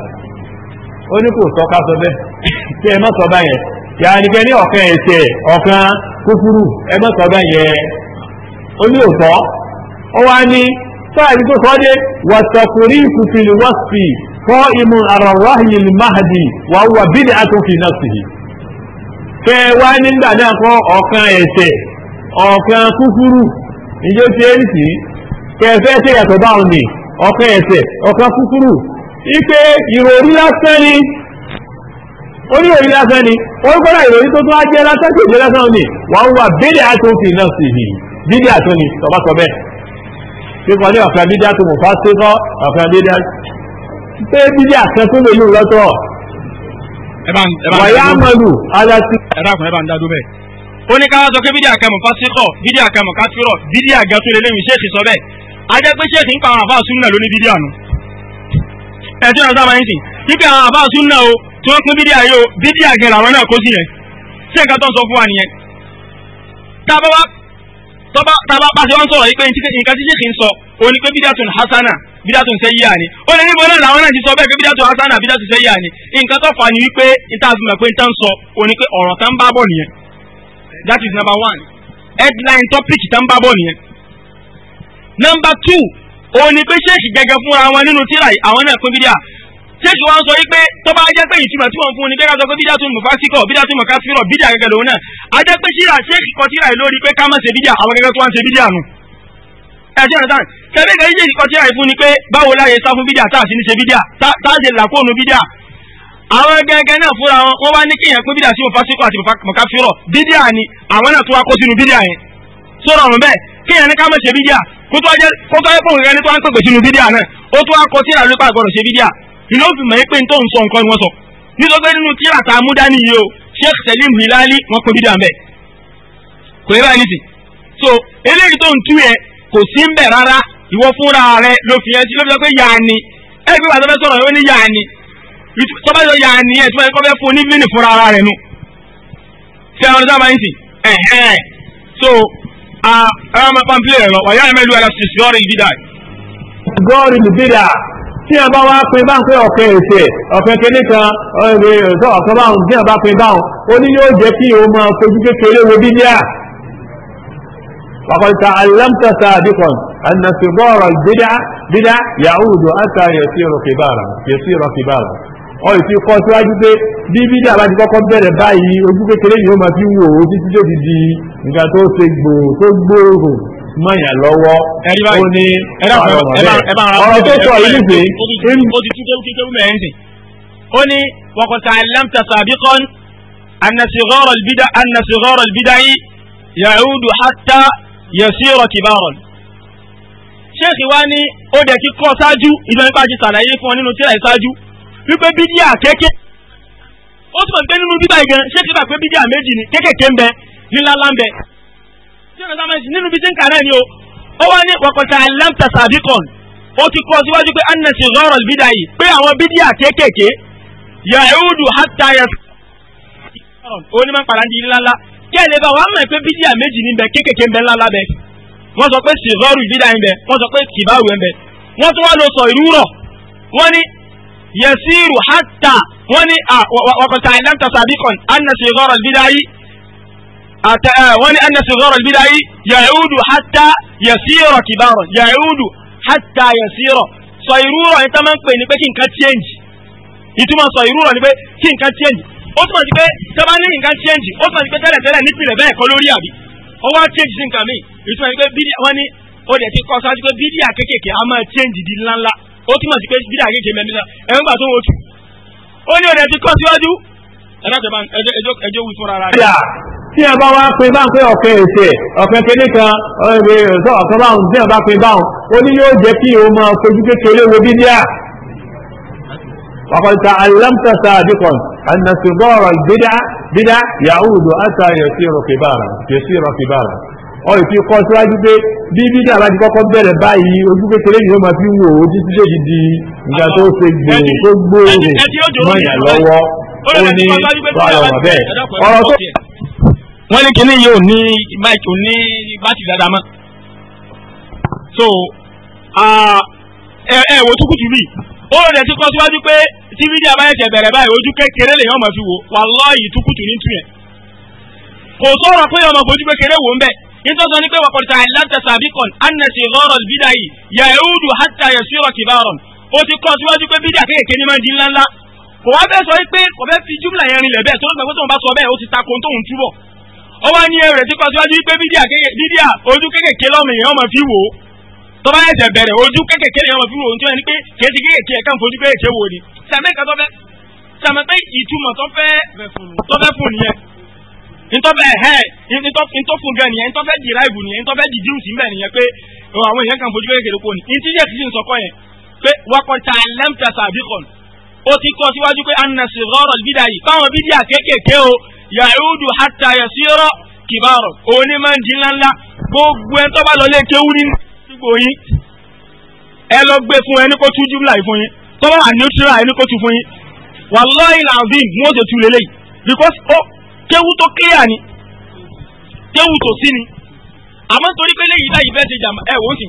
ó ní kò ká sọ (laughs) ẹ má sọ ní ọ̀kan ọ̀kan kúkúrú ẹ má sọ ó ní òótọ́ ó wá ní fáàrí tó wàtàkùrí ìkùfìlì wọ́sì fọ́ ìmú àrọ̀rọ̀hìlì mahadi wà wà bídí àtúnfì náà sì fẹ́ wá nígbà náà kọ́ ọ̀kan ẹ̀ṣẹ̀ ọ̀kan kúkúrú ìjọ tí ẹ nìsí kẹfẹ́ ṣe yàtọ̀ báwọn ni ọ̀kan ẹ̀ṣẹ̀ ọ̀kan kúkúrú ipe ìròrí lásán ni oníròyìn lásán ni orúkọ́lá ìròyìn tó tún á jẹ́ lásán kìí jẹ́ lásán ni wà wà bídí àtúnfì náà sì pípọ̀ ní ọ̀fẹ́ bídá tó mọ̀ fá sí kọ́ ọ̀fẹ́ bídá pé bídá kan tó lè lù lọ́tọ̀ wàyá mọ̀lù alásì. ẹ̀rọ àkùnrin bá ń dá dúbẹ̀. ó ní káwá sọ pé bídá kan mọ̀ fá sí kọ́ bídá kan mọ̀ káfírọ̀ bídá gan tó lè lẹ́yìn ṣéèkì sọ bẹ́ẹ̀ ajẹ́ pé ṣéèkì ń pa àwọn àbá súnà lóní bídá nu. ẹ̀jẹ̀ náà sábà ń sìn kíkẹ́ àwọn àbá súnà o tí wọ́n pín bídá yìí o bídá gan làwọn náà kó sí yẹn ṣé nǹkan tó ń sọ fún wa nìyẹn. tá tọ́ba tábà bá ṣe wọ́n sọ̀rọ̀ yìí pé nǹkan tí ṣèkì ń sọ o ní pé bídàtún hasana bídàtún sẹ́yíà ni ó lè níbo náà làwọn náà ti sọ bẹ́ẹ̀ pé bídàtún hasana bídàtún sẹ́yíà ni nǹkan tó fà ní wípé níta fi mọ̀ pé níta ń sọ o ní pé ọ̀rọ̀ tá ń bá bọ̀ nìyẹn that is number one headline topic tá ń bá bọ̀ nìyẹn. number two o ní pé ṣèkì gẹ́gẹ́ fúnra wọn nínú tíra àwọn náà pín bídà ṣéṣù wa ń sọ yìí pé tó bá jẹ́ pé ìtumọ̀ tí wọ́n fún ni pé ká sọ pé bídà tún mọ̀fá síkọ̀ bídà tún mọ̀ká sírọ̀ bídà gẹ́gẹ́ lòun náà a jẹ́ pé síra ṣéṣù kọ síra yìí lórí pé ká má ṣe bídà àwọn gẹ́gẹ́ tó wá ń ṣe bídà nù. ẹ ṣe ọ̀nà tán kẹ́lẹ́ kẹ́lẹ́ ṣéṣù kọ síra yìí fún ni pé báwo láyé sá fún bídà tá a sì ní ṣe bídà tá a ṣe làkóònù bídà àwọn gẹ́gẹ́ náà fúnra wọn wọ́n wá ní kíyàn pé bídà sí mọ̀fá síkọ̀ àti mọ̀ká fírọ̀ bídà ni àwọn náà tó wá kó sínú bídà yẹn sọ̀rọ̀ ọ̀run bẹ́ẹ̀ kíyàn ní ká má ṣe bídà kó tó wá jẹ́ kó tó ní tó wá ń pèpè sínú bídà náà ó tó wá kọ síra lópa àgbọ̀dọ̀ ṣe bídà iná fi mọ̀ pé tó ń sọ nǹkan ni wọ́n sọ nítorí pé nínú tíra tá a mú dání yìí o Sheikh Salim Hilali wọ́n pe bídà mẹ́ kò yẹ báyìí nìsín so eléyìí tó ń tú yẹ kò sí ń bẹ̀ rárá ìwọ fúnra rẹ ló fi yẹn sí ló fi sọ pé yaani ẹ fi wà tó fẹ́ sọ̀rọ̀ yóò ní yaani tó bá yọ yaani ẹ̀ tó bá yẹ kó fẹ́ fún ní mínì fúnra ara rẹ nu ṣé àwọn ọ̀dọ́ sábà ń sìn ẹ̀ ẹ̀ so ẹ̀ ẹ̀ máa pàmpilẹ̀ rẹ lọ wà yára mẹ́lú ẹ̀ lọ sí sọ́ọ̀rì ìbídà. gọ́ọ̀rì ìbídà tí a bá wá pin bá ń pé ọ̀pẹ ẹ̀sẹ̀ ọ̀pẹ kéde kan ọ̀rẹ́ ọ̀sọ́ ọ̀kan báwọn tí a bá pin báwọn ó ní yóò jẹ́ kí o máa fojú kékeré wo bí díà. Pàkọ́ta alámta sàdíkọ̀n ànàfi bọ́ọ̀rọ̀ bídá bídá yàhùdù àtà yẹ̀sí rọ̀kìbára yẹ̀sí rọ̀kìbára. Ọ ìfi kọ́ síwájú pé bí bídá bá ti kọ́kọ́ bẹ̀rẹ̀ báyìí ojú kékeré yìí ó máa fi wò ó títí tó mọ̀yàn lọ́wọ́ ó ní ọ̀rọ̀ tó sọ yìí nìgbè. ó ti túkẹ́ wíkẹ́ wíkẹ́ mẹ́rin sìn. ó ní wọ́kọ̀ tá a lám ta sàbí kan anasighọ́rọ̀ bídà anasighọ́rọ̀ bídà yìí yahudu hatta yasiro kibarol. sheikh wa ni ó dẹ̀ kí kọ́ ṣáájú ìjọ nípa ti sàlàyé fún ọ nínú tíra ìṣáájú wípé bídíà kéèké ó túnbọ̀ pé nínú bíbá ìgbẹ́ sheikh gbà pé bídíà méjì ni kéékèèké ń bẹ lílá lá ń bẹ tí ọ̀nà sáà máa ń sìn nínú ibi tí ń kà náà ni o ó wá ní wàkọ̀tà alámta sàbíkọ̀n ó ti kọ́ síwájú pé anasi lọ́rọ̀ bídà yìí pé àwọn bídíà kéékèèké yahudu hata yas òní máa ń padà di ńláńlá kí ẹ lè bá wàá mọ̀ pé bídíà méjì ní bẹ kéékèèké ń bẹ ńláńlá bẹ wọ́n sọ pé sìrọ́rù bídà ń bẹ wọ́n sọ pé sìbáwù ń bẹ wọ́n tún wá lọ sọ ìlú rọ̀ wọ́n ní yasiru hata wọ́n ní wàkọ̀tà alámta sàbíkọ̀n anasi lọ́rọ̀ bídà yìí wọ́n ní ẹnẹ́sì rọrọ̀ ìbílẹ̀ ayé yàúdù hátà yẹ̀sírọ̀ kìbárọ̀ yàúdù hátà yẹ̀sírọ̀ sọ ìrúrọ̀ ní tọ́mọ́ ń pè ní pé kí nǹkan change ìtumọ̀ sọ ìrúrọ̀ ní pé kí nǹkan change ó túmọ̀ sí pé tọ́mọ́ ní nǹkan change ó túmọ̀ sí pé tẹ́lẹ̀ tẹ́lẹ̀ nípìnlẹ̀ bẹ́ẹ̀ kọ́ lórí àbí ó wá change sí nǹkan míì ìtumọ̀ sí pé bídíà wọ́n ní ó dẹ̀ ti kọ́ sáájú pé bídíà kékèké a máa change di ńláńlá ó túmọ̀ sí pé bídíà kékèké mẹ́rin náà ẹ̀rọ gbà tó ń wojú ó ní ó dẹ̀ ti kọ́ síwájú ẹ̀rọ ẹjọ́ wù fúnra rẹ̀ tí ẹ bá wá pin bá ń pé ọ̀fẹ́ ìṣe ọ̀fẹ́ kéde kan ọ̀rẹ́ ìṣọ́ ọ̀kan báwọn tí ẹ bá pin báwọn ó ní yóò jẹ́ kí o máa fojú kékeré wo bí díà. وقد تعلمت سابقا أن كبار البدع بدع يعود أتى يصير كبارا يصير كبارا ọ̀rọ̀ tí kọ́ síwájú pé bí bídà láti kọ́kọ́ bẹ̀rẹ̀ báyìí ojú kékeré yìí ó máa fi wò ó títí lè di ìgbà tó ṣe gbòòrò tó gbòòrò mọ́yà lọ́wọ́ ó ní ọ̀rọ̀ bẹ́ẹ̀ ọ̀rọ̀ tó wọ́n ní kíní yóò ní mike òní bátì dáadáa mọ́ so ẹ ẹ wo tukutu bíi ó rẹ̀ ti kọ́ síwájú pé tí fídíò abáyẹ̀sẹ̀ bẹ̀rẹ̀ báyìí ojú kékeré lè yọ̀ọ́ mọ̀ fi wò wàláhì tukutu ní tu yẹn kò sọ̀rọ̀ pé ọmọ ojú kékeré wò ń bẹ̀ nítorí ni pé wà kọ̀ọ̀tà aláǹtà sàbíkọ̀n ánàsì lọ́rọ̀ bídà yìí yàhúdù hàtà yẹ̀sùrọ̀ kìbárọ̀n ó ti kọ́ síwájú pé bídà kéèké ni máa di ńláńlá kò wá bẹ́ẹ̀ sọ pé kò bẹ́ẹ̀ fi júmùlà yẹn rinlẹ̀ bẹ́ẹ̀ tó ń gbàgbọ́ tó ń bá sọ bẹ́ẹ̀ ó ti ta kóńtóhùn túbọ̀ ó wá ní ẹrẹ̀ tí kọ́ síwájú wípé bídíà ojú kékèké lọ́mọ èèyàn máa fi wò ó tó bá ẹ̀sẹ̀ bẹ̀rẹ̀ ojú kékèké lèèyàn máa fi wò ó nítorí pé kéèké kékèké ẹ̀ka ń fojú kékèké wò ni sàmì kan tó fẹ́ sàmì pé ìtumọ̀ tó fẹ́ tó fẹ́ fún nìyẹn ntọ́fẹ́ ẹ̀hẹ́ ntọ́fún bẹ́ẹ̀ nìyẹn ntọ́fẹ́ dìráìbù nìyẹn ntọ́fẹ́ dìdíùsì bẹ́ẹ̀ nìyẹn pé àwọn èèyàn kan fojú kékèké lóko ni ntí yẹ ti sọ yẹn pé wakọ̀ta lẹ́mtẹ̀sà àbíkọ̀n ó ti kọ́ síwájú pé anna sirọ́rọ̀ bídà yìí báwọn bídà kékèké o yàúdù hàtà yasira kìbárọ̀ òní máa ń di ńláńlá gbogbo ẹni tó bá lọ lé kéwú ní ìgbò yín ẹ lọ gbé fún ẹni kó tú júmùlà yìí fún yín tó bá wà ní òtúrà ẹni kó tú fún yín wallahi làǹfìn ní òtò tu lélẹ́yìí because ó kéwú tó clear ni kéwú tó sí ni àmọ́ torí pé léyìí báyìí fẹ́ ṣe jàmbá ẹ̀ wò ó sì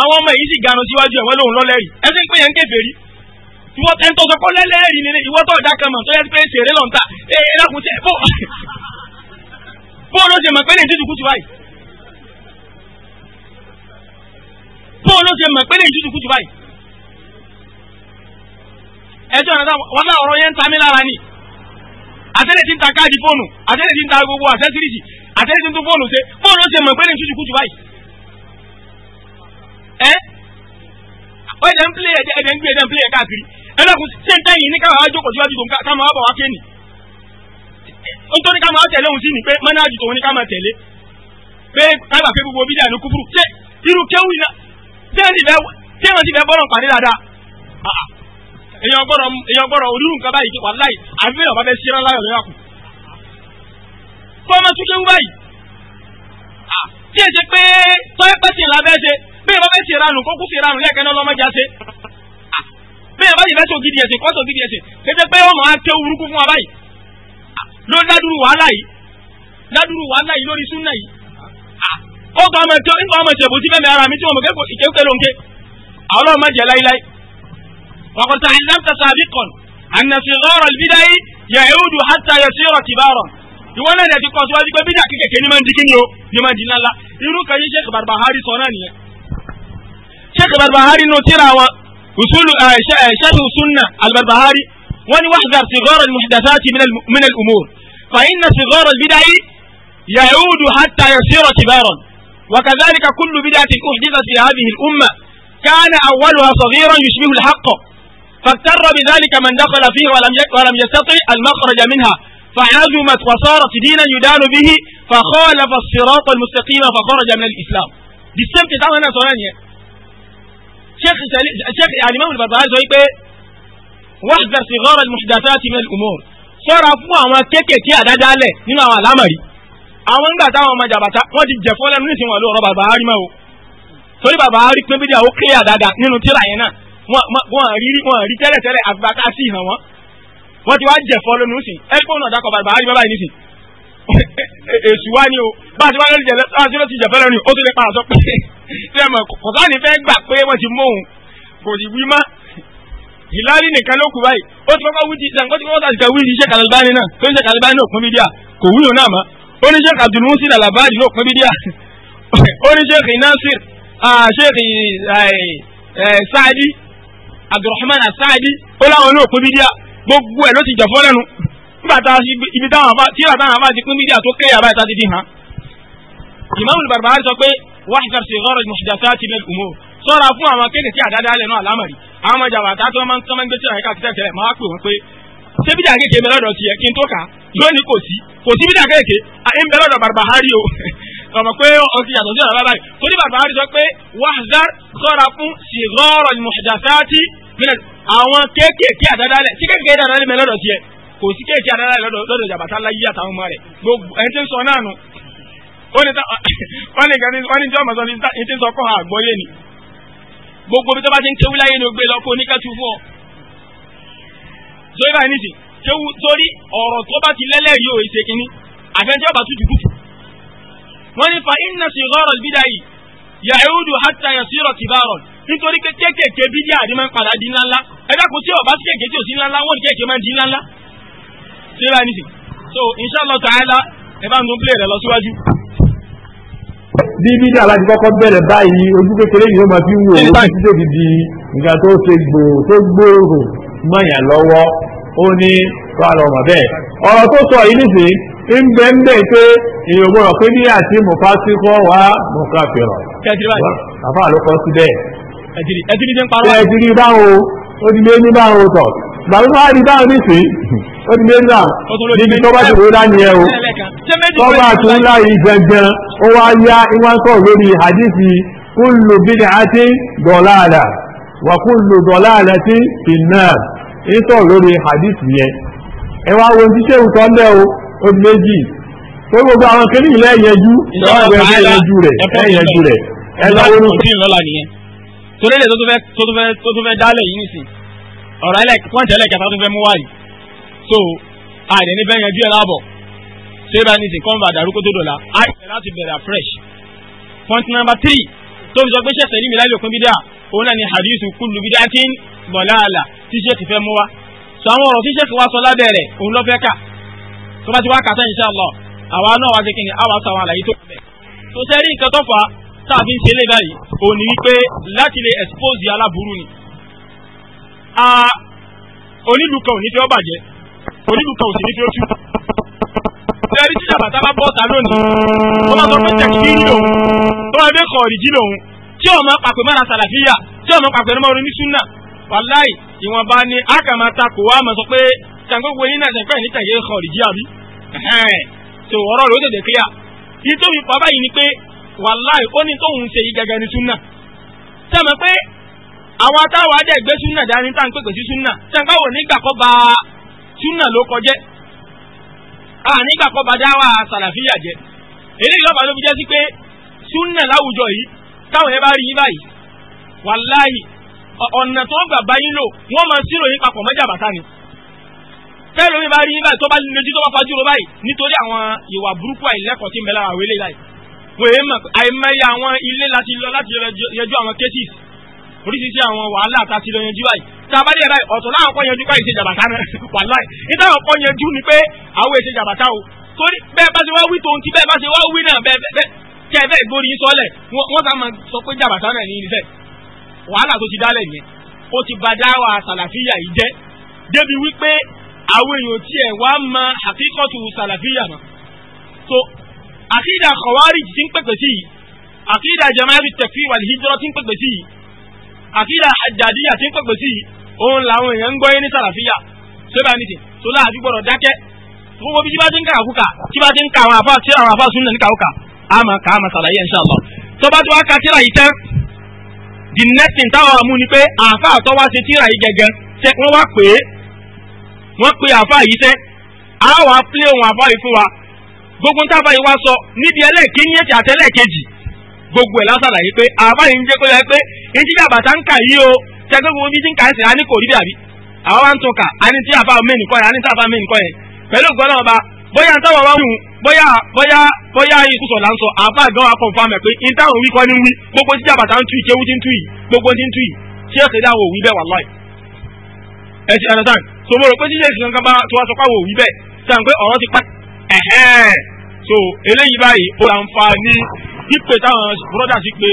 àwọn ọmọ yìí sì ganu síwájú ẹ̀ wọ́n lóun lọ́lẹ́rìí ẹ ìwọ ẹni tó sọ pé lẹ́lẹ́rìí ni ìwọ tó ọ̀dà kan mọ̀ tó yẹ pé ṣèré lọ́n ta ee lákùn tẹ bó (laughs) bó ló ṣe mọ̀ pé lè dídùn kùtù báyìí bó ló ṣe mọ̀ pé lè dídùn kùtù báyìí ẹjọ́ náà wọn náà ọ̀rọ̀ yẹn ń ta mí lára ni àtẹ́lẹ̀ tí ń ta káàdì fóònù àtẹ́lẹ̀ tí ń ta gbogbo àtẹ́sírìsì àtẹ́lẹ̀ tí ń tún fóònù ṣe fóònù ṣe mọ̀ pé lè dídùn kùtù báyìí ẹ́ ó ẹ̀dẹ̀ ń pílẹ̀ ẹ̀dẹ̀ ń gbé ẹ̀dẹ̀ ń pílẹ̀ káàkiri ẹlẹ́kùn ṣé ń tẹ́yìn ní káwọn ajókòó síwájú tó ń ká máa bọ̀ wá kéènì nítorí ká máa tẹ̀lé òun sí ni pé mọ́nájú tòun ní ká máa tẹ̀lé pé kábà pé gbogbo bídà ní kúfúrú ṣé irú kéwì náà tí èèyàn ti fẹ́ bọ́rọ̀ pàdé dáadáa ah, èèyàn gbọ́dọ̀ onírú nǹkan báyìí wà láì àbí ọ̀bá fẹ́ síra láyọ̀ lọ́yà kù fọ́ọ̀mù tún kéwù báyìí tí ah, èsì pé tọ́yẹ́pẹ́sì làbẹ́ ṣe bí ìbá fẹ́ síra nù kókó síra nù lẹ́ẹ̀kẹ́ náà lọ́mọdé bẹ́ẹ̀ bá ti fẹ́ sògidì ẹ̀sìn kọ́ sògidì ẹ̀sìn kété pé ọmọ akẹ́ burúkú fún wa báyìí ló dádúró wàhálà yìí dádúró wàhálà yìí lórí súnà yìí ó kọ́ ọmọ ẹ̀kẹ́ nípa ọmọ ìṣẹ̀bù sí bẹ́ẹ̀ mi ara mi tí wọn mọ̀ kẹ́kọ̀ọ́ ìkéwùkẹ́ ló ń ké àwọn ọmọ jẹ láíláí wàkọ̀tà ìlànà sàbíkọ̀n ànàsìlọ́rọ̀ bídáyì yẹ ewúdu hàtà yẹ sí ọ̀rọ̀ tìbárọ̀ ìwọ náà bídà yìí Sheikh Barbahari أصول شبه سنة البربهاري وأن واحذر صغار المحدثات من من الأمور فإن صغار البدع يعود حتى يصير كبارا وكذلك كل بدعة أحدثت في هذه الأمة كان أولها صغيرا يشبه الحق فاغتر بذلك من دخل فيه ولم ولم يستطع المخرج منها فعزمت وصارت دينا يدان به فخالف الصراط المستقيم فخرج من الإسلام بالسبت تعالى سؤالين sheikh alimami barbahari sọ wípé wahzar sighara al-muhdathati min al-umur sọ́ra fún àwọn kéékèèké àdádálẹ̀ nínú àwọn àlámọ̀rí àwọn nígbà táwọn ọmọ jàbàtà wọ́n ti jẹ̀fọ́ lẹ́nu ní ìsìnwọ̀n lóòrọ̀ barbahari mọ́ o torí barbahari pé bídíà ó kéré àdáda nínú tíra yẹn náà wọ́n rí tẹ́lẹ̀tẹ́lẹ̀ àgbàkásí ìhàn wọn wọ́n ti wá jẹ̀fọ́ lẹ́nu nísìn ẹgbẹ́ òun ọ̀dàkọ̀ barbahari bábáyìí nísìn èsù wá ni o bá a ti wá lórí jẹ bá a ti lọ́ọ́ ti jẹ̀fẹ́ lọ́rùn ó tún lè padà sọ pé ṣé ẹ̀mọ̀ kọ̀ọ̀kan ní fẹ́ gbà pé wọ́n ti móhun kò sì wí mọ́ ìlárí nìkan ló kù báyìí ó ti kọ́kọ́ wí ti ṣe àǹkọ́tí kọ́kọ́ tàbí wí ti ṣe kàlùbáni náà tó ń ṣe kàlùbáni náà òpin bídíà kò wí òun náà mọ́ ó ní ṣe kàdùnú sí làlàbáàdì náà òpin bídíà (laughs) ó ní ṣe kì násìr ṣe kì sáàdì Abdulrahman Sáàdì ó láwọn náà òpin bídíà gbogbo ẹ̀ ló ti jẹ̀ fọ́lẹ́nu nígbà tá ibi táwọn àbá tí ìlànà àbá ti pín mídíà tó kéré àbá ìta ti fi hàn. Imamul Barbahari sọ pé wáhí sàrṣe ọ̀rọ̀ muhdathati minal umur sọ́ra fún àwọn kéde tí àdáda lẹ́nu àlámọ̀rí àwọn ọmọ ìjàmbá tá tó máa ń sọmọ ń gbé tí àyíká ti tẹ̀tẹ̀rẹ̀ máa pè wọ́n pé ṣé bídà kéèké ń bẹ lọ́dọ̀ tiẹ̀ kí n tó kà á lónìí kò sí kò sí bídà kéèké ń bẹ lọ́dọ̀ Barbahari o (laughs) ọmọ pé ọtí yàtọ̀ sí ọ̀rọ̀ báyìí tó ní Barbahari sọ pé wahzar sọ́ra fún ṣìgọ́rọ̀ muhdathati minal kò sí kéèké àdára rẹ̀ lọ́dọ̀ jàbàtà láyé àtàwọn ọmọ rẹ̀ gbogbo ẹni tí ń sọ náà nù wọ́n ní (laughs) tí ọmọ sọ ní tí ń sọ kọ́ àgbọ́yé ni gbogbo bí tó bá ti ń kéwú láyé ni ó gbé lọ́kọ́ oníkẹ́tù fún ọ. sórí báyìí nìsín kéwú sórí ọ̀rọ̀ tó bá ti lẹ́lẹ̀ yóò ṣe kínní àfẹ́ntí ọba tutù kùtù. wọ́n ní fa iná sí rọ́rọ̀ bídà yìí yà éwúdù hàtà yà sírọ̀ tì bárọ̀ nítorí pé bídà àdìmọ́ padà di ńláńlá ẹ̀dá kò sí ọba sí kéèké tí ò sí ńláńlá wọ́n kéèké máa di ńláńlá ṣé bá nìsín so inshallah ta'ala ẹ bá ń tún play rẹ lọ síwájú. bí bíbí aláàjì kọ́kọ́ bẹ̀rẹ̀ báyìí ojú kékeré yìí ló máa fi ń wò ó títí tó fi di nǹkan tó ṣe gbòòrò tó gbòòrò mọ̀yà lọ́wọ́ ó ní kọ́ àlọ́ ọmọ bẹ́ẹ̀ ọ̀rọ̀ tó sọ yìí nìsín ń bẹ ń bẹ pé èèyàn gbọ́dọ̀ pé ní àti mọ̀fásí kọ́ wá mọ̀káfẹ́rọ̀ àfáà ló kọ́ sí bẹ́ẹ̀ ẹ̀jìrì báwo ó ti lé ní báwo tọ̀ bàbá ó ti méjì náà níbi tó bá ti wò lá nìyẹn o tọ́ba tún ó wá yá ìwọ́n lórí hadithi kullu bid'atin dalalah wa kullu dalalatin fin-nar ìtọ̀ lórí hadith yẹn ẹ wá wo ti ṣe nǹkan ń bẹ́ o ó ti méjì pé gbogbo àwọn kìnnì ilẹ̀ yẹjú ìyànjú rẹ̀ ẹ̀yẹjú rẹ̀ ẹ lọ́wọ́ ní kò tí ì lọ́la nìyẹn torí ilé tó tún tó fẹ́ mú wáyìí so àìdè ní bẹ́ẹ̀ yanjú ẹ̀ láàbọ̀ sera ní sìn kọ́ńbà àdàrúkọ tó dọ̀la àìsàn láti bẹ̀rẹ̀ afresh. point number three tó fi sọ pé ṣẹ̀ṣẹ̀ ní mi láì lòkun bídà òun náà ni hadith kullu bid'atin dalalah tí ṣẹ́ẹ̀tì fẹ́ mú wa. sọ àwọn ọ̀rọ̀ tí ṣẹ́ẹ̀tì wa sọ lábẹ́rẹ̀ òun ló fẹ́ kà tó bá ti wá kà tán inshallah àwa náà wá sí kí ni àwa sọ àwọn àlàyé tó kù bẹ̀. tó sẹ́rí nǹkan tó fà á tá a fi ń ṣe lé báyìí òun ni wípé láti lè expose aláburú ni. onílù kan ò ní fẹ́ ọ́ bàjẹ́ onílù kan ò sì ní fi ojú. Ṣẹ́rí tí jàbàtà bá bọ́ ta lónìí, wọ́n máa sọ pé tẹ̀kí ní òun, tó máa fẹ́ kọ̀ọ̀rì jí lòun, tí ò máa pàpẹ́ mára sàlàfíà, tí ò máa pàpẹ́ mára oní súnà. Wàláì ìwọ̀nba ni a kà máa ta kò wá máa sọ pé ṣàǹgbógbó yín náà ṣẹ̀fẹ̀ ní tẹ̀yẹ kọ̀ọ̀rì jí àbí. Ṣé ọ̀rọ̀ rẹ̀ ó tètè kíyà? Ibi tó fi pàbá yìí ni pé wàláì ó ní tóun ṣe yí gẹ́gẹ́ ní súnà. Sẹ́mi pé àwọn atáwọ̀ adẹ́gbẹ́ súnà dání tá sí súnà. Ṣé nǹkan súnà ló kọjẹ́ a nígbà kọ́ bá dáwà sàlàfíà jẹ́ eléyìí lọ́ba ló fi jẹ́ sí pé súnà láwùjọ yìí táwọn yẹn bá rí yín báyìí wàláhì ọ̀nà tó ń gbà bá yín lò wọ́n máa sírò yín papọ̀ mọ́jà bàtà ni tẹ́lẹ̀ omi bá rí yín báyìí tó bá lójú tó bá fajú ro báyìí nítorí àwọn ìwà burúkú àìlẹ́kọ̀ọ́ tí ń bẹ lára àwọn ilé láti lọ láti oríṣiríṣi àwọn wàhálà àtàtì lọ yanjú báyìí tá a bá dé báyìí ọ̀tọ̀ láwọn kọ́ yanjú báyìí ṣe jàbàtà náà (laughs) wàláì níta àwọn kọ́ yanjú ni pé àwọn èṣe jàbàtà o torí bẹ́ẹ̀ bá ṣe wá wí tòun ti bẹ́ẹ̀ bá ṣe wá wí náà bẹ́ẹ̀ bẹ́ẹ̀ tẹ́ bẹ́ẹ̀ gbórí yín sọ́lẹ̀ wọ́n sá máa sọ pé jàbàtà náà ní ilé wàhálà tó ti dálẹ̀ yẹn ó ti ba dáwà sàlàfíà yìí jẹ́ débi wípé àwọn èèyàn tiẹ̀ wá mọ àkíkọ́tù sàlàfíà mọ́ so àkídà kọ̀wárì ti ń pèpè sí yìí àkídà jama'atu takfir wal hijra ti ń pèpè sí yìí àkídà àjàdíyà tí ń pèpè sí òun làwọn èèyàn ń gbọ́ yín ní sàràfíà ṣé bá nìsín tó láàbí gbọ́dọ̀ dákẹ́ gbogbo bí tí bá ti ń kà àkúkà tí bá ti ń kà àwọn àfa tí àwọn àfa sún náà ní kàwùkà á máa kà á máa ṣàlàyé insha Allah tó bá ti ka tíra yìí tán the next thing táwọn àmú ni pé àfa àtọ́ wá ṣe tíra yìí gẹ́gẹ́ tẹ wọ́n wá pè é wọ́n pe àfa yìí tẹ́ á wà á pílé ohun àfa yìí fún wa gbogbo táfa yìí wá sọ nídìí ẹlẹ́ẹ̀kíní ètì àtẹlẹ́ẹ̀kejì gbogbo ẹ̀ lásàlàyé pé àfa yìí ń jẹ́ kó yẹ pé etí àbàtà ń kà yí o tẹ́gbẹ́ gbogbo bíi ti ń kà ẹsẹ̀ àní kò rí dàbí àwọn wa ń tọ́ka àní tí àbá mẹ́ni kọ́ yẹn àní tí àbá mẹ́ni kọ́ yẹn pẹ̀lú gbọ́dọ̀ ọba bóyá ń táwọn wa mú bóyá bóyá bóyá ìkúsọ̀ là ń sọ àbá gan wa kọ̀ǹfà mẹ́ pé ń táwọn wí kọ́ ni wí gbogbo tí àbàtà ń tu yìí kéwú ti ń tu yìí gbogbo ti ń tu yìí tí ó kéde àwọn òwí bẹ́ẹ̀ wà lọ́ọ̀ ẹ ti understand so mo rò pé jíjẹ́ ìsìn kan bá tí wọ́n sọ pé àwọn òwí bẹ́ẹ̀ sàn pé ọ̀rọ̀ ti pa ẹ̀hẹ́n so eléyìí báyìí ó là ń fa ní pípé táwọn brọ́dà sí pé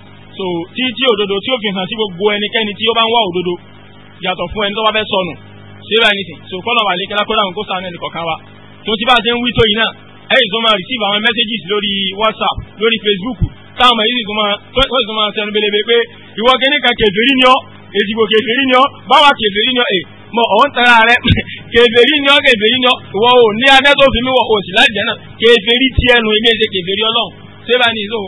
so tí tí òdodo tí ó fi hàn sí gbogbo ẹnikẹ́ni tí ó bá ń wá òdodo yàtọ̀ fún ẹni tó bá fẹ́ sọnù ṣéra ẹni so kọ́nà wà lékelá kó dáhùn kó sànù ẹnì kọ̀ọ̀kan wa tó ti bá ṣe ń wí tó yìí náà ẹ̀yìn tó máa receive àwọn messages lórí whatsapp lórí facebook táwọn ọmọ yìí tó sì tó máa sẹnu belebe pé ìwọ kìíní kan kèfèrí ni ọ èdìbò kèfèrí ni ọ báwa kèfèrí ni ọ ẹ mọ ọ̀hún tara rẹ (laughs) kèfèrí ni ọ kèfèrí ni ọ ìwọ ò ní adẹ́tòfin mi wọ òsì láì jẹ́ náà kèfèrí tiẹ̀ nù ilé ṣe kèfèrí ọlọ́run ṣé bá ní ìṣòwò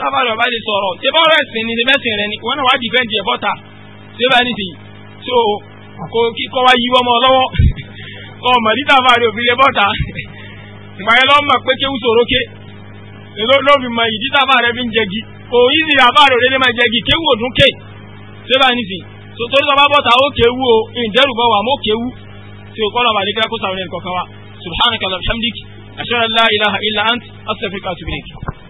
sábàlì ọba lè sọ̀rọ̀ ṣé bọ́ọ̀rọ̀ ẹ̀sìn ni ṣe mẹ́sìn rẹ ni wọn náà wá dìfẹ́ǹdì ẹ̀ bọ́ta ṣé bá nìsí so kò kíkọ́ wá yí ọmọ lọ́wọ́ kọ́ ọmọ níta bá rẹ òfin lè bọ́ta ìgbà yẹn lọ́ mọ̀ pé kéwù sọ̀rọ̀ ké lóbi mọ ìdí tábà rẹ fi ń jẹgi kò yí sí àbá rẹ òdede máa jẹgi kéwù òdún ké ṣé bá nìsí so torí sọ bá bọ́ta ó kéwù o ìdẹ́rùbọ̀ wà mọ́ kéwù tí o kọ́lọ̀ bàdé kíra kó sàrẹ́ subhanaka alhamdulilayi ashhadu illa ant astaghfiruka wa atubu